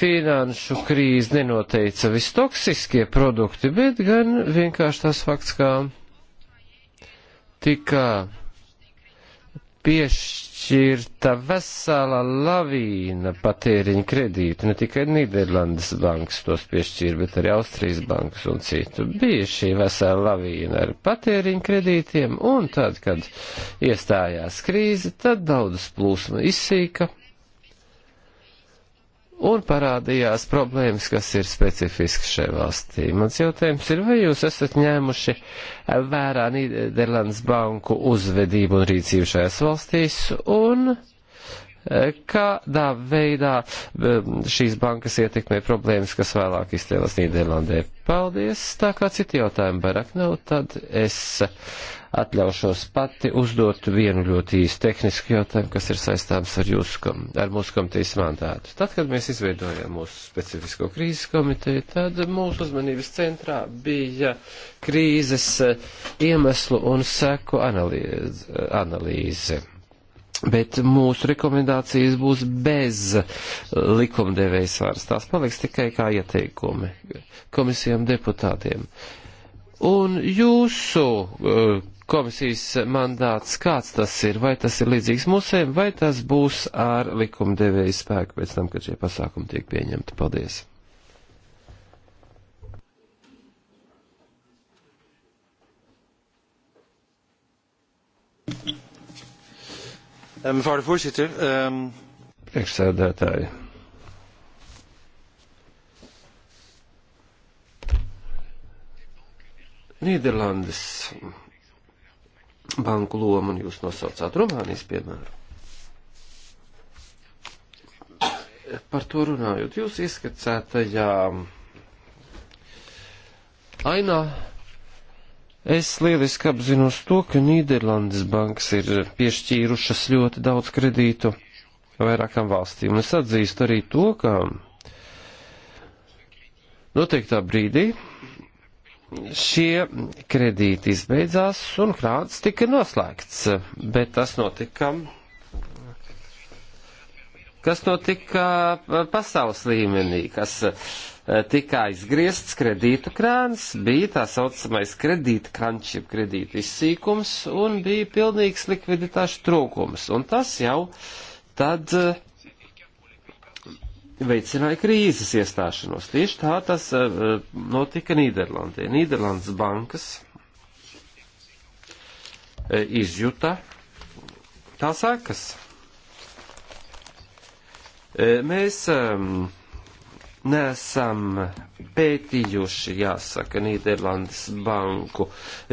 A: finanšu krīze nenoteica vistoksiskie produkti, bet gan vienkārši tas fakts, kā tika piešķirt izšķirta vesela lavīna patēriņa kredītu. Ne tikai Nīderlandes bankas tos piešķīra, bet arī Austrijas bankas un citu. Bija šī vesela lavīna ar patēriņa kredītiem, un tad, kad iestājās krīze, tad naudas plūsma izsīka un parādījās problēmas, kas ir specifiskas šai valstī. Mans jautājums ir, vai jūs esat ņēmuši vērā Nīderlandes banku uzvedību un rīcību šajās valstīs, un e, kādā veidā e, šīs bankas ietekmē problēmas, kas vēlāk izcēlas Nīderlandē. Paldies, tā kā citi jautājumi vairāk nav, tad es atļaušos pati uzdot vienu ļoti īstu tehnisku jautājumu, kas ir saistāms ar, jūsu, ar mūsu komitejas mandātu. Tad, kad mēs izveidojām mūsu specifisko krīzes komiteju, tad mūsu uzmanības centrā bija krīzes eh, iemeslu un seku analīze. analīze. Bet mūsu rekomendācijas būs bez eh, likumdevējas vairs. Tās paliks tikai kā ieteikumi komisijām deputātiem. Un jūsu uh, komisijas mandāts, kāds tas ir, vai tas ir līdzīgs musēm, vai tas būs ar likumdevēju spēku pēc tam, kad šie pasākumi tiek pieņemti. Paldies! Ehm, mevrouw de voorzitter. Um... Priekšsēdētāji. Nīderlandes banku lomu, un jūs nosaucāt Rumānijas piemēru. Par to runājot, jūs ieskicētajā ainā es lieliski apzinos to, ka Nīderlandes bankas ir piešķīrušas ļoti daudz kredītu vairākām valstīm, un es atzīstu arī to, ka noteiktā brīdī šie kredīti izbeidzās un krāts tika noslēgts, bet tas notika. Kas notika pasaules līmenī, kas eh, tika aizgriezts kredītu krāns, bija tā saucamais kredīta krāns, jeb kredīta izsīkums, un bija pilnīgs likviditāšu trūkums. Un tas jau tad uh, veicināja krīzes iestāšanos. Tieši tā tas eh, notika Nīderlandē. Nīderlandes bankas eh, izjuta tā sekas. Eh, mēs um, nesam pētījuši, jāsaka, Nīderlandes banku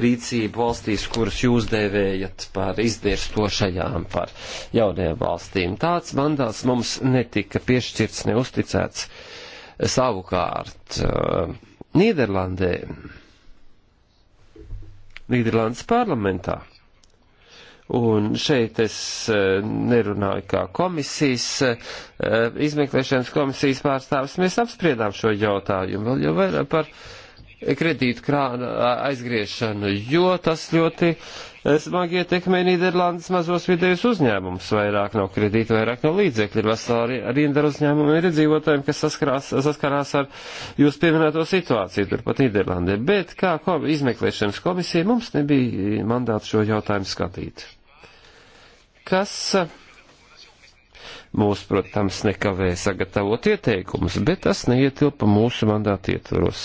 A: rīcību valstīs, kuras jūs dēvējat par izdirstošajām, par jaunajām valstīm. Tāds mandāts mums netika piešķirts, neusticēts savukārt uh, Nīderlandē, Nīderlandes parlamentā. Un šeit es eh, nerunāju kā komisijas, eh, izmeklēšanas komisijas pārstāvis. Mēs apspriedām šo jautājumu vēl jau vairāk par kredītu krāna aizgriešanu, jo tas ļoti eh, smagi ietekmē Nīderlandes mazos vidējus uzņēmumus. Vairāk nav kredītu, vairāk nav līdzekļu. Ir vesela rinda ar uzņēmumiem ir iedzīvotājiem, kas saskarās, saskarās ar jūs pieminēto situāciju turpat Nīderlandē. Bet kā kom izmeklēšanas komisija mums nebija mandāts šo jautājumu skatīt kas eh, mūs, protams, nekavē sagatavot ieteikumus, bet tas neietilpa mūsu mandāti ietvaros.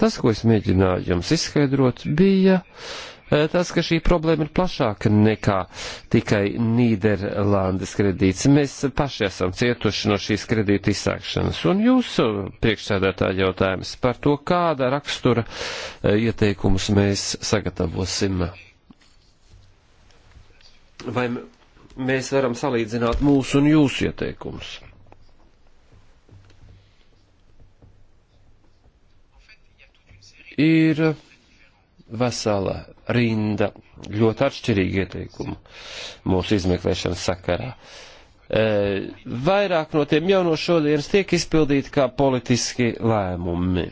A: Tas, ko es mēģināju jums izskaidrot, bija eh, tas, ka šī problēma ir plašāka nekā tikai Nīderlandes kredīts. Mēs paši esam cietuši no šīs kredīta izsākšanas. Un jūsu priekšsēdētāja jautājums par to, kāda rakstura eh, ieteikumus mēs sagatavosim. Vai mēs varam salīdzināt mūsu un jūsu ieteikumus. Ir vesela rinda ļoti atšķirīgu ieteikumu mūsu izmeklēšanas sakarā. E, vairāk no tiem jau no šodienas tiek izpildīti kā politiski lēmumi.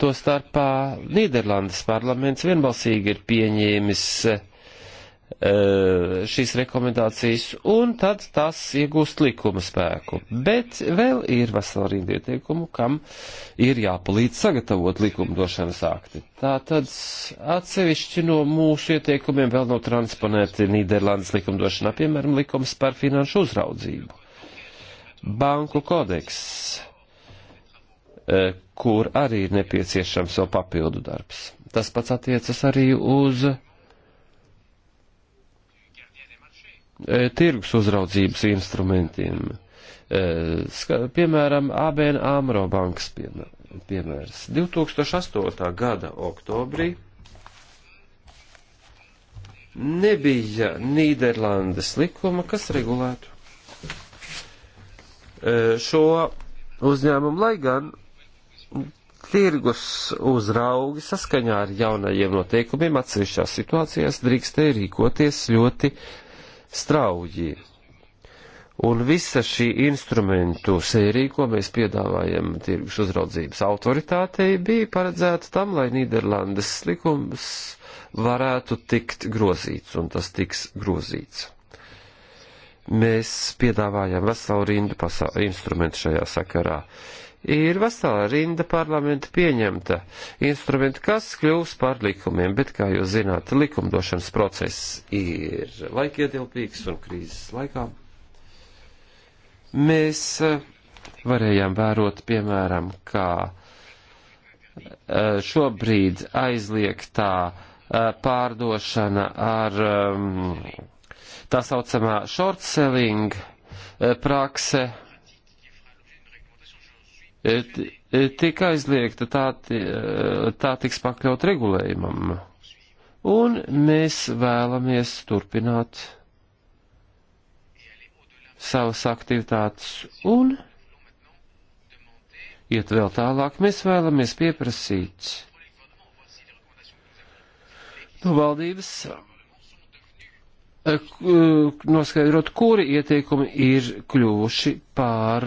A: To starpā Nīderlandes parlaments vienbalsīgi ir pieņēmis uh, Eh, šīs rekomendācijas, un tad tās iegūst likuma spēku. Bet vēl ir vesela rinda ieteikumu, kam ir jāpalīdz sagatavot likumdošanas akti. Tātad atsevišķi no mūsu ieteikumiem vēl nav transponēti Nīderlandes likumdošanā, piemēram, likums par finanšu uzraudzību. Banku kodeks, eh, kur arī ir nepieciešams vēl papildu darbs. Tas pats attiecas arī uz E, tirgus uzraudzības instrumentiem. E, piemēram, ABN Amro bankas piemērs. 2008. gada oktobrī nebija Nīderlandes likuma, kas regulētu e, šo uzņēmumu, lai gan tirgus uzraugi saskaņā ar jaunajiem noteikumiem atsevišķās situācijās drīkstēja rīkoties ļoti uh, strauji. Un visa šī instrumentu sērija, ko mēs piedāvājam tirgus uzraudzības autoritātei, bija paredzēta tam, lai Nīderlandes likums varētu tikt grozīts, un tas tiks grozīts. Mēs piedāvājam veselu rindu instrumentu šajā sakarā. Uh, ir vesela rinda parlamenta pieņemta instrumenta, kas kļūs par likumiem, bet, kā jūs zināt, likumdošanas process ir laikietilpīgs un krīzes laikā. Mēs eh, varējām vērot, piemēram, kā eh, šobrīd aizliegtā eh, pārdošana ar ehm, tā saucamā short selling prakse E, e, tika aizliegta, tā, e, tā tiks pakļaut regulējumam. Un mēs vēlamies turpināt savas aktivitātes un iet vēl tālāk. Mēs vēlamies pieprasīt no valdības Eh, noskaidrot, kuri ieteikumi ir kļuvuši pār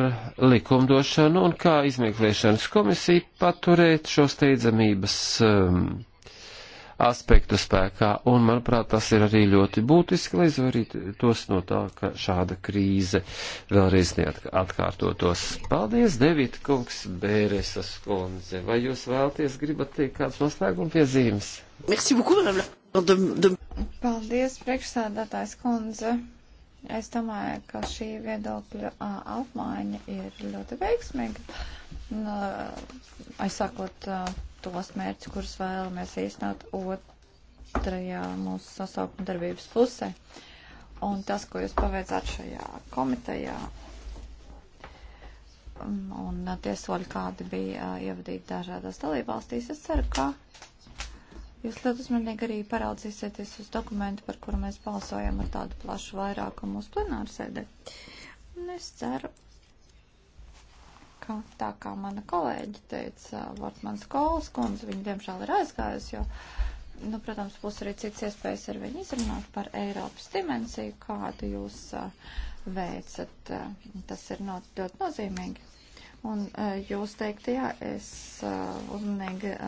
A: likumdošanu un kā izmeklēšanas komisija paturēt šo steidzamības um, aspektu spēkā. Un, manuprāt, tas ir arī ļoti būtiski, lai izvairītos no tā, ka šāda krīze vēlreiz neatkārtotos. Paldies, Devita kungs, Bēresas kundze. Vai jūs vēlties gribat teikt kāds noslēguma piezīmes? Merci beaucoup, madame. De, de...
C: Paldies, priekšsādātājs kundze. Es domāju, ka šī viedokļa apmaiņa ir ļoti veiksmīga. Aizsākot tos mērķus, kurus vēlamies īstenot otrajā mūsu sasaukuma darbības pusē. Un tas, ko jūs paveicāt šajā komitejā, un tie soļi, kādi bija ievadīti dažādās dalībvalstīs, es ceru, ka Jūs ļoti uzmanīgi arī paraudzīsieties uz dokumentu, par kuru mēs balsojam ar tādu plašu vairākumu uz plenāru sēdē. Un es ceru, ka tā kā mana kolēģi teica, Vortmans Kols kundze, viņa diemžēl ir aizgājusi, jo, nu, protams, būs arī cits iespējas ar viņu izrunāt par Eiropas dimensiju, kādu jūs uh, veicat. Uh, tas ir no, ļoti nozīmīgi. Un e, jūs teiktajā es e, uzmanīgi e,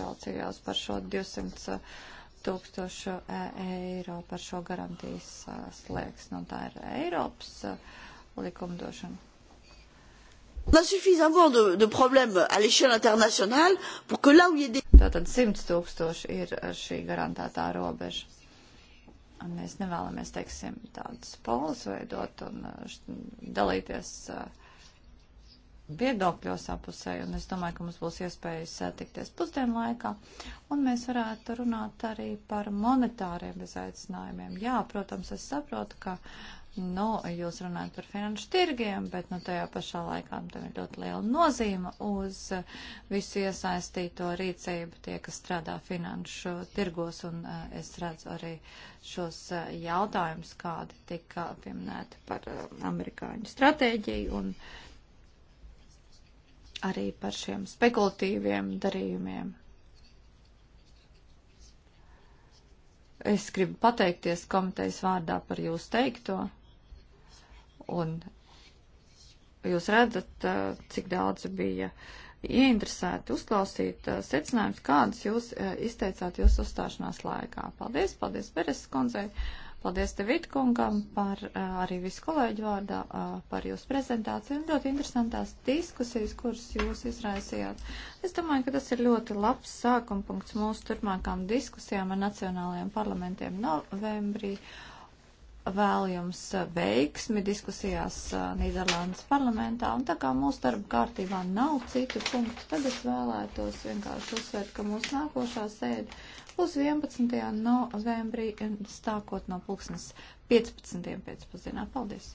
C: raucījos par šo 200 tūkstošu eiro par šo garantijas slēgsni, un tā ir Eiropas likumdošana. On a suffisamment de, de problèmes à l'échelle internationale pour que là où il y a des... Tātad 100 tūkstoši ir šī garantētā robeža. Un mēs nevēlamies, teiksim, tādas polis veidot un dalīties uh, viedokļos apusē, un es domāju, ka mums būs iespējas tikties pusdienu laikā, un mēs varētu runāt arī par monetāriem izaicinājumiem. Jā, protams, es saprotu, ka, nu, jūs runājat par finanšu tirgiem, bet, nu, tajā pašā laikā tam ir ļoti liela nozīme uz visu iesaistīto rīcību tie, kas strādā finanšu tirgos, un eh, es redzu arī šos eh, jautājumus, kādi tika pieminēti par eh, amerikāņu stratēģiju un arī par šiem spekulatīviem darījumiem. Es gribu pateikties komitejas vārdā par jūsu teikto, un jūs redzat, eh, cik daudz bija ieinteresēti uzklausīt eh, secinājumus, kādus jūs eh, izteicāt jūsu uzstāšanās laikā. Paldies, paldies Beres kundzei, Paldies David kungam par arī visu kolēģu vārdā par jūsu prezentāciju un ļoti interesantās diskusijas, kuras jūs izraisījāt. Es domāju, ka tas ir ļoti labs sākumpunkts mūsu turpmākām diskusijām ar nacionālajiem parlamentiem novembrī. Vēl jums veiksmi diskusijās Nīderlandes parlamentā, un tā kā mūsu darba kārtībā nav citu punktu, tad es vēlētos vienkārši uzsvērt, ka mūsu nākošā sēde uz 11. novembrī stākot no pulksnes 15. pēcpusdienā. Paldies!